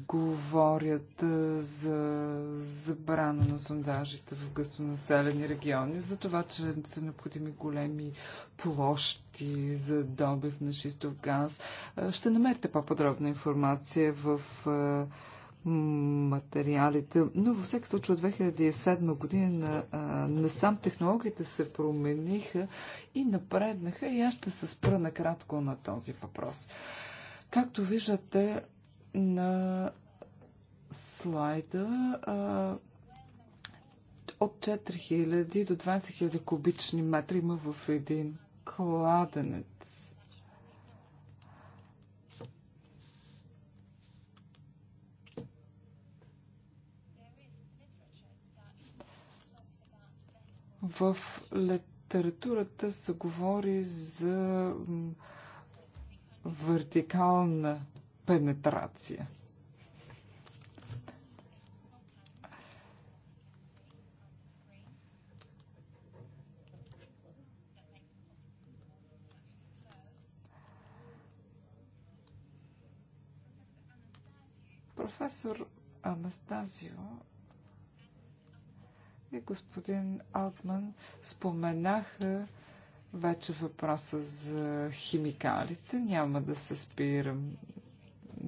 говорят е, за забрана на сондажите в гъстонаселени региони, за това, че са необходими големи площи за добив на шистов газ. Е, ще намерите по-подробна информация в е, материалите. Но във всеки случай от 2007 година е, насам технологиите се промениха и напреднаха и аз ще се спра накратко на този въпрос. Както виждате на слайда, от 4000 до 20 000 кубични метра има в един кладенец. В литературата се говори за вертикална пенетрация. Професор Анастазио и господин Алтман споменаха вече въпроса за химикалите няма да се спирам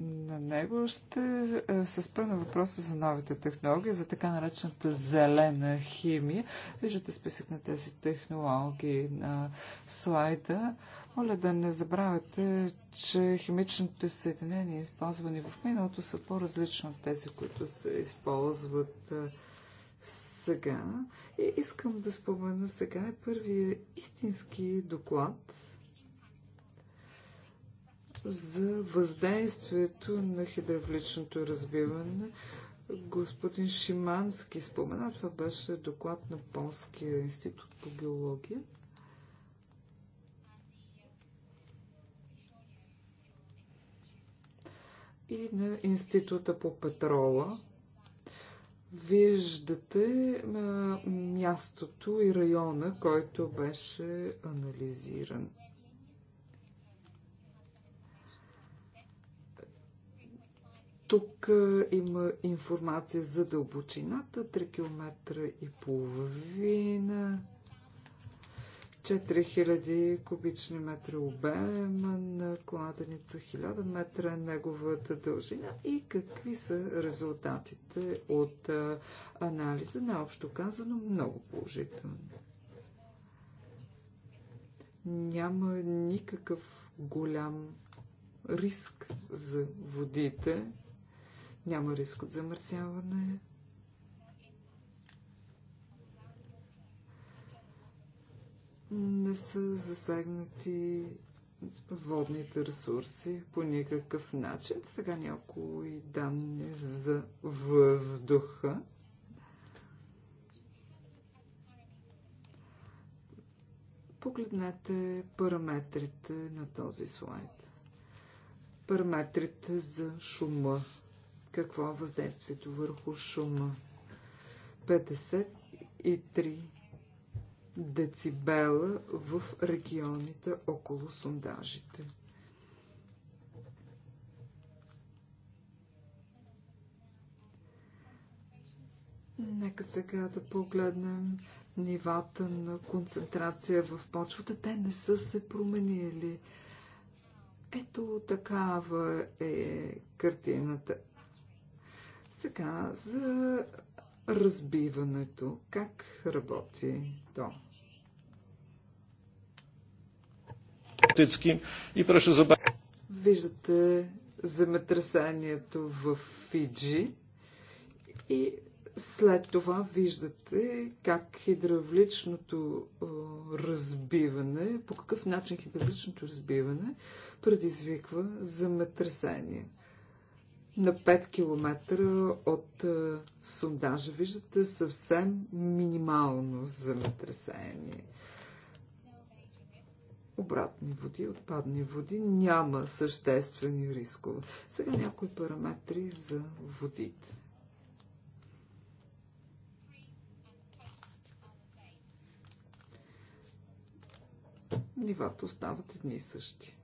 на него. Ще е, се спра на въпроса за новите технологии, за така наречената зелена химия. Виждате списък на тези технологии на слайда. Моля да не забравяте, че химичните съединения, използвани в миналото, са по-различни от тези, които се използват е, сега и искам да спомена сега е първия истински доклад за въздействието на хидравличното разбиване. Господин Шимански спомена, това беше доклад на Полския институт по геология. и на Института по петрола виждате а, мястото и района, който беше анализиран. Тук има информация за дълбочината 3 км и половина. 4000 кубични метра обем, на кладеница, 1000 метра неговата дължина и какви са резултатите от анализа, наобщо казано много положително. Няма никакъв голям риск за водите, няма риск от замърсяване, не са засегнати водните ресурси по никакъв начин. Сега някои данни за въздуха. Погледнете параметрите на този слайд. Параметрите за шума. Какво е въздействието върху шума? 53 децибела в регионите около сондажите. Нека сега да погледнем нивата на концентрация в почвата. Те не са се променили. Ето такава е картината. Сега за разбиването. Как работи то? И прошу за... Виждате земетресанието в Фиджи и след това виждате как хидравличното разбиване, по какъв начин хидравличното разбиване предизвиква земетресение на 5 км от е, сондажа. Виждате съвсем минимално земетресение. Обратни води, отпадни води, няма съществени рискове. Сега някои параметри за водите. Нивата остават едни и същи.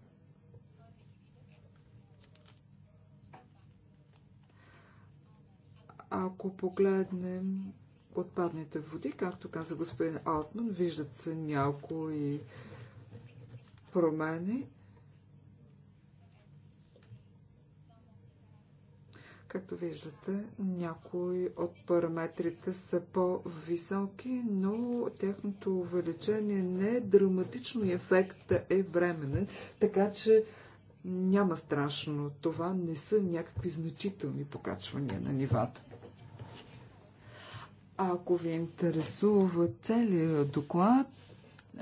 Ако погледнем отпадните води, както каза господин Алтман, виждат се някои промени. Както виждате, някои от параметрите са по-високи, но тяхното увеличение не е драматично и ефектът е временен, така че няма страшно. Това не са някакви значителни покачвания на нивата. Ако ви интересува целият доклад,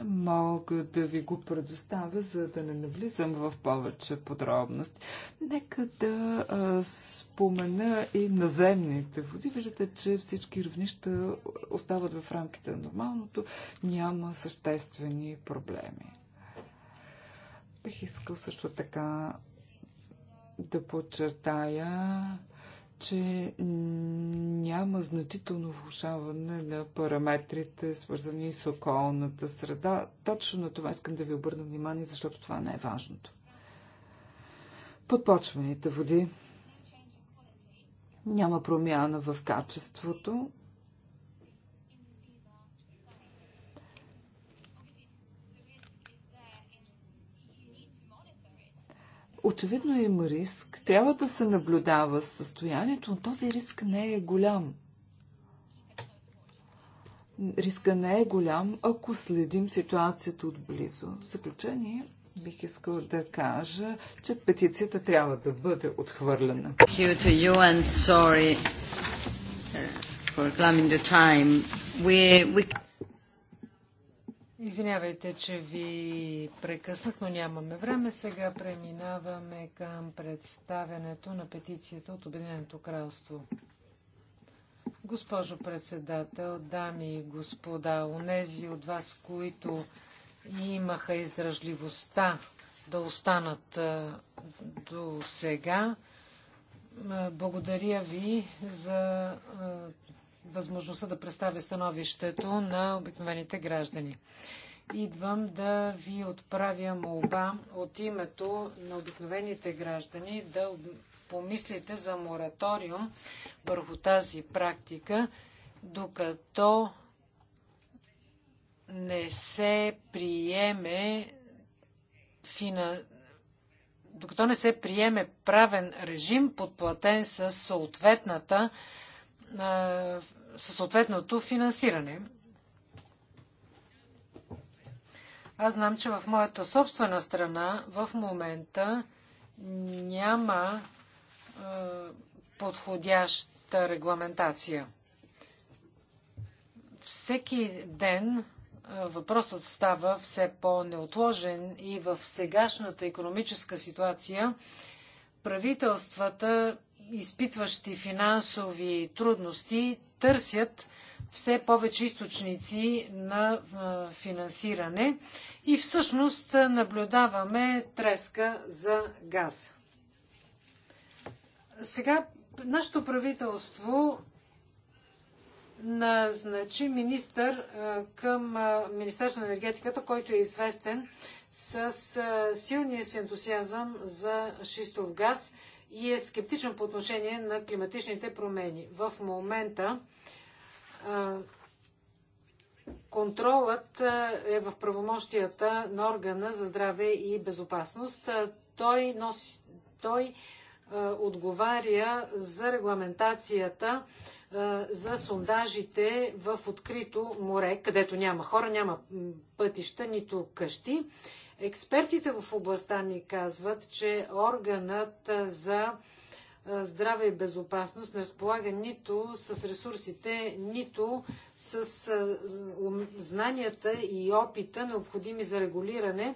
мога да ви го предоставя, за да не навлизам в повече подробности. Нека да а, спомена и наземните води. Виждате, че всички равнища остават в рамките на нормалното. Няма съществени проблеми. Бих искал също така да подчертая че няма значително влушаване на параметрите, свързани с околната среда. Точно на това искам да ви обърна внимание, защото това не е важното Подпочвените води. Няма промяна в качеството, Очевидно има риск. Трябва да се наблюдава състоянието, но този риск не е голям. Риска не е голям, ако следим ситуацията отблизо. В заключение, бих искал да кажа, че петицията трябва да бъде отхвърлена. Извинявайте, че ви прекъснах, но нямаме време. Сега преминаваме към представянето на петицията от Обединеното кралство. Госпожо председател, дами и господа, онези от вас, които имаха издръжливостта да останат до сега, благодаря ви за възможността да представя становището на обикновените граждани. Идвам да ви отправя молба от името на обикновените граждани да помислите за мораториум върху тази практика, докато не се приеме фина... докато не се приеме правен режим, подплатен с съответната със съответното финансиране. Аз знам, че в моята собствена страна в момента няма подходяща регламентация. Всеки ден въпросът става все по-неотложен и в сегашната економическа ситуация правителствата изпитващи финансови трудности, търсят все повече източници на финансиране и всъщност наблюдаваме треска за газ. Сега нашето правителство назначи министър към Министерството на енергетиката, който е известен с силния си ентусиазъм за шистов газ – и е скептичен по отношение на климатичните промени. В момента контролът е в правомощията на органа за здраве и безопасност. Той, носи, той отговаря за регламентацията за сондажите в открито море, където няма хора, няма пътища, нито къщи. Експертите в областта ни казват, че органът за здраве и безопасност не разполага нито с ресурсите, нито с знанията и опита, необходими за регулиране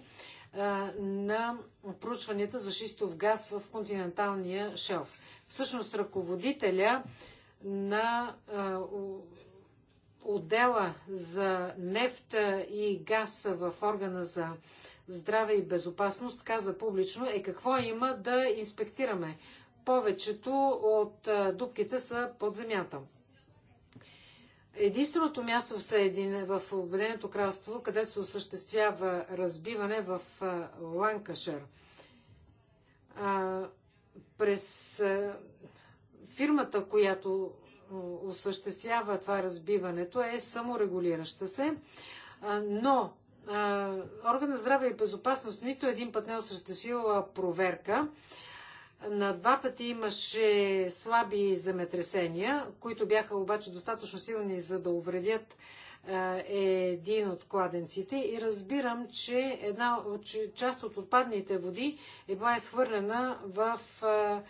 на проучванията за шистов газ в континенталния шелф. Всъщност, ръководителя на отдела за нефта и газ в органа за здраве и безопасност каза публично, е какво има да инспектираме. Повечето от дубките са под земята. Единственото място в, Съедин... в Обединеното кралство, където се осъществява разбиване в Ланкашер. през фирмата, която осъществява това разбиването, е саморегулираща се. Но Органа на здраве и безопасност нито един път не е осъществила проверка. На два пъти имаше слаби земетресения, които бяха обаче достатъчно силни, за да увредят един от кладенците и разбирам, че една от, част от отпадните води е била изхвърлена в а,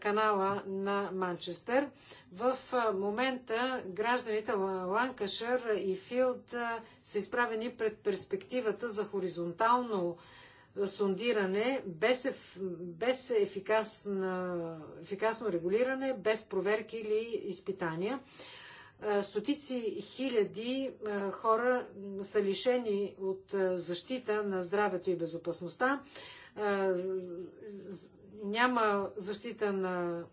канала на Манчестър. В момента гражданите Ланкашър и Филд са изправени пред перспективата за хоризонтално сондиране без, еф, без ефикасно, ефикасно регулиране, без проверки или изпитания. Стотици хиляди хора са лишени от защита на здравето и безопасността няма защита на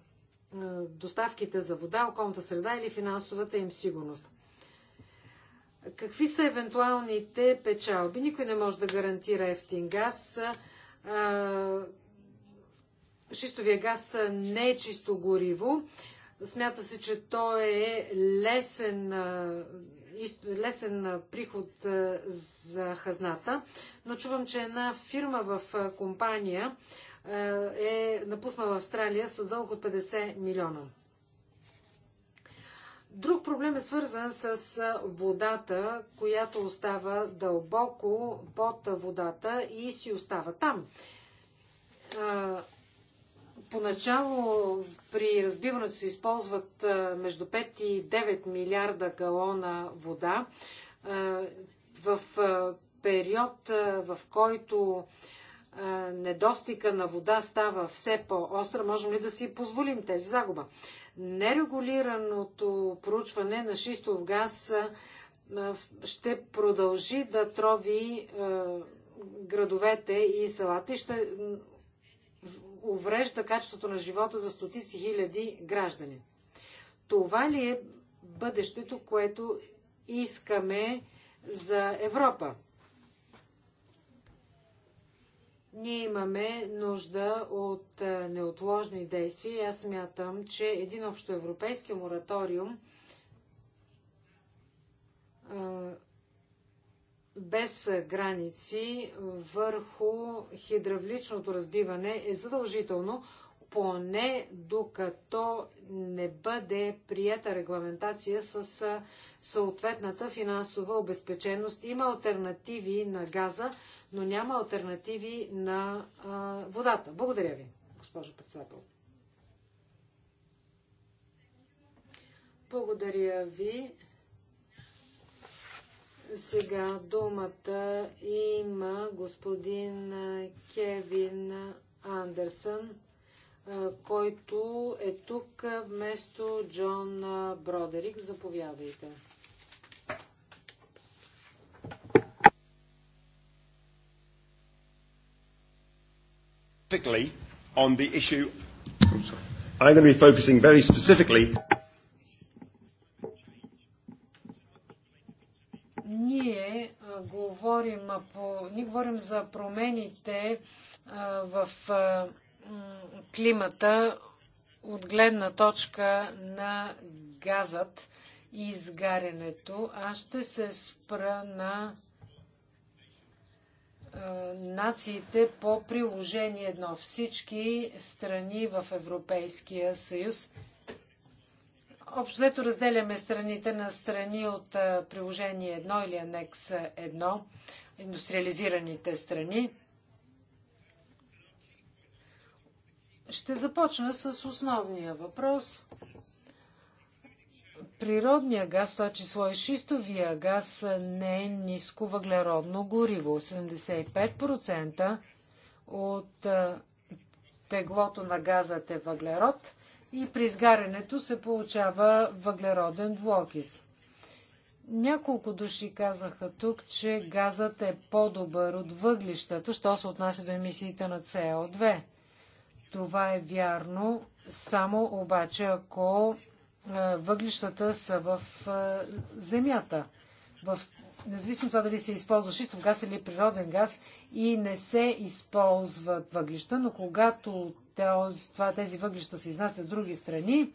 доставките за вода, околната среда или финансовата им сигурност. Какви са евентуалните печалби? Никой не може да гарантира ефтин газ. Шистовия газ не е чисто гориво. Смята се, че то е лесен, лесен приход за хазната. Но чувам, че една фирма в компания е, е напуснала Австралия с дълг от 50 милиона. Друг проблем е свързан с водата, която остава дълбоко под водата и си остава там. Поначало при разбиването се използват между 5 и 9 милиарда галона вода. В период, в който недостига на вода става все по-остра, можем ли да си позволим тези загуба? Нерегулираното проучване на шистов газ ще продължи да трови градовете и селата и ще уврежда качеството на живота за стотици хиляди граждани. Това ли е бъдещето, което искаме за Европа? Ние имаме нужда от е, неотложни действия. Аз смятам, че един общоевропейски мораториум е, без граници върху хидравличното разбиване е задължително, поне докато не бъде прията регламентация с е, съответната финансова обезпеченост. Има альтернативи на газа, но няма альтернативи на а, водата. Благодаря ви, госпожо председател. Благодаря ви. Сега думата има господин Кевин Андерсън, който е тук вместо Джон Бродерик. Заповядайте. specifically on the issue. I'm going to be focusing very specifically. Ние говорим, по, ние говорим за промените в климата от гледна точка на газът и изгарянето. Аз ще се спра на е, нациите по приложение едно. Всички страни в Европейския съюз. Общо взето разделяме страните на страни от е, приложение 1 или анекс 1, индустриализираните страни. Ще започна с основния въпрос – природния газ, това число е шистовия газ, не е ниско въглеродно гориво. 75% от теглото на газът е въглерод и при изгарянето се получава въглероден двуокис. Няколко души казаха тук, че газът е по-добър от въглищата, що се отнася до емисиите на со 2 Това е вярно, само обаче ако въглищата са в земята. В, независимо това дали се използва шистов газ или природен газ и не се използват въглища, но когато тези въглища се изнасят в други страни,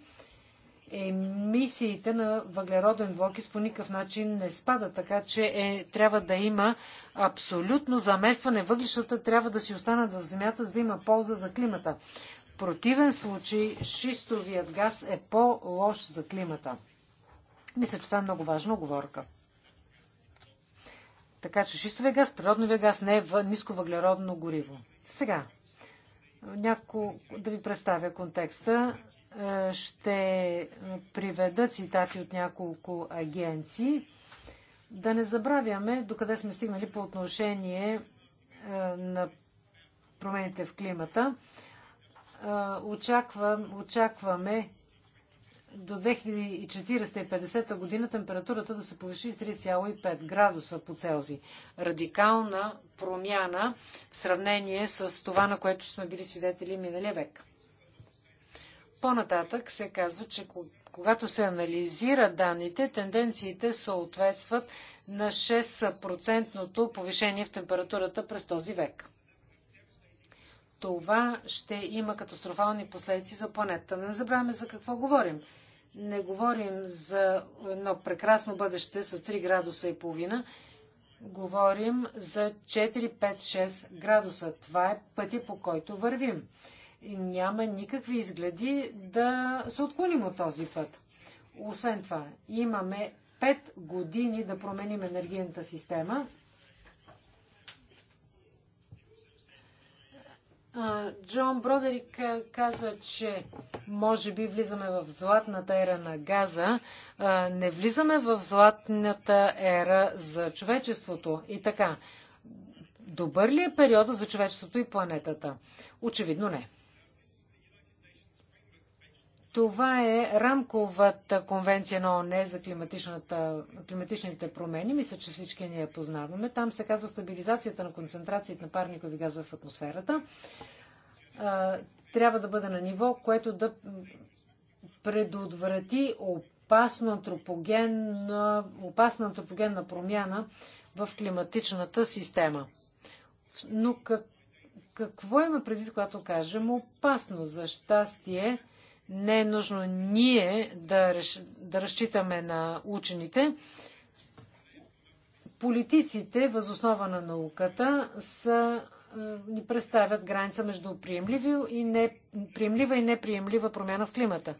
емисиите на въглероден двуокис по никакъв начин не спадат, така че е, трябва да има абсолютно заместване. Въглищата трябва да си останат в земята, за да има полза за климата противен случай шистовият газ е по-лош за климата. Мисля, че това е много важна оговорка. Така че шистовия газ, природновия газ не е ниско нисковъглеродно гориво. Сега, няко... да ви представя контекста. Е, ще приведа цитати от няколко агенции. Да не забравяме докъде сме стигнали по отношение е, на промените в климата очаквам, очакваме до 2040-50 година температурата да се повиши с 3,5 градуса по Целзий. Радикална промяна в сравнение с това, на което сме били свидетели миналия век. По-нататък се казва, че когато се анализира данните, тенденциите съответстват на 6 повишение в температурата през този век това ще има катастрофални последици за планетата. Не забравяме за какво говорим. Не говорим за едно прекрасно бъдеще с 3 градуса и половина. Говорим за 4, 5, 6 градуса. Това е пътя, по който вървим. Няма никакви изгледи да се отклоним от този път. Освен това, имаме 5 години да променим енергийната система Джон Бродерик каза, че може би влизаме в златната ера на газа. Не влизаме в златната ера за човечеството. И така, добър ли е периода за човечеството и планетата? Очевидно не. Това е рамковата конвенция на ОНЕ за климатичните промени. Мисля, че всички ние я познаваме. Там се казва стабилизацията на концентрациите на парникови газове в атмосферата. Трябва да бъде на ниво, което да предотврати опасна антропогенна, опасна антропогенна промяна в климатичната система. Но как, какво има преди, когато кажем опасно? За щастие, не е нужно ние да, реш... да разчитаме на учените. Политиците, възоснова на науката, са, е, ни представят граница между приемлива и, не... приемлива и неприемлива промяна в климата.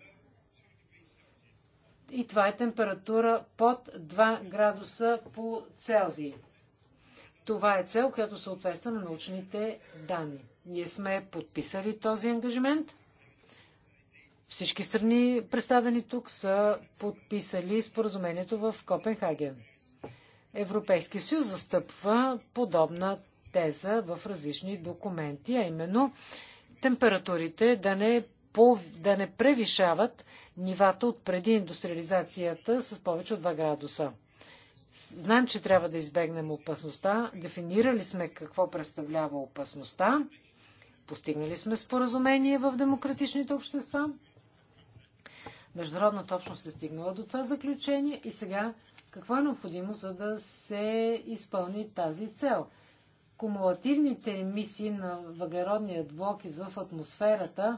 И това е температура под 2 градуса по Целзий. Това е цел, която съответства на научните данни. Ние сме подписали този ангажимент. Всички страни, представени тук, са подписали споразумението в Копенхаген. Европейски съюз застъпва подобна теза в различни документи, а именно температурите да не, по, да не превишават нивата от преди индустриализацията с повече от 2 градуса. Знаем, че трябва да избегнем опасността. Дефинирали сме какво представлява опасността. Постигнали сме споразумение в демократичните общества. Международната общност е стигнала до това заключение и сега какво е необходимо, за да се изпълни тази цел? Кумулативните емисии на въглеродния двуокис в атмосферата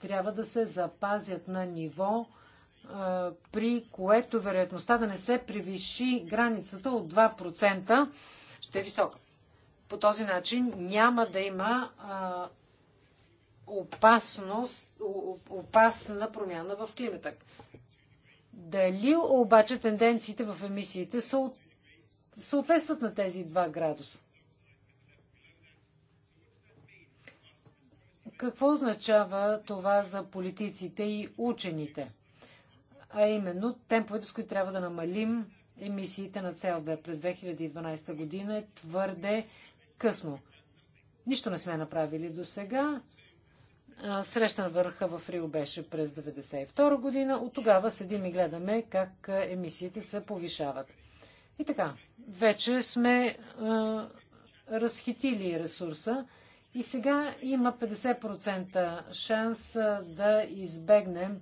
трябва да се запазят на ниво, при което вероятността да не се превиши границата от 2% ще е висока. По този начин няма да има опасност, опасна промяна в климата. Дали обаче тенденциите в емисиите са, съответстват на тези 2 градуса? Какво означава това за политиците и учените? А именно темповете, с които трябва да намалим емисиите на CO2 през 2012 година е твърде късно. Нищо не сме направили до сега срещан върха в Рио беше през 1992 година. От тогава седим и гледаме как емисиите се повишават. И така, вече сме а, разхитили ресурса и сега има 50% шанс да избегнем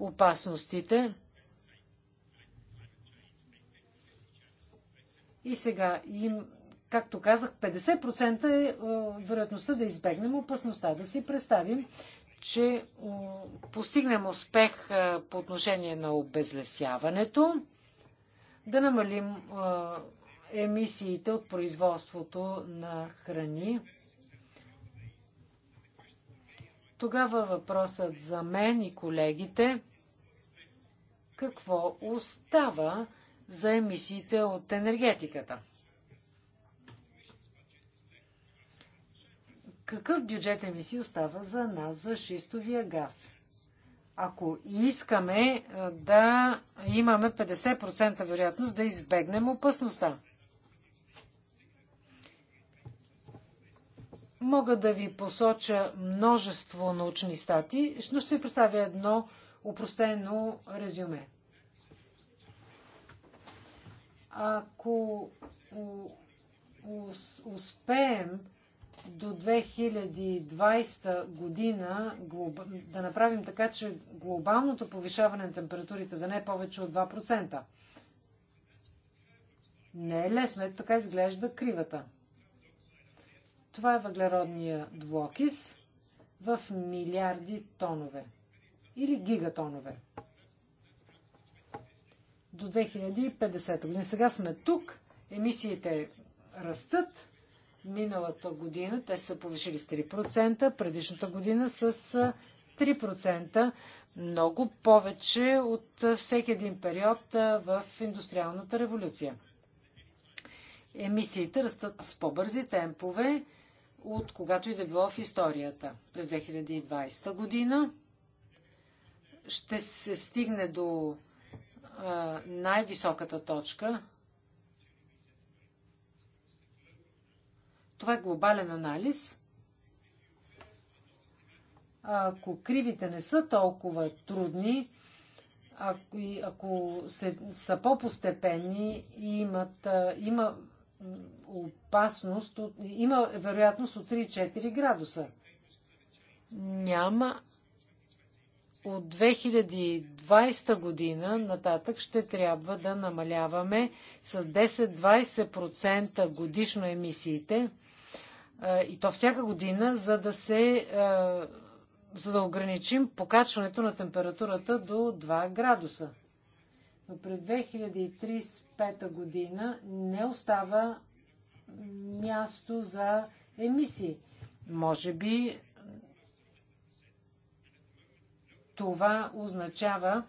опасностите. И сега им както казах, 50% е, е вероятността да избегнем опасността. Да си представим, че е, постигнем успех е, по отношение на обезлесяването, да намалим емисиите от производството на храни. Тогава въпросът за мен и колегите какво остава за емисиите от енергетиката. Какъв бюджет емисии остава за нас, за шистовия газ? Ако искаме е, да имаме 50% вероятност да избегнем опасността. Мога да ви посоча множество научни стати, но ще ви представя едно упростено резюме. Ако успеем до 2020 година да направим така, че глобалното повишаване на температурите да не е повече от 2%. Не е лесно, ето така изглежда кривата. Това е въглеродния двуокис в милиарди тонове или гигатонове. До 2050 година. Сега сме тук, емисиите растат, Миналата година те са повишили с 3%, предишната година с 3%, много повече от всеки един период в индустриалната революция. Емисиите растат с по-бързи темпове, от когато и да било в историята. През 2020 година ще се стигне до най-високата точка Това е глобален анализ. Ако кривите не са толкова трудни, ако, ако се, са по-постепенни и имат, има опасност, от, има вероятност от 3-4 градуса. Няма. От 2020 година нататък ще трябва да намаляваме с 10-20% годишно емисиите и то всяка година, за да се за да ограничим покачването на температурата до 2 градуса. Но през 2035 година не остава място за емисии. Може би това означава,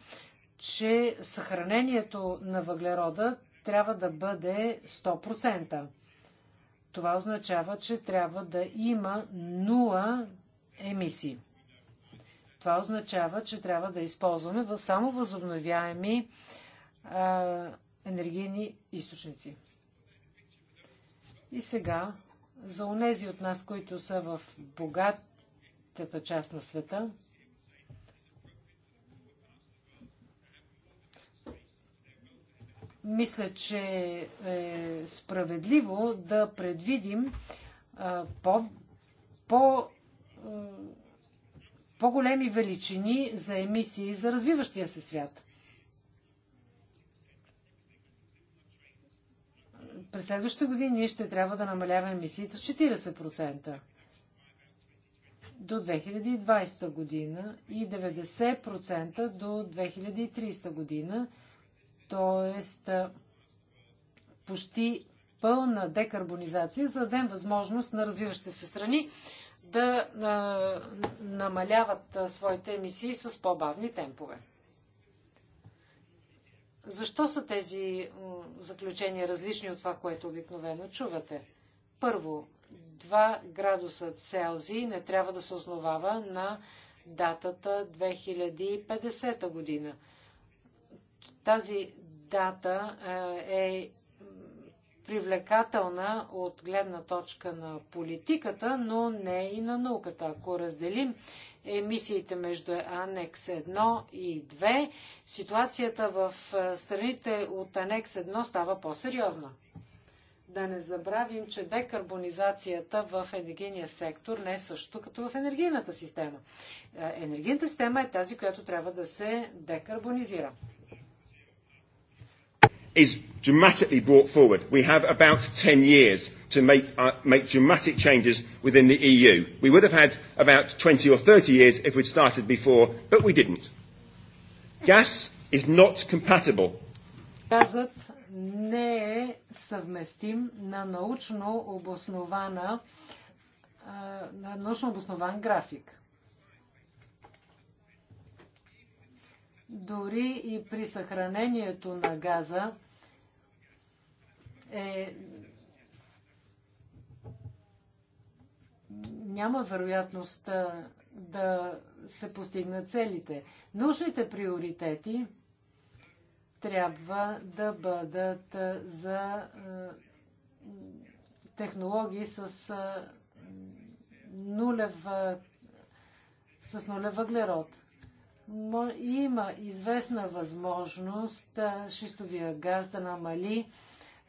че съхранението на въглерода трябва да бъде 100%. Това означава, че трябва да има нула емисии. Това означава, че трябва да използваме само възобновяеми а, енергийни източници. И сега, за онези от нас, които са в богатата част на света, Мисля, че е справедливо да предвидим по, по, по-големи величини за емисии за развиващия се свят. През следващите години ние ще трябва да намаляваме емисиите с 40% до 2020 година и 90% до 2030 година Тоест, почти пълна декарбонизация, за да дадем възможност на развиващите се страни да а, намаляват а, своите емисии с по-бавни темпове. Защо са тези заключения различни от това, което обикновено чувате? Първо, 2 градуса Целзий не трябва да се основава на датата 2050 година. Тази дата е, е привлекателна от гледна точка на политиката, но не и на науката. Ако разделим емисиите между Анекс 1 и 2, ситуацията в е, страните от Анекс 1 става по-сериозна. Да не забравим, че декарбонизацията в енергийния сектор не е също като в енергийната система. Е, енергийната система е тази, която трябва да се декарбонизира is dramatically brought forward. We have about 10 years to make, uh, make dramatic changes within the EU. We would have had about 20 or 30 years if we'd started before, but we didn't. Gas is not compatible. Газът не е съвместим на научно обоснована на научно обоснован график. Дори и при съхранението на газа е няма вероятност да се постигнат целите. Нужните приоритети трябва да бъдат за технологии с нулев с нулев въглерод има известна възможност шистовия газ да намали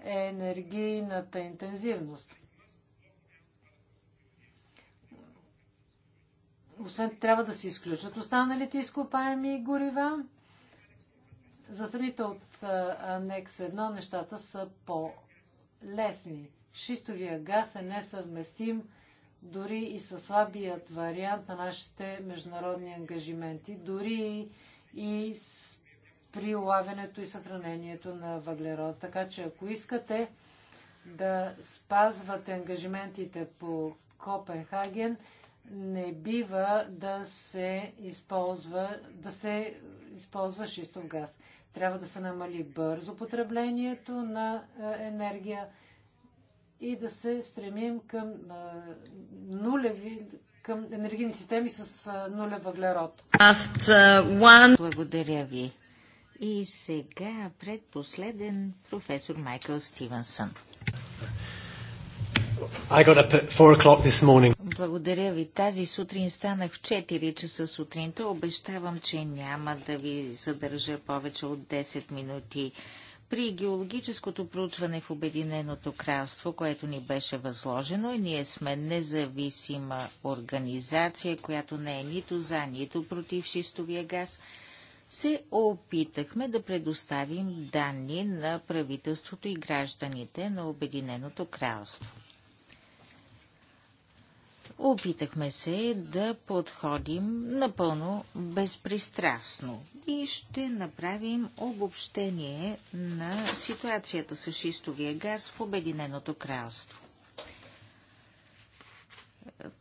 енергийната интензивност. Освен трябва да се изключат останалите изкопаеми горива. За страните от анекс 1 нещата са по-лесни. Шистовия газ е несъвместим дори и със слабият вариант на нашите международни ангажименти, дори и с прилавянето и съхранението на въглерода. Така че ако искате да спазвате ангажиментите по Копенхаген, не бива да се използва, да се използва шистов газ. Трябва да се намали бързо потреблението на е, енергия, и да се стремим към, нулеви, към енергийни системи с нуля въглерод. Uh, Благодаря ви. И сега предпоследен професор Майкъл Стивенсън. I got up at 4 this morning. Благодаря ви. Тази сутрин станах в 4 часа сутринта. Обещавам, че няма да ви задържа повече от 10 минути. При геологическото проучване в Обединеното кралство, което ни беше възложено, и ние сме независима организация, която не е нито за, нито против шистовия газ, се опитахме да предоставим данни на правителството и гражданите на Обединеното кралство. Опитахме се да подходим напълно безпристрастно и ще направим обобщение на ситуацията с шистовия газ в Обединеното кралство.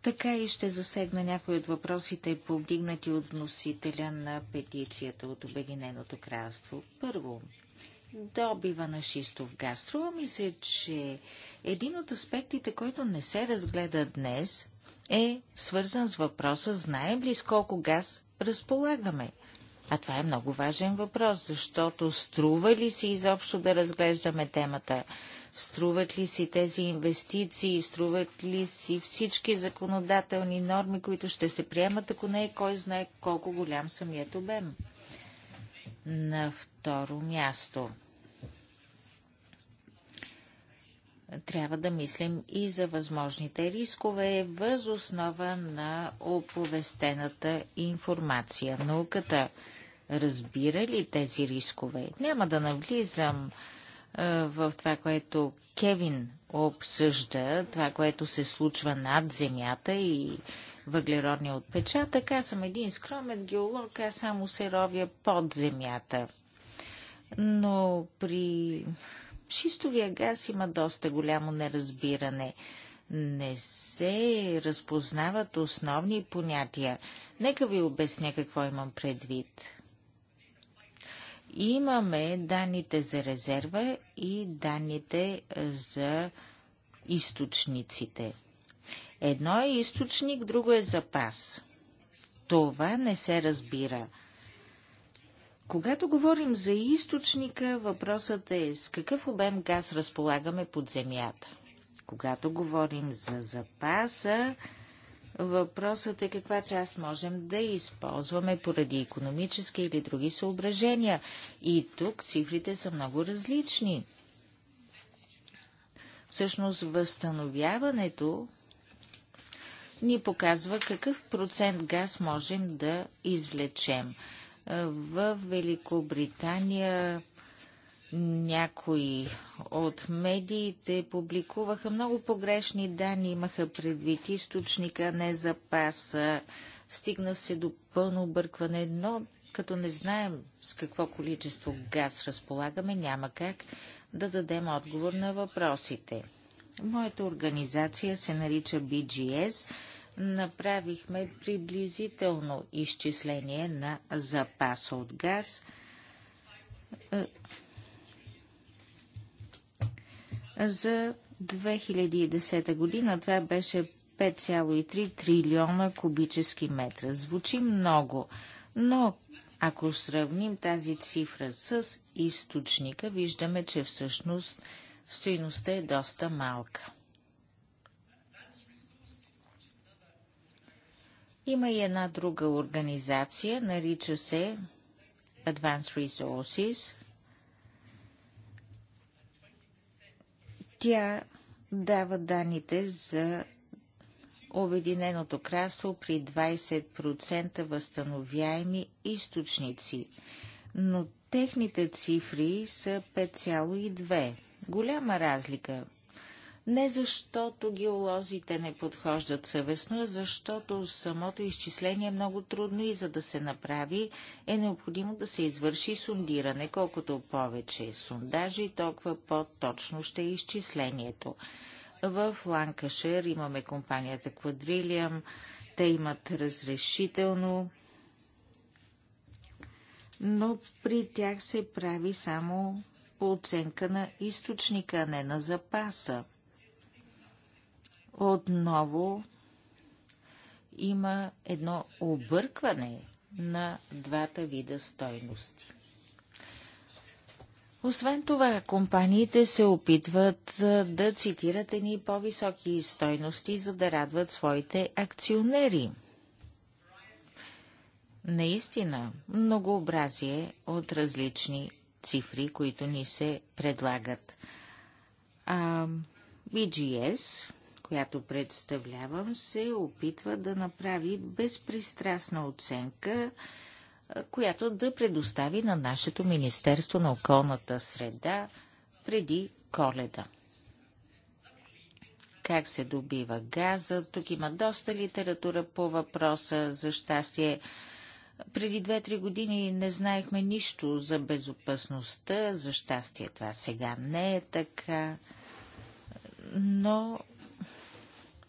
Така и ще засегна някои от въпросите, повдигнати от вносителя на петицията от Обединеното кралство. Първо, добива на шистов газ. Струва ми се, че един от аспектите, който не се разгледа днес, е свързан с въпроса, знаем ли с колко газ разполагаме? А това е много важен въпрос, защото струва ли си изобщо да разглеждаме темата? Струват ли си тези инвестиции? Струват ли си всички законодателни норми, които ще се приемат, ако не е кой знае колко голям самият обем? На второ място – трябва да мислим и за възможните рискове въз основа на оповестената информация. Науката разбира ли тези рискове? Няма да навлизам в това, което Кевин обсъжда, това, което се случва над земята и въглеродния отпечатък. Аз съм един скромен геолог, аз само се ровя под земята. Но при шистовия газ има доста голямо неразбиране. Не се разпознават основни понятия. Нека ви обясня какво имам предвид. Имаме данните за резерва и данните за източниците. Едно е източник, друго е запас. Това не се разбира – когато говорим за източника, въпросът е с какъв обем газ разполагаме под земята. Когато говорим за запаса, въпросът е каква част можем да използваме поради економически или други съображения. И тук цифрите са много различни. Всъщност възстановяването ни показва какъв процент газ можем да извлечем. В Великобритания някои от медиите публикуваха много погрешни данни, имаха предвид източника, не запаса. Стигна се до пълно объркване, но като не знаем с какво количество газ разполагаме, няма как да дадем отговор на въпросите. Моята организация се нарича BGS направихме приблизително изчисление на запаса от газ. Е, за 2010 година това беше 5,3 трилиона кубически метра. Звучи много, но ако сравним тази цифра с източника, виждаме, че всъщност стоиността е доста малка. Има и една друга организация, нарича се Advanced Resources. Тя дава данните за Обединеното кралство при 20% възстановяеми източници, но техните цифри са 5,2. Голяма разлика – не защото геолозите не подхождат съвестно, а защото самото изчисление е много трудно и за да се направи е необходимо да се извърши сундиране. Колкото повече сундажи, толкова по-точно ще е изчислението. В Ланкашер имаме компанията Quadrillium. Те имат разрешително, но при тях се прави само по оценка на източника, а не на запаса отново има едно объркване на двата вида стойности. Освен това, компаниите се опитват да цитират едни по-високи стойности, за да радват своите акционери. Наистина, многообразие от различни цифри, които ни се предлагат. А, BGS която представлявам, се опитва да направи безпристрастна оценка, която да предостави на нашето Министерство на околната среда преди коледа. Как се добива газа? Тук има доста литература по въпроса. За щастие, преди 2-3 години не знаехме нищо за безопасността. За щастие това сега не е така. Но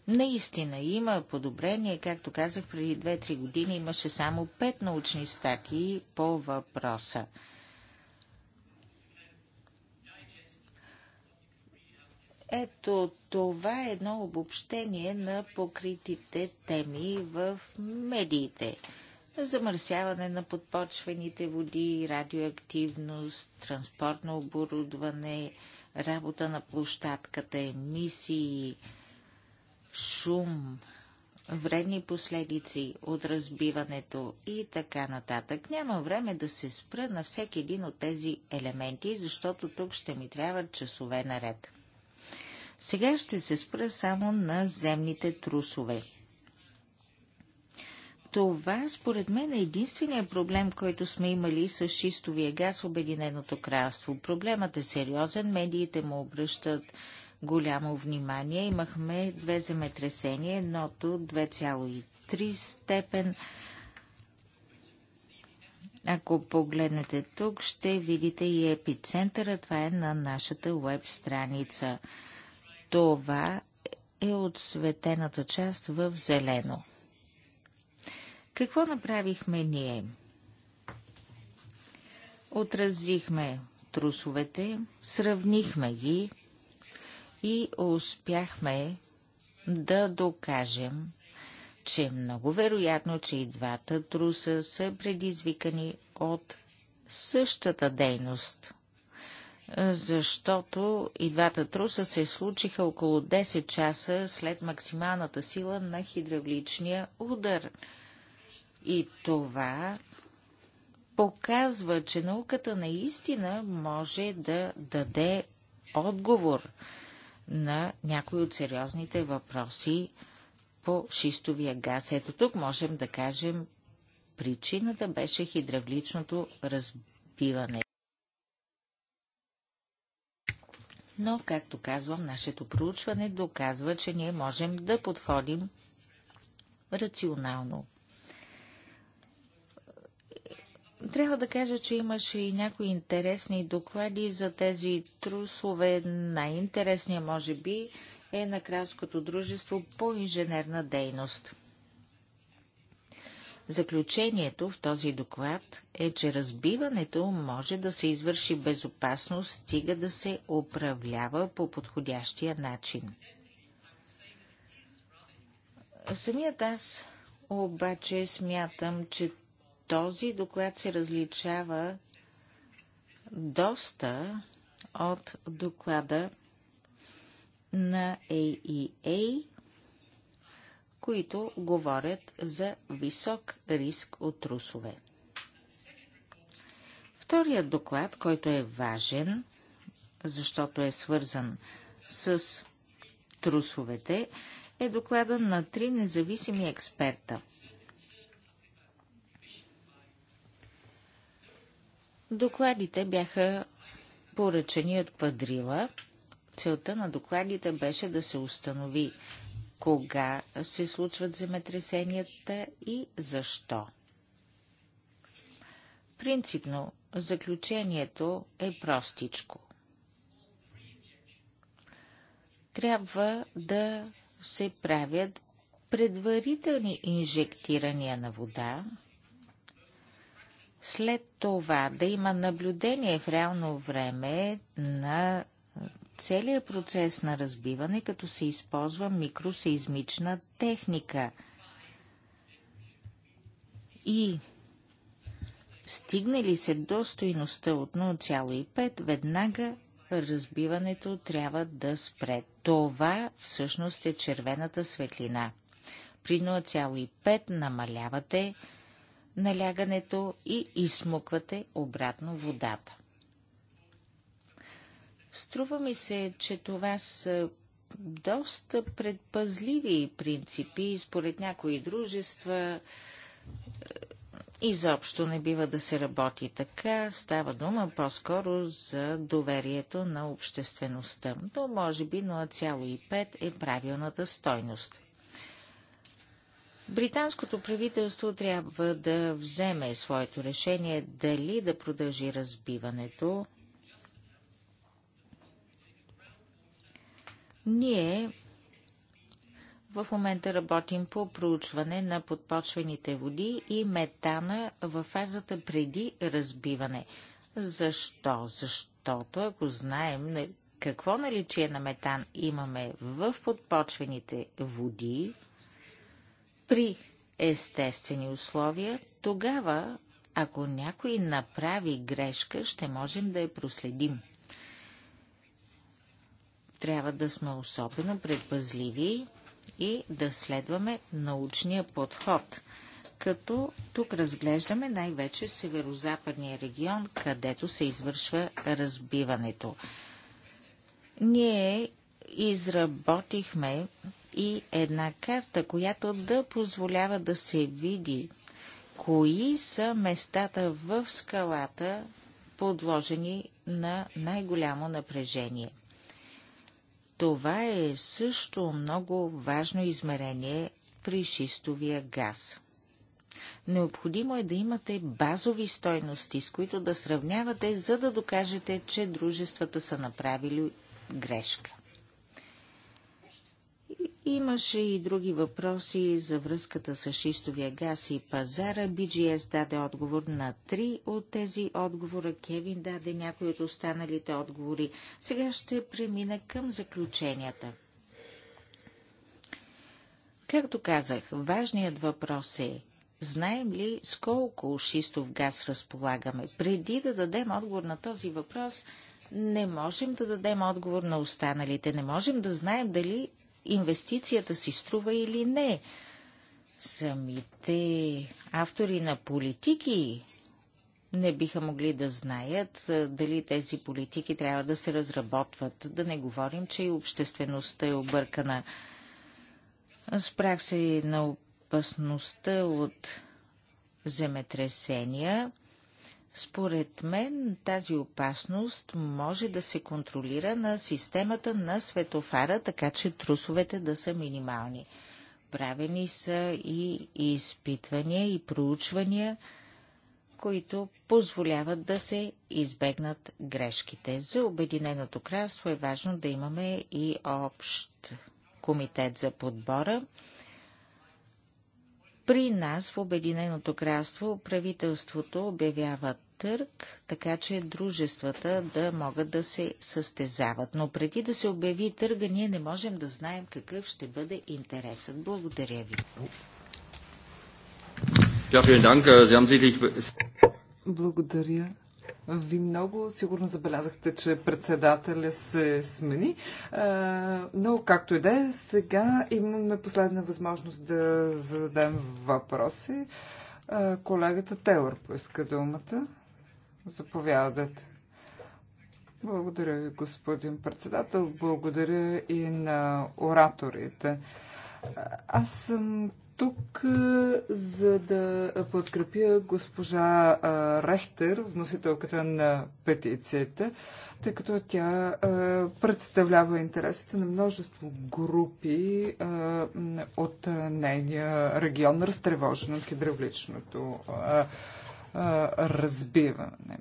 Наистина има подобрение, както казах, преди 2-3 години имаше само 5 научни статии по въпроса. Ето това е едно обобщение на покритите теми в медиите. Замърсяване на подпочвените води, радиоактивност, транспортно оборудване, работа на площадката, емисии, шум, вредни последици от разбиването и така нататък. Няма време да се спра на всеки един от тези елементи, защото тук ще ми трябва часове наред. Сега ще се спра само на земните трусове. Това, според мен, е единствения проблем, който сме имали с шистовия газ в Обединеното кралство. Проблемът е сериозен, медиите му обръщат голямо внимание. Имахме две земетресения, едното 2,3 степен. Ако погледнете тук, ще видите и епицентъра. Това е на нашата веб страница. Това е от светената част в зелено. Какво направихме ние? Отразихме трусовете, сравнихме ги и успяхме да докажем, че е много вероятно, че и двата труса са предизвикани от същата дейност. Защото и двата труса се случиха около 10 часа след максималната сила на хидравличния удар. И това показва, че науката наистина може да даде отговор на някои от сериозните въпроси по шистовия газ. Ето тук можем да кажем, причината беше хидравличното разбиване. Но, както казвам, нашето проучване доказва, че ние можем да подходим рационално. Трябва да кажа, че имаше и някои интересни доклади за тези трусове. Най-интересният, може би, е на Кралското дружество по инженерна дейност. Заключението в този доклад е, че разбиването може да се извърши безопасно, стига да се управлява по подходящия начин. Самият аз обаче смятам, че този доклад се различава доста от доклада на AEA, e които говорят за висок риск от трусове. Вторият доклад, който е важен, защото е свързан с трусовете, е доклада на три независими експерта – Докладите бяха поръчани от квадрила. Целта на докладите беше да се установи кога се случват земетресенията и защо. Принципно, заключението е простичко. Трябва да се правят предварителни инжектирания на вода, след това да има наблюдение в реално време на целият процес на разбиване, като се използва микросеизмична техника. И стигнали се до стоиността от 0,5, веднага разбиването трябва да спре. Това всъщност е червената светлина. При 0,5 намалявате налягането и изсмуквате обратно водата. Струва ми се, че това са доста предпазливи принципи според някои дружества. Изобщо не бива да се работи така. Става дума по-скоро за доверието на обществеността. То може би 0,5 е правилната стойност. Британското правителство трябва да вземе своето решение дали да продължи разбиването. Ние в момента работим по проучване на подпочвените води и метана в фазата преди разбиване. Защо? Защото ако знаем какво наличие на метан имаме в подпочвените води, при естествени условия, тогава, ако някой направи грешка, ще можем да я проследим. Трябва да сме особено предпазливи и да следваме научния подход, като тук разглеждаме най-вече северо-западния регион, където се извършва разбиването. Ние изработихме и една карта, която да позволява да се види кои са местата в скалата, подложени на най-голямо напрежение. Това е също много важно измерение при шистовия газ. Необходимо е да имате базови стойности, с които да сравнявате, за да докажете, че дружествата са направили грешка. Имаше и други въпроси за връзката с шистовия газ и пазара. BGS даде отговор на три от тези отговора. Кевин даде някои от останалите отговори. Сега ще премина към заключенията. Както казах, важният въпрос е Знаем ли с колко шистов газ разполагаме? Преди да дадем отговор на този въпрос, не можем да дадем отговор на останалите. Не можем да знаем дали инвестицията си струва или не. Самите автори на политики не биха могли да знаят дали тези политики трябва да се разработват. Да не говорим, че и обществеността е объркана. Спрях се на опасността от земетресения. Според мен тази опасност може да се контролира на системата на светофара, така че трусовете да са минимални. Правени са и изпитвания и проучвания, които позволяват да се избегнат грешките. За Обединеното кралство е важно да имаме и общ комитет за подбора. При нас в Обединеното кралство правителството обявява търг, така че дружествата да могат да се състезават. Но преди да се обяви търга, ние не можем да знаем какъв ще бъде интересът. Благодаря ви. Благодаря. Ви много сигурно забелязахте, че председателя се смени, но както и да е, сега имаме последна възможност да зададем въпроси. Колегата Теор поиска думата. Заповядате. Благодаря ви, господин председател. Благодаря и на ораторите. Аз съм тук, за да подкрепя госпожа Рехтер, вносителката на петицията, тъй като тя представлява интересите на множество групи от нейния регион, разтревожен от хидравличното разбиване.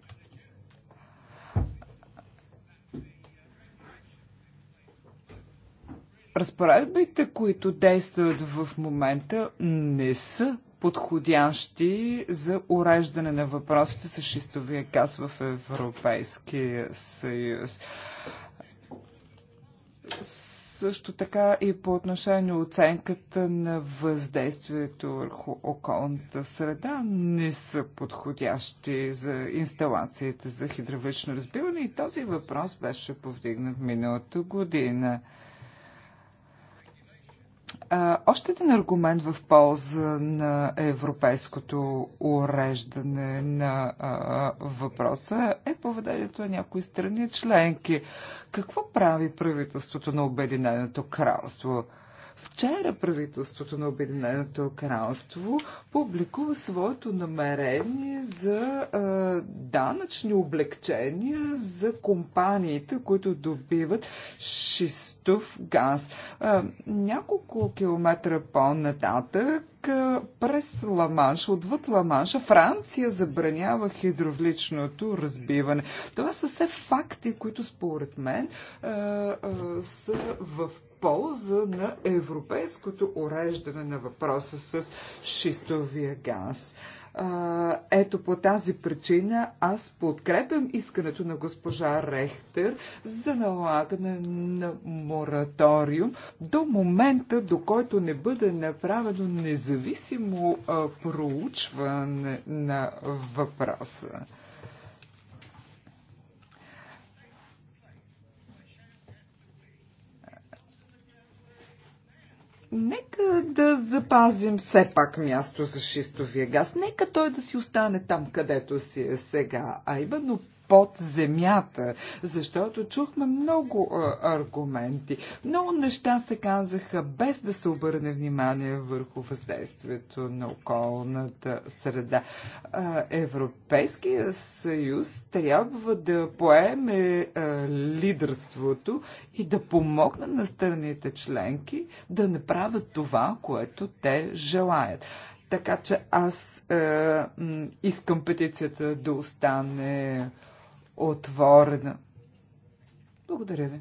Разпоредбите, които действат в момента, не са подходящи за уреждане на въпросите с шистовия газ в Европейския съюз. Също така и по отношение оценката на въздействието върху околната среда не са подходящи за инсталациите за хидравлично разбиване и този въпрос беше повдигнат миналата година още един аргумент в полза на европейското уреждане на а, въпроса е поведението на някои страни членки. Какво прави правителството на Обединеното кралство? Вчера правителството на Обединеното кралство публикува своето намерение за а, данъчни облегчения за компаниите, които добиват шистов газ. А, няколко километра по-нататък през Ламанша, отвъд Ламанша, Франция забранява хидравличното разбиване. Това са все факти, които според мен е, е, са в полза на европейското уреждане на въпроса с шистовия газ. Ето по тази причина аз подкрепям искането на госпожа Рехтер за налагане на мораториум до момента, до който не бъде направено независимо проучване на въпроса. Нека да запазим все пак място за шистовия газ. Нека той да си остане там, където си е сега, а именно под земята, защото чухме много аргументи. Много неща се казаха без да се обърне внимание върху въздействието на околната среда. Европейския съюз трябва да поеме лидерството и да помогне на страните членки да направят това, което те желаят. Така че аз е, искам петицията да остане отворена. Благодаря ви.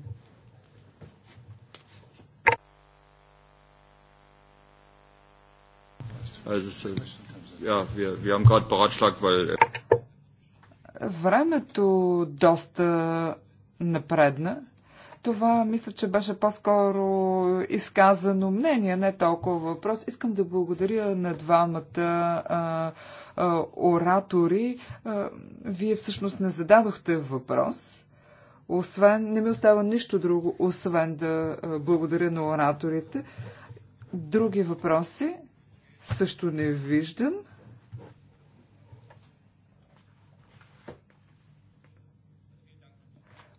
Äh, Времето доста напредна. Това мисля, че беше по-скоро изказано мнение, не толкова въпрос. Искам да благодаря на двамата а, а, оратори. А, вие всъщност не зададохте въпрос. Освен, не ми остава нищо друго, освен да благодаря на ораторите. Други въпроси също не виждам.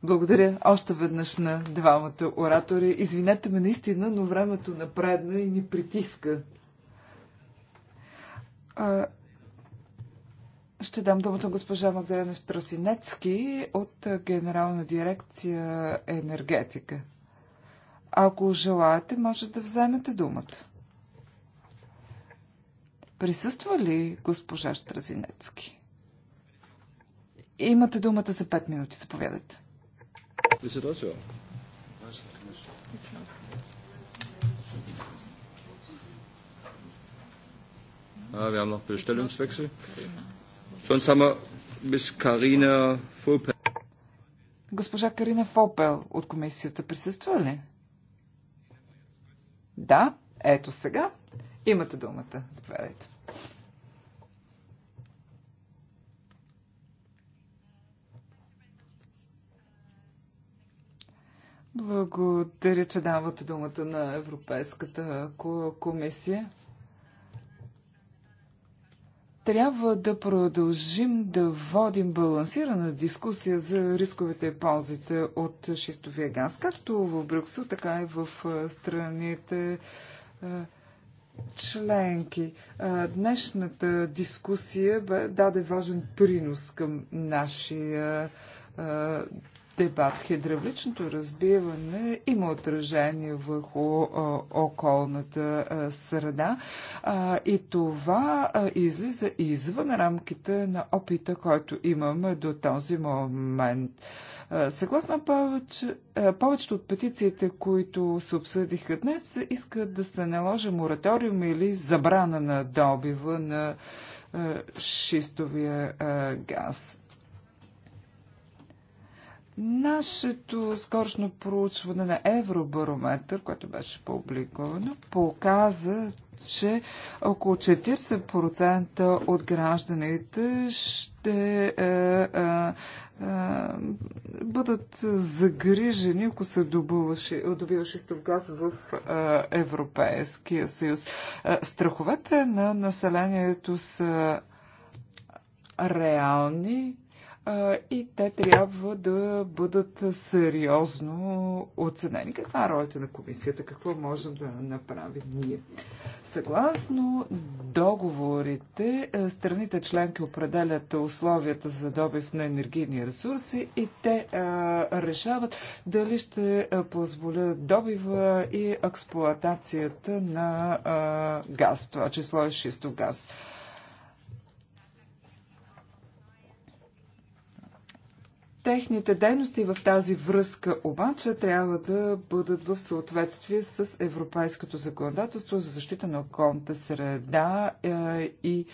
Благодаря още веднъж на двамата оратори. Извинете ме наистина, но времето напредна и ни притиска. А, ще дам думата госпожа Магдалена Штрасинецки от Генерална дирекция енергетика. Ако желаете, може да вземете думата. Присъства ли госпожа Штразинецки? Имате думата за 5 минути. Заповядайте die Situation. Ja, wir haben noch Bestellungswechsel. Für uns haben wir Miss Karina Vopel. Госпожа Карина Фопел от комисията присъства ли? Да, ето сега. Имате думата. Заповядайте. Благодаря, че давате думата на Европейската комисия. Трябва да продължим да водим балансирана дискусия за рисковете и ползите от шистовия газ, както в Брюксел, така и в страните членки. Днешната дискусия даде важен принос към нашия дебат. Хидравличното разбиване има отражение върху околната среда и това излиза извън рамките на опита, който имаме до този момент. съгласно повече, повечето от петициите, които се обсъдиха днес, искат да се наложи мораториум или забрана на добива на шистовия газ. Нашето скорошно проучване на Евробарометър, което беше публикувано, показа, че около 40% от гражданите ще е, е, е, бъдат загрижени, ако се добива шистов газ в Европейския съюз. Страховете на населението са реални и те трябва да бъдат сериозно оценени. Каква е ролята на комисията? Какво можем да направим ние? Съгласно договорите, е, страните членки определят условията за добив на енергийни ресурси и те а, е, решават дали ще е, позволят добива и експлоатацията на а, газ, това число е шисто газ. А, Техните дейности в тази връзка обаче трябва да бъдат в съответствие с европейското законодателство за защита на околната среда е, и е,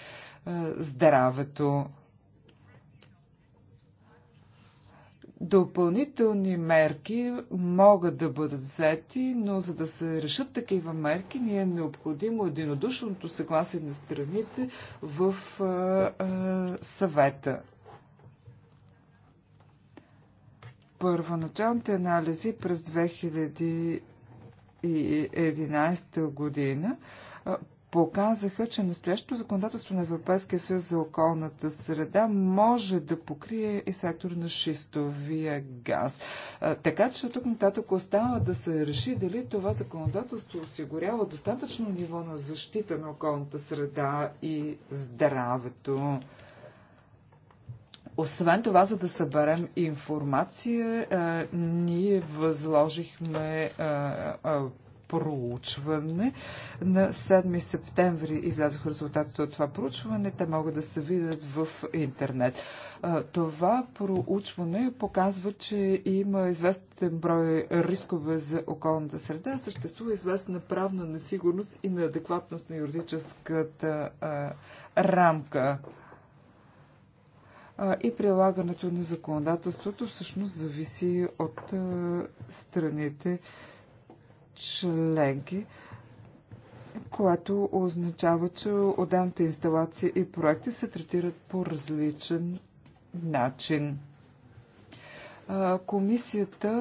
здравето. Допълнителни мерки могат да бъдат взети, но за да се решат такива мерки, ни е необходимо единодушното съгласие на страните в е, съвета. първоначалните анализи през 2011 година показаха, че настоящото законодателство на Европейския съюз за околната среда може да покрие и сектор на шистовия газ. Така че тук нататък остава да се реши дали това законодателство осигурява достатъчно ниво на защита на околната среда и здравето. Освен това, за да съберем информация, е, ние възложихме е, е, проучване. На 7 септември излязох резултатите от това проучване. Те могат да се видят в интернет. Това проучване показва, че има известен брой рискове за околната среда. Съществува известна правна несигурност и неадекватност на юридическата рамка и прилагането на законодателството всъщност зависи от страните членки, което означава, че отделните инсталации и проекти се третират по различен начин. Комисията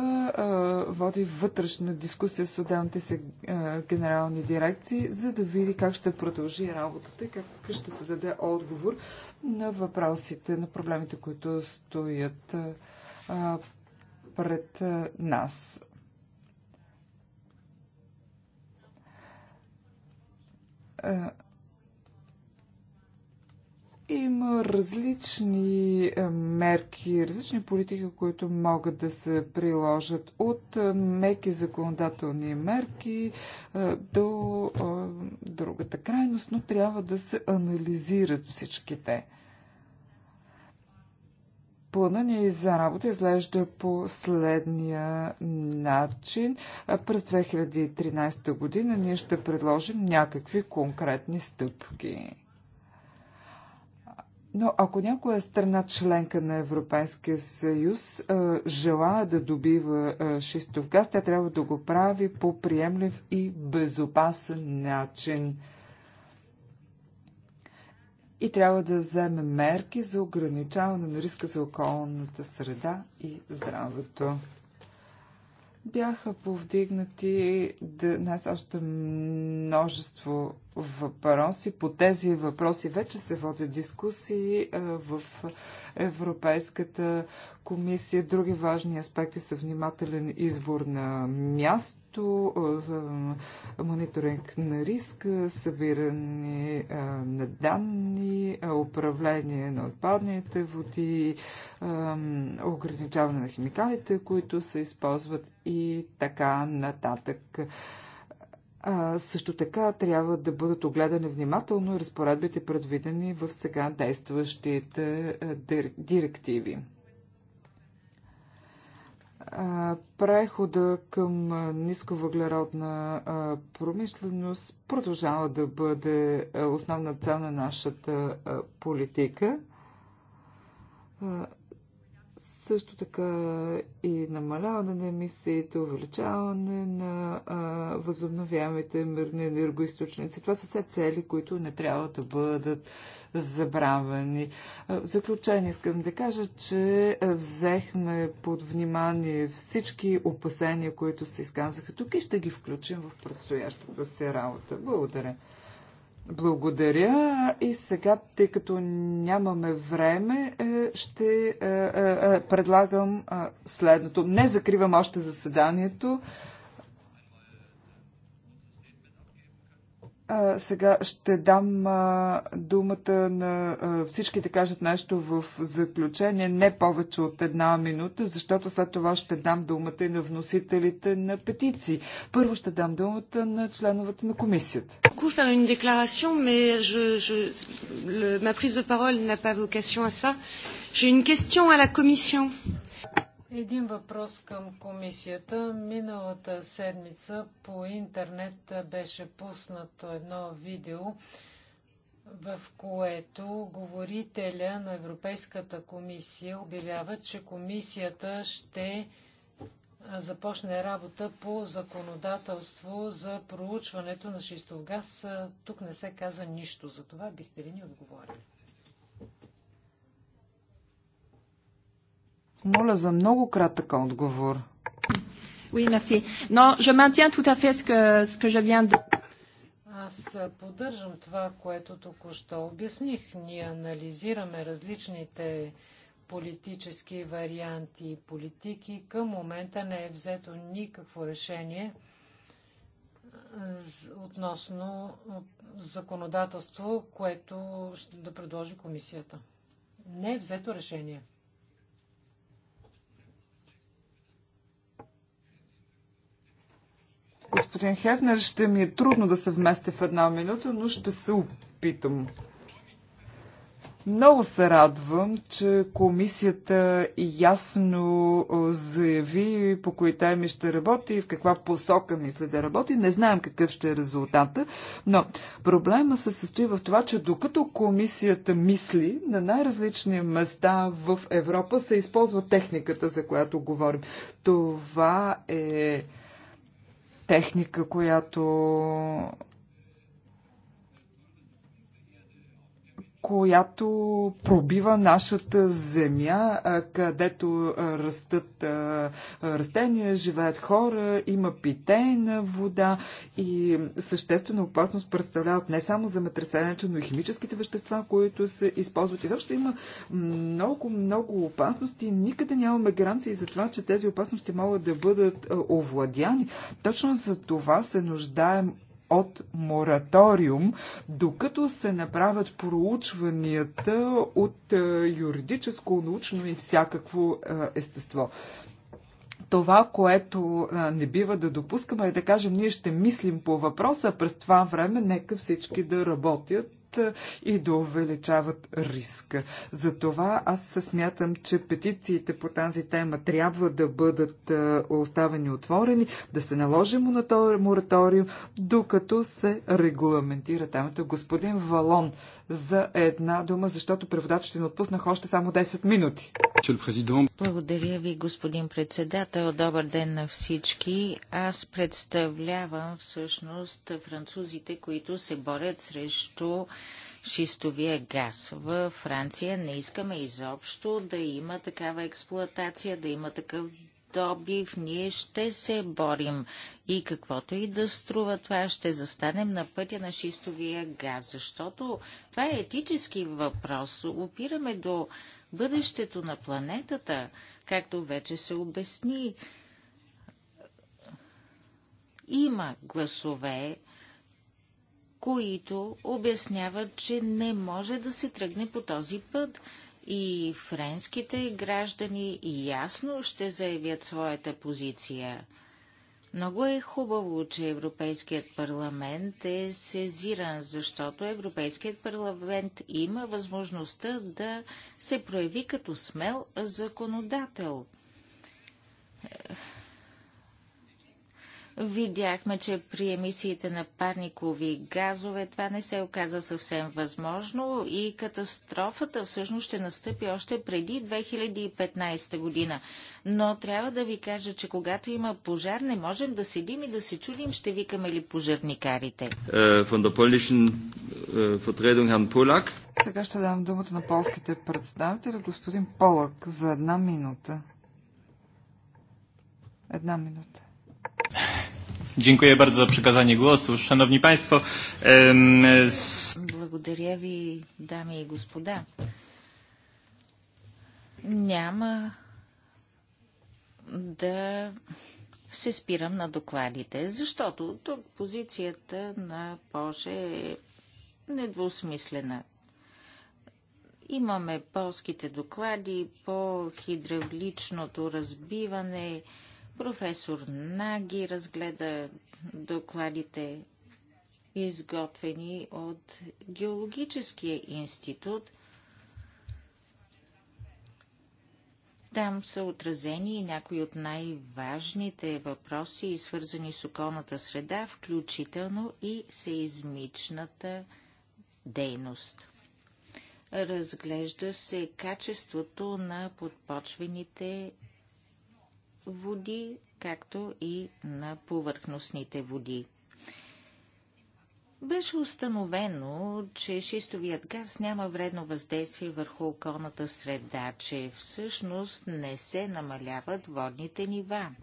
води вътрешна дискусия с отделните се генерални дирекции, за да види как ще продължи работата и как ще се даде отговор на въпросите, на проблемите, които стоят пред нас. Uh има различни е, мерки, различни политики, които могат да се приложат от е, меки законодателни мерки е, до другата крайност, но трябва да се анализират всичките. Плана ни за работа изглежда по следния начин. През 2013 година ние ще предложим някакви конкретни стъпки. Но ако някоя страна членка на Европейския съюз а, желая да добива шистов газ, тя трябва да го прави по приемлив и безопасен начин. И трябва да вземе мерки за ограничаване на риска за околната среда и здравето. Бяха повдигнати днес още множество въпроси. По тези въпроси вече се водят дискусии в Европейската комисия. Други важни аспекти са внимателен избор на място също мониторинг на риска, събиране на данни, управление на отпадните води, ограничаване на химикалите, които се използват и така нататък. също така трябва да бъдат огледани внимателно разпоредбите, предвидени в сега действащите директиви прехода към нисковъглеродна промишленост продължава да бъде основна цел на нашата политика също така и намаляване на емисиите, увеличаване на а, възобновяемите мирни енергоисточници. Това са все цели, които не трябва да бъдат забравени. В заключение искам да кажа, че взехме под внимание всички опасения, които се изказаха тук и ще ги включим в предстоящата си работа. Благодаря. Благодаря. И сега, тъй като нямаме време, е, ще е, е, предлагам следното. Не закривам още заседанието. А, сега ще дам а, думата на а, всички да кажат нещо в заключение, не повече от една минута, защото след това ще дам думата и на вносителите на петиции. Първо ще дам думата на членовете на комисията. Ma prise de parole n'a pas vocation à ça. J'ai une question à la Commission. Един въпрос към комисията. Миналата седмица по интернет беше пуснато едно видео, в което говорителя на Европейската комисия обявява, че комисията ще започне работа по законодателство за проучването на шистов газ. Тук не се каза нищо. За това бихте ли ни отговорили? Моля за много кратък отговор. Oui, merci. Но je maintiens tout à fait ce que, ce que je viens de... Аз поддържам това, което току-що обясних. Ние анализираме различните политически варианти и политики. Към момента не е взето никакво решение относно законодателство, което ще да предложи комисията. Не е взето решение. Господин Хефнер, ще ми е трудно да се вместя в една минута, но ще се опитам. Много се радвам, че комисията ясно заяви по кои теми ще работи и в каква посока мисля да работи. Не знаем какъв ще е резултата, но проблема се състои в това, че докато комисията мисли, на най-различни места в Европа се използва техниката, за която говорим. Това е техника, която която пробива нашата земя, където растат растения, живеят хора, има питейна вода и съществена опасност представляват не само земетресението, но и химическите вещества, които се използват. И защото има много, много опасности. Никъде нямаме гаранции за това, че тези опасности могат да бъдат овладяни. Точно за това се нуждаем от мораториум, докато се направят проучванията от е, юридическо, научно и всякакво е, естество това, което а, е, не бива да допускаме е да кажем, ние ще мислим по въпроса, през това време нека всички да работят и да увеличават риска. Затова аз се смятам, че петициите по тази тема трябва да бъдат оставени отворени, да се наложи мораториум, докато се регламентира темата. Господин Валон за една дума, защото преводачите ще ни отпуснах още само 10 минути. Благодаря ви, господин председател. Добър ден на всички. Аз представлявам всъщност французите, които се борят срещу шистовия газ. В Франция не искаме изобщо да има такава експлоатация, да има такъв добив, ние ще се борим. И каквото и да струва това, ще застанем на пътя на шистовия газ, защото това е етически въпрос. Опираме до бъдещето на планетата, както вече се обясни. Има гласове, които обясняват, че не може да се тръгне по този път и френските граждани ясно ще заявят своята позиция. Много е хубаво, че Европейският парламент е сезиран, защото Европейският парламент има възможността да се прояви като смел законодател. Видяхме, че при емисиите на парникови газове това не се оказа съвсем възможно и катастрофата всъщност ще настъпи още преди 2015 година. Но трябва да ви кажа, че когато има пожар, не можем да седим и да се чудим, ще викаме ли пожарникарите. Е, е, Сега ще дам думата на полските представители, господин Полък, за една минута. Една минута. Dziękuję bardzo za przekazanie głosu. Szanowni Państwo. Благодаря ви, дами и господа. Няма да се спирам на докладите, защото тук позицията на Польша е недвусмислена. Имаме полските доклади по хидравличното разбиване, Професор Наги разгледа докладите, изготвени от Геологическия институт. Там са отразени и някои от най-важните въпроси, свързани с околната среда, включително и сеизмичната дейност. Разглежда се качеството на подпочвените води, както и на повърхностните води. Беше установено, че шистовият газ няма вредно въздействие върху околната среда, че всъщност не се намаляват водните нива.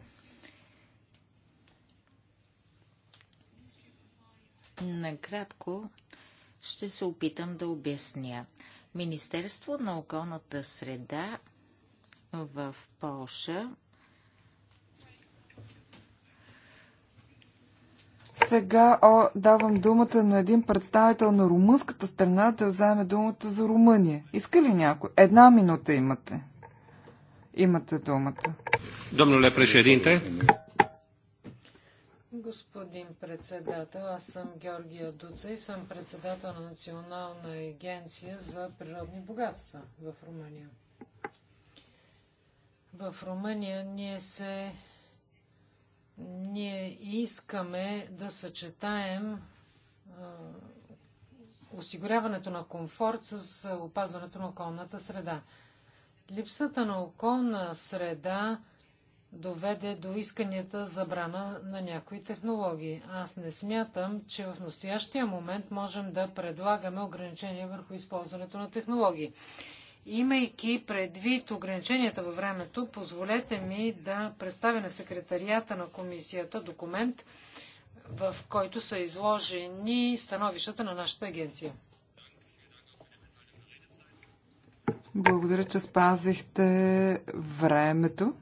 Накратко ще се опитам да обясня. Министерство на околната среда в Полша Сега о, давам думата на един представител на румънската страна да вземе думата за Румъния. Иска ли някой? Една минута имате. Имате думата. Домнуле președинте. Господин председател, аз съм Георгия Дуца и съм председател на Национална агенция за природни богатства в Румъния. В Румъния ние се ние искаме да съчетаем осигуряването на комфорт с опазването на околната среда. Липсата на околна среда доведе до исканията забрана на някои технологии. Аз не смятам, че в настоящия момент можем да предлагаме ограничения върху използването на технологии. Имайки предвид ограниченията във времето, позволете ми да представя на секретарията на комисията документ, в който са изложени становищата на нашата агенция. Благодаря, че спазихте времето.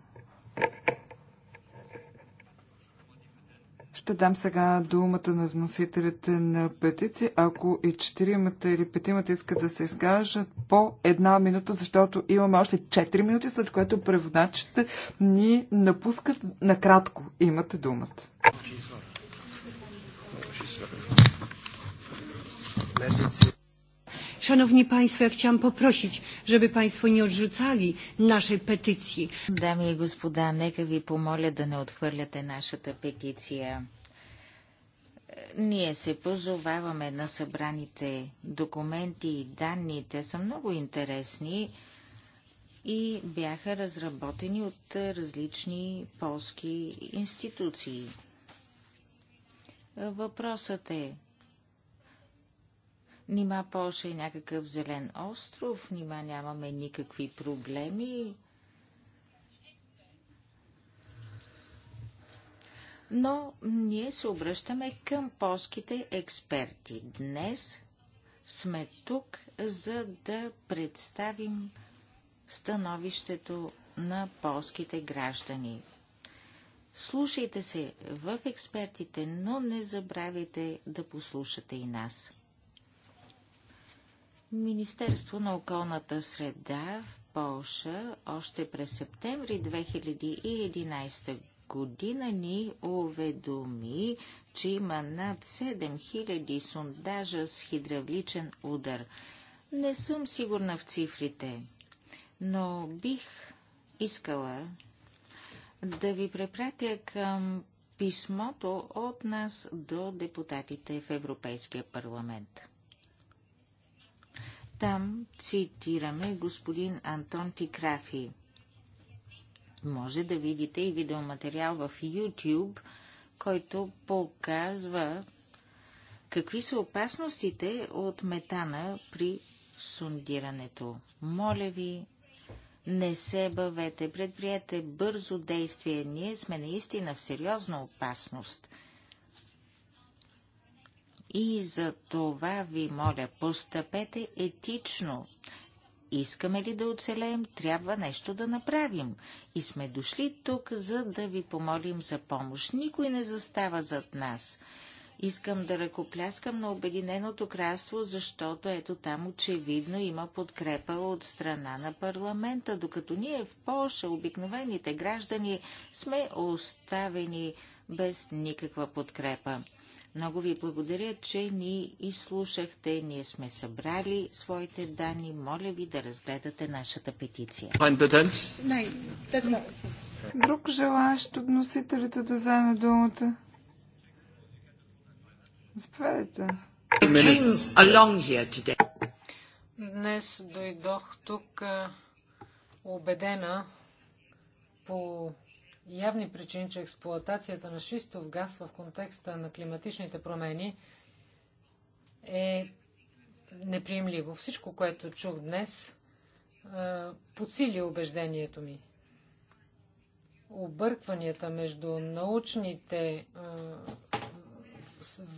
Ще дам сега думата на вносителите на петиции. Ако и четиримата или петимата искат да се изкажат по една минута, защото имаме още 4 минути, след което преводачите ни напускат накратко. Имате думата. Мерси. Szanowni Państwo, ja chciałam poprosić, żeby Państwo nie odrzucali naszej petycji. Dami i господа, нека ви помоля да не отхвърляте нашата петиция. Ние се позоваваме на събраните документи и данни. Те са много интересни и бяха разработени от различни полски институции. Въпросът е Нима Польша е някакъв зелен остров, нима нямаме никакви проблеми. Но ние се обръщаме към полските експерти. Днес сме тук, за да представим становището на полските граждани. Слушайте се в експертите, но не забравяйте да послушате и нас. Министерство на околната среда в Полша още през септември 2011 година ни уведоми, че има над 7000 сондажа с хидравличен удар. Не съм сигурна в цифрите, но бих искала да ви препратя към писмото от нас до депутатите в Европейския парламент. Там цитираме господин Антон Тикрафи. Може да видите и видеоматериал в YouTube, който показва какви са опасностите от метана при сундирането. Моля ви, не се бавете, предприете бързо действие. Ние сме наистина в сериозна опасност. И за това ви моля, постъпете етично. Искаме ли да оцелеем, трябва нещо да направим. И сме дошли тук, за да ви помолим за помощ. Никой не застава зад нас. Искам да ръкопляскам на Обединеното кралство, защото ето там очевидно има подкрепа от страна на парламента, докато ние в Польша, обикновените граждани, сме оставени без никаква подкрепа. Много ви благодаря, че ни изслушахте. Ние сме събрали своите данни. Моля ви да разгледате нашата петиция. Друг желаящ от носителите да вземе думата. Заповядайте. Днес дойдох тук убедена по явни причини, че експлоатацията на шистов газ в контекста на климатичните промени е неприемливо. Всичко, което чух днес, е, подсили убеждението ми. Объркванията между научните е,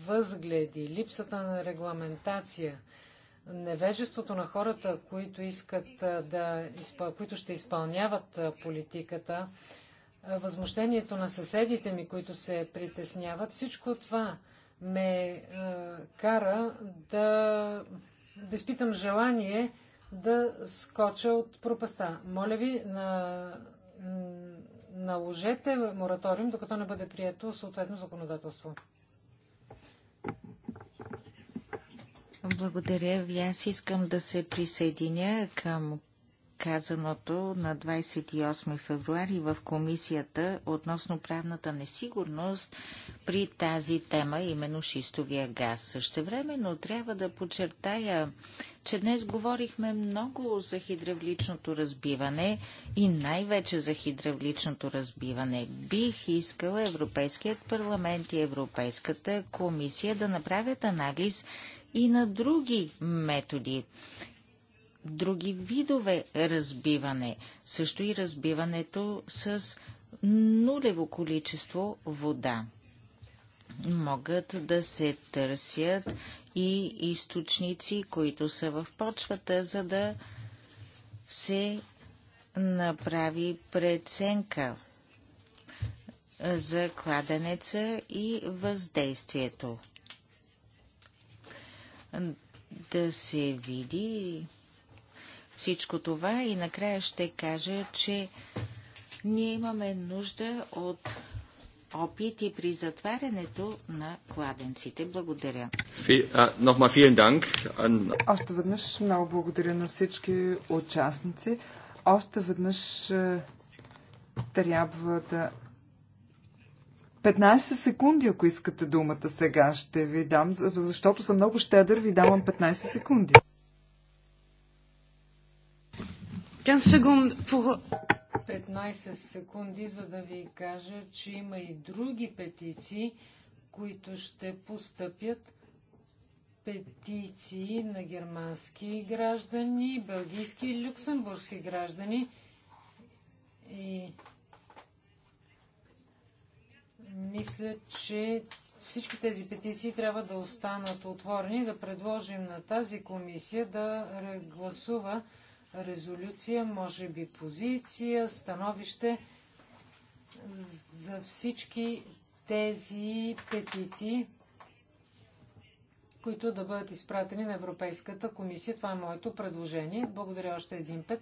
възгледи, липсата на регламентация, невежеството на хората, които искат е, да, които ще изпълняват политиката възмущението на съседите ми, които се притесняват, всичко това ме е, кара да, да изпитам желание да скоча от пропаста. Моля ви, на, наложете мораториум, докато не бъде прието съответно законодателство. Благодаря ви. Аз искам да се присъединя към казаното на 28 февруари в комисията относно правната несигурност при тази тема, именно шистовия газ. но трябва да подчертая, че днес говорихме много за хидравличното разбиване и най-вече за хидравличното разбиване. Бих искала Европейският парламент и Европейската комисия да направят анализ и на други методи други видове разбиване, също и разбиването с нулево количество вода. Могат да се търсят и източници, които са в почвата, за да се направи преценка за кладенеца и въздействието. Да се види всичко това и накрая ще кажа, че ние имаме нужда от опити при затварянето на кладенците. Благодаря. Още веднъж много благодаря на всички участници. Още веднъж е, трябва да 15 секунди, ако искате думата сега, ще ви дам, защото съм много щедър, ви давам 15 секунди. 15 секунди, за да ви кажа, че има и други петиции, които ще постъпят. Петиции на германски граждани, бългийски и люксембургски граждани. И мисля, че всички тези петиции трябва да останат отворени, да предложим на тази комисия да гласува резолюция, може би позиция, становище за всички тези петиции, които да бъдат изпратени на Европейската комисия. Това е моето предложение. Благодаря още един път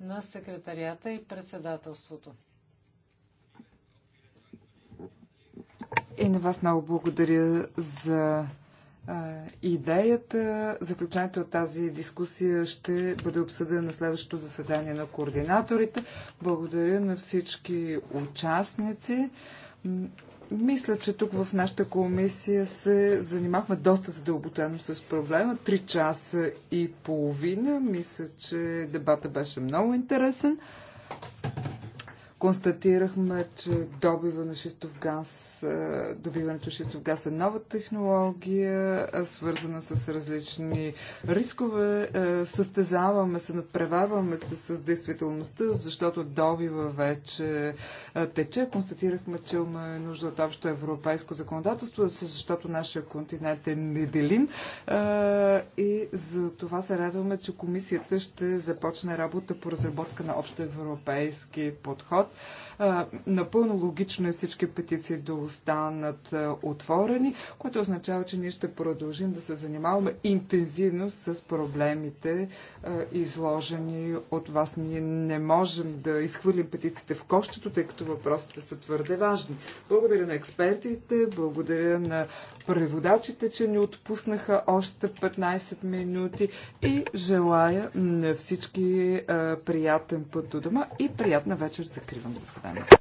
на секретарията и председателството. И на вас много благодаря за идеята, заключението от тази дискусия ще бъде обсъдена на следващото заседание на координаторите. Благодаря на всички участници. Мисля, че тук в нашата комисия се занимахме доста задълбочено с проблема. Три часа и половина. Мисля, че дебата беше много интересен. Констатирахме, че добива на шистов газ, е, добиването шистов газ е нова технология, е, свързана с различни рискове. Е, състезаваме се, надпреварваме се с действителността, защото добива вече тече. Констатирахме, че има нужда от общо европейско законодателство, защото нашия континент е неделим. И за това се радваме, че комисията ще започне работа по разработка на общо европейски подход подход. Напълно логично е всички петиции да останат отворени, което означава, че ние ще продължим да се занимаваме интензивно с проблемите, изложени от вас. Ние не можем да изхвърлим петициите в кощето, тъй като въпросите са твърде важни. Благодаря на експертите, благодаря на преводачите, че ни отпуснаха още 15 минути и желая на всички приятен път до дома и приятна вечер за крив. Закривам заседанието.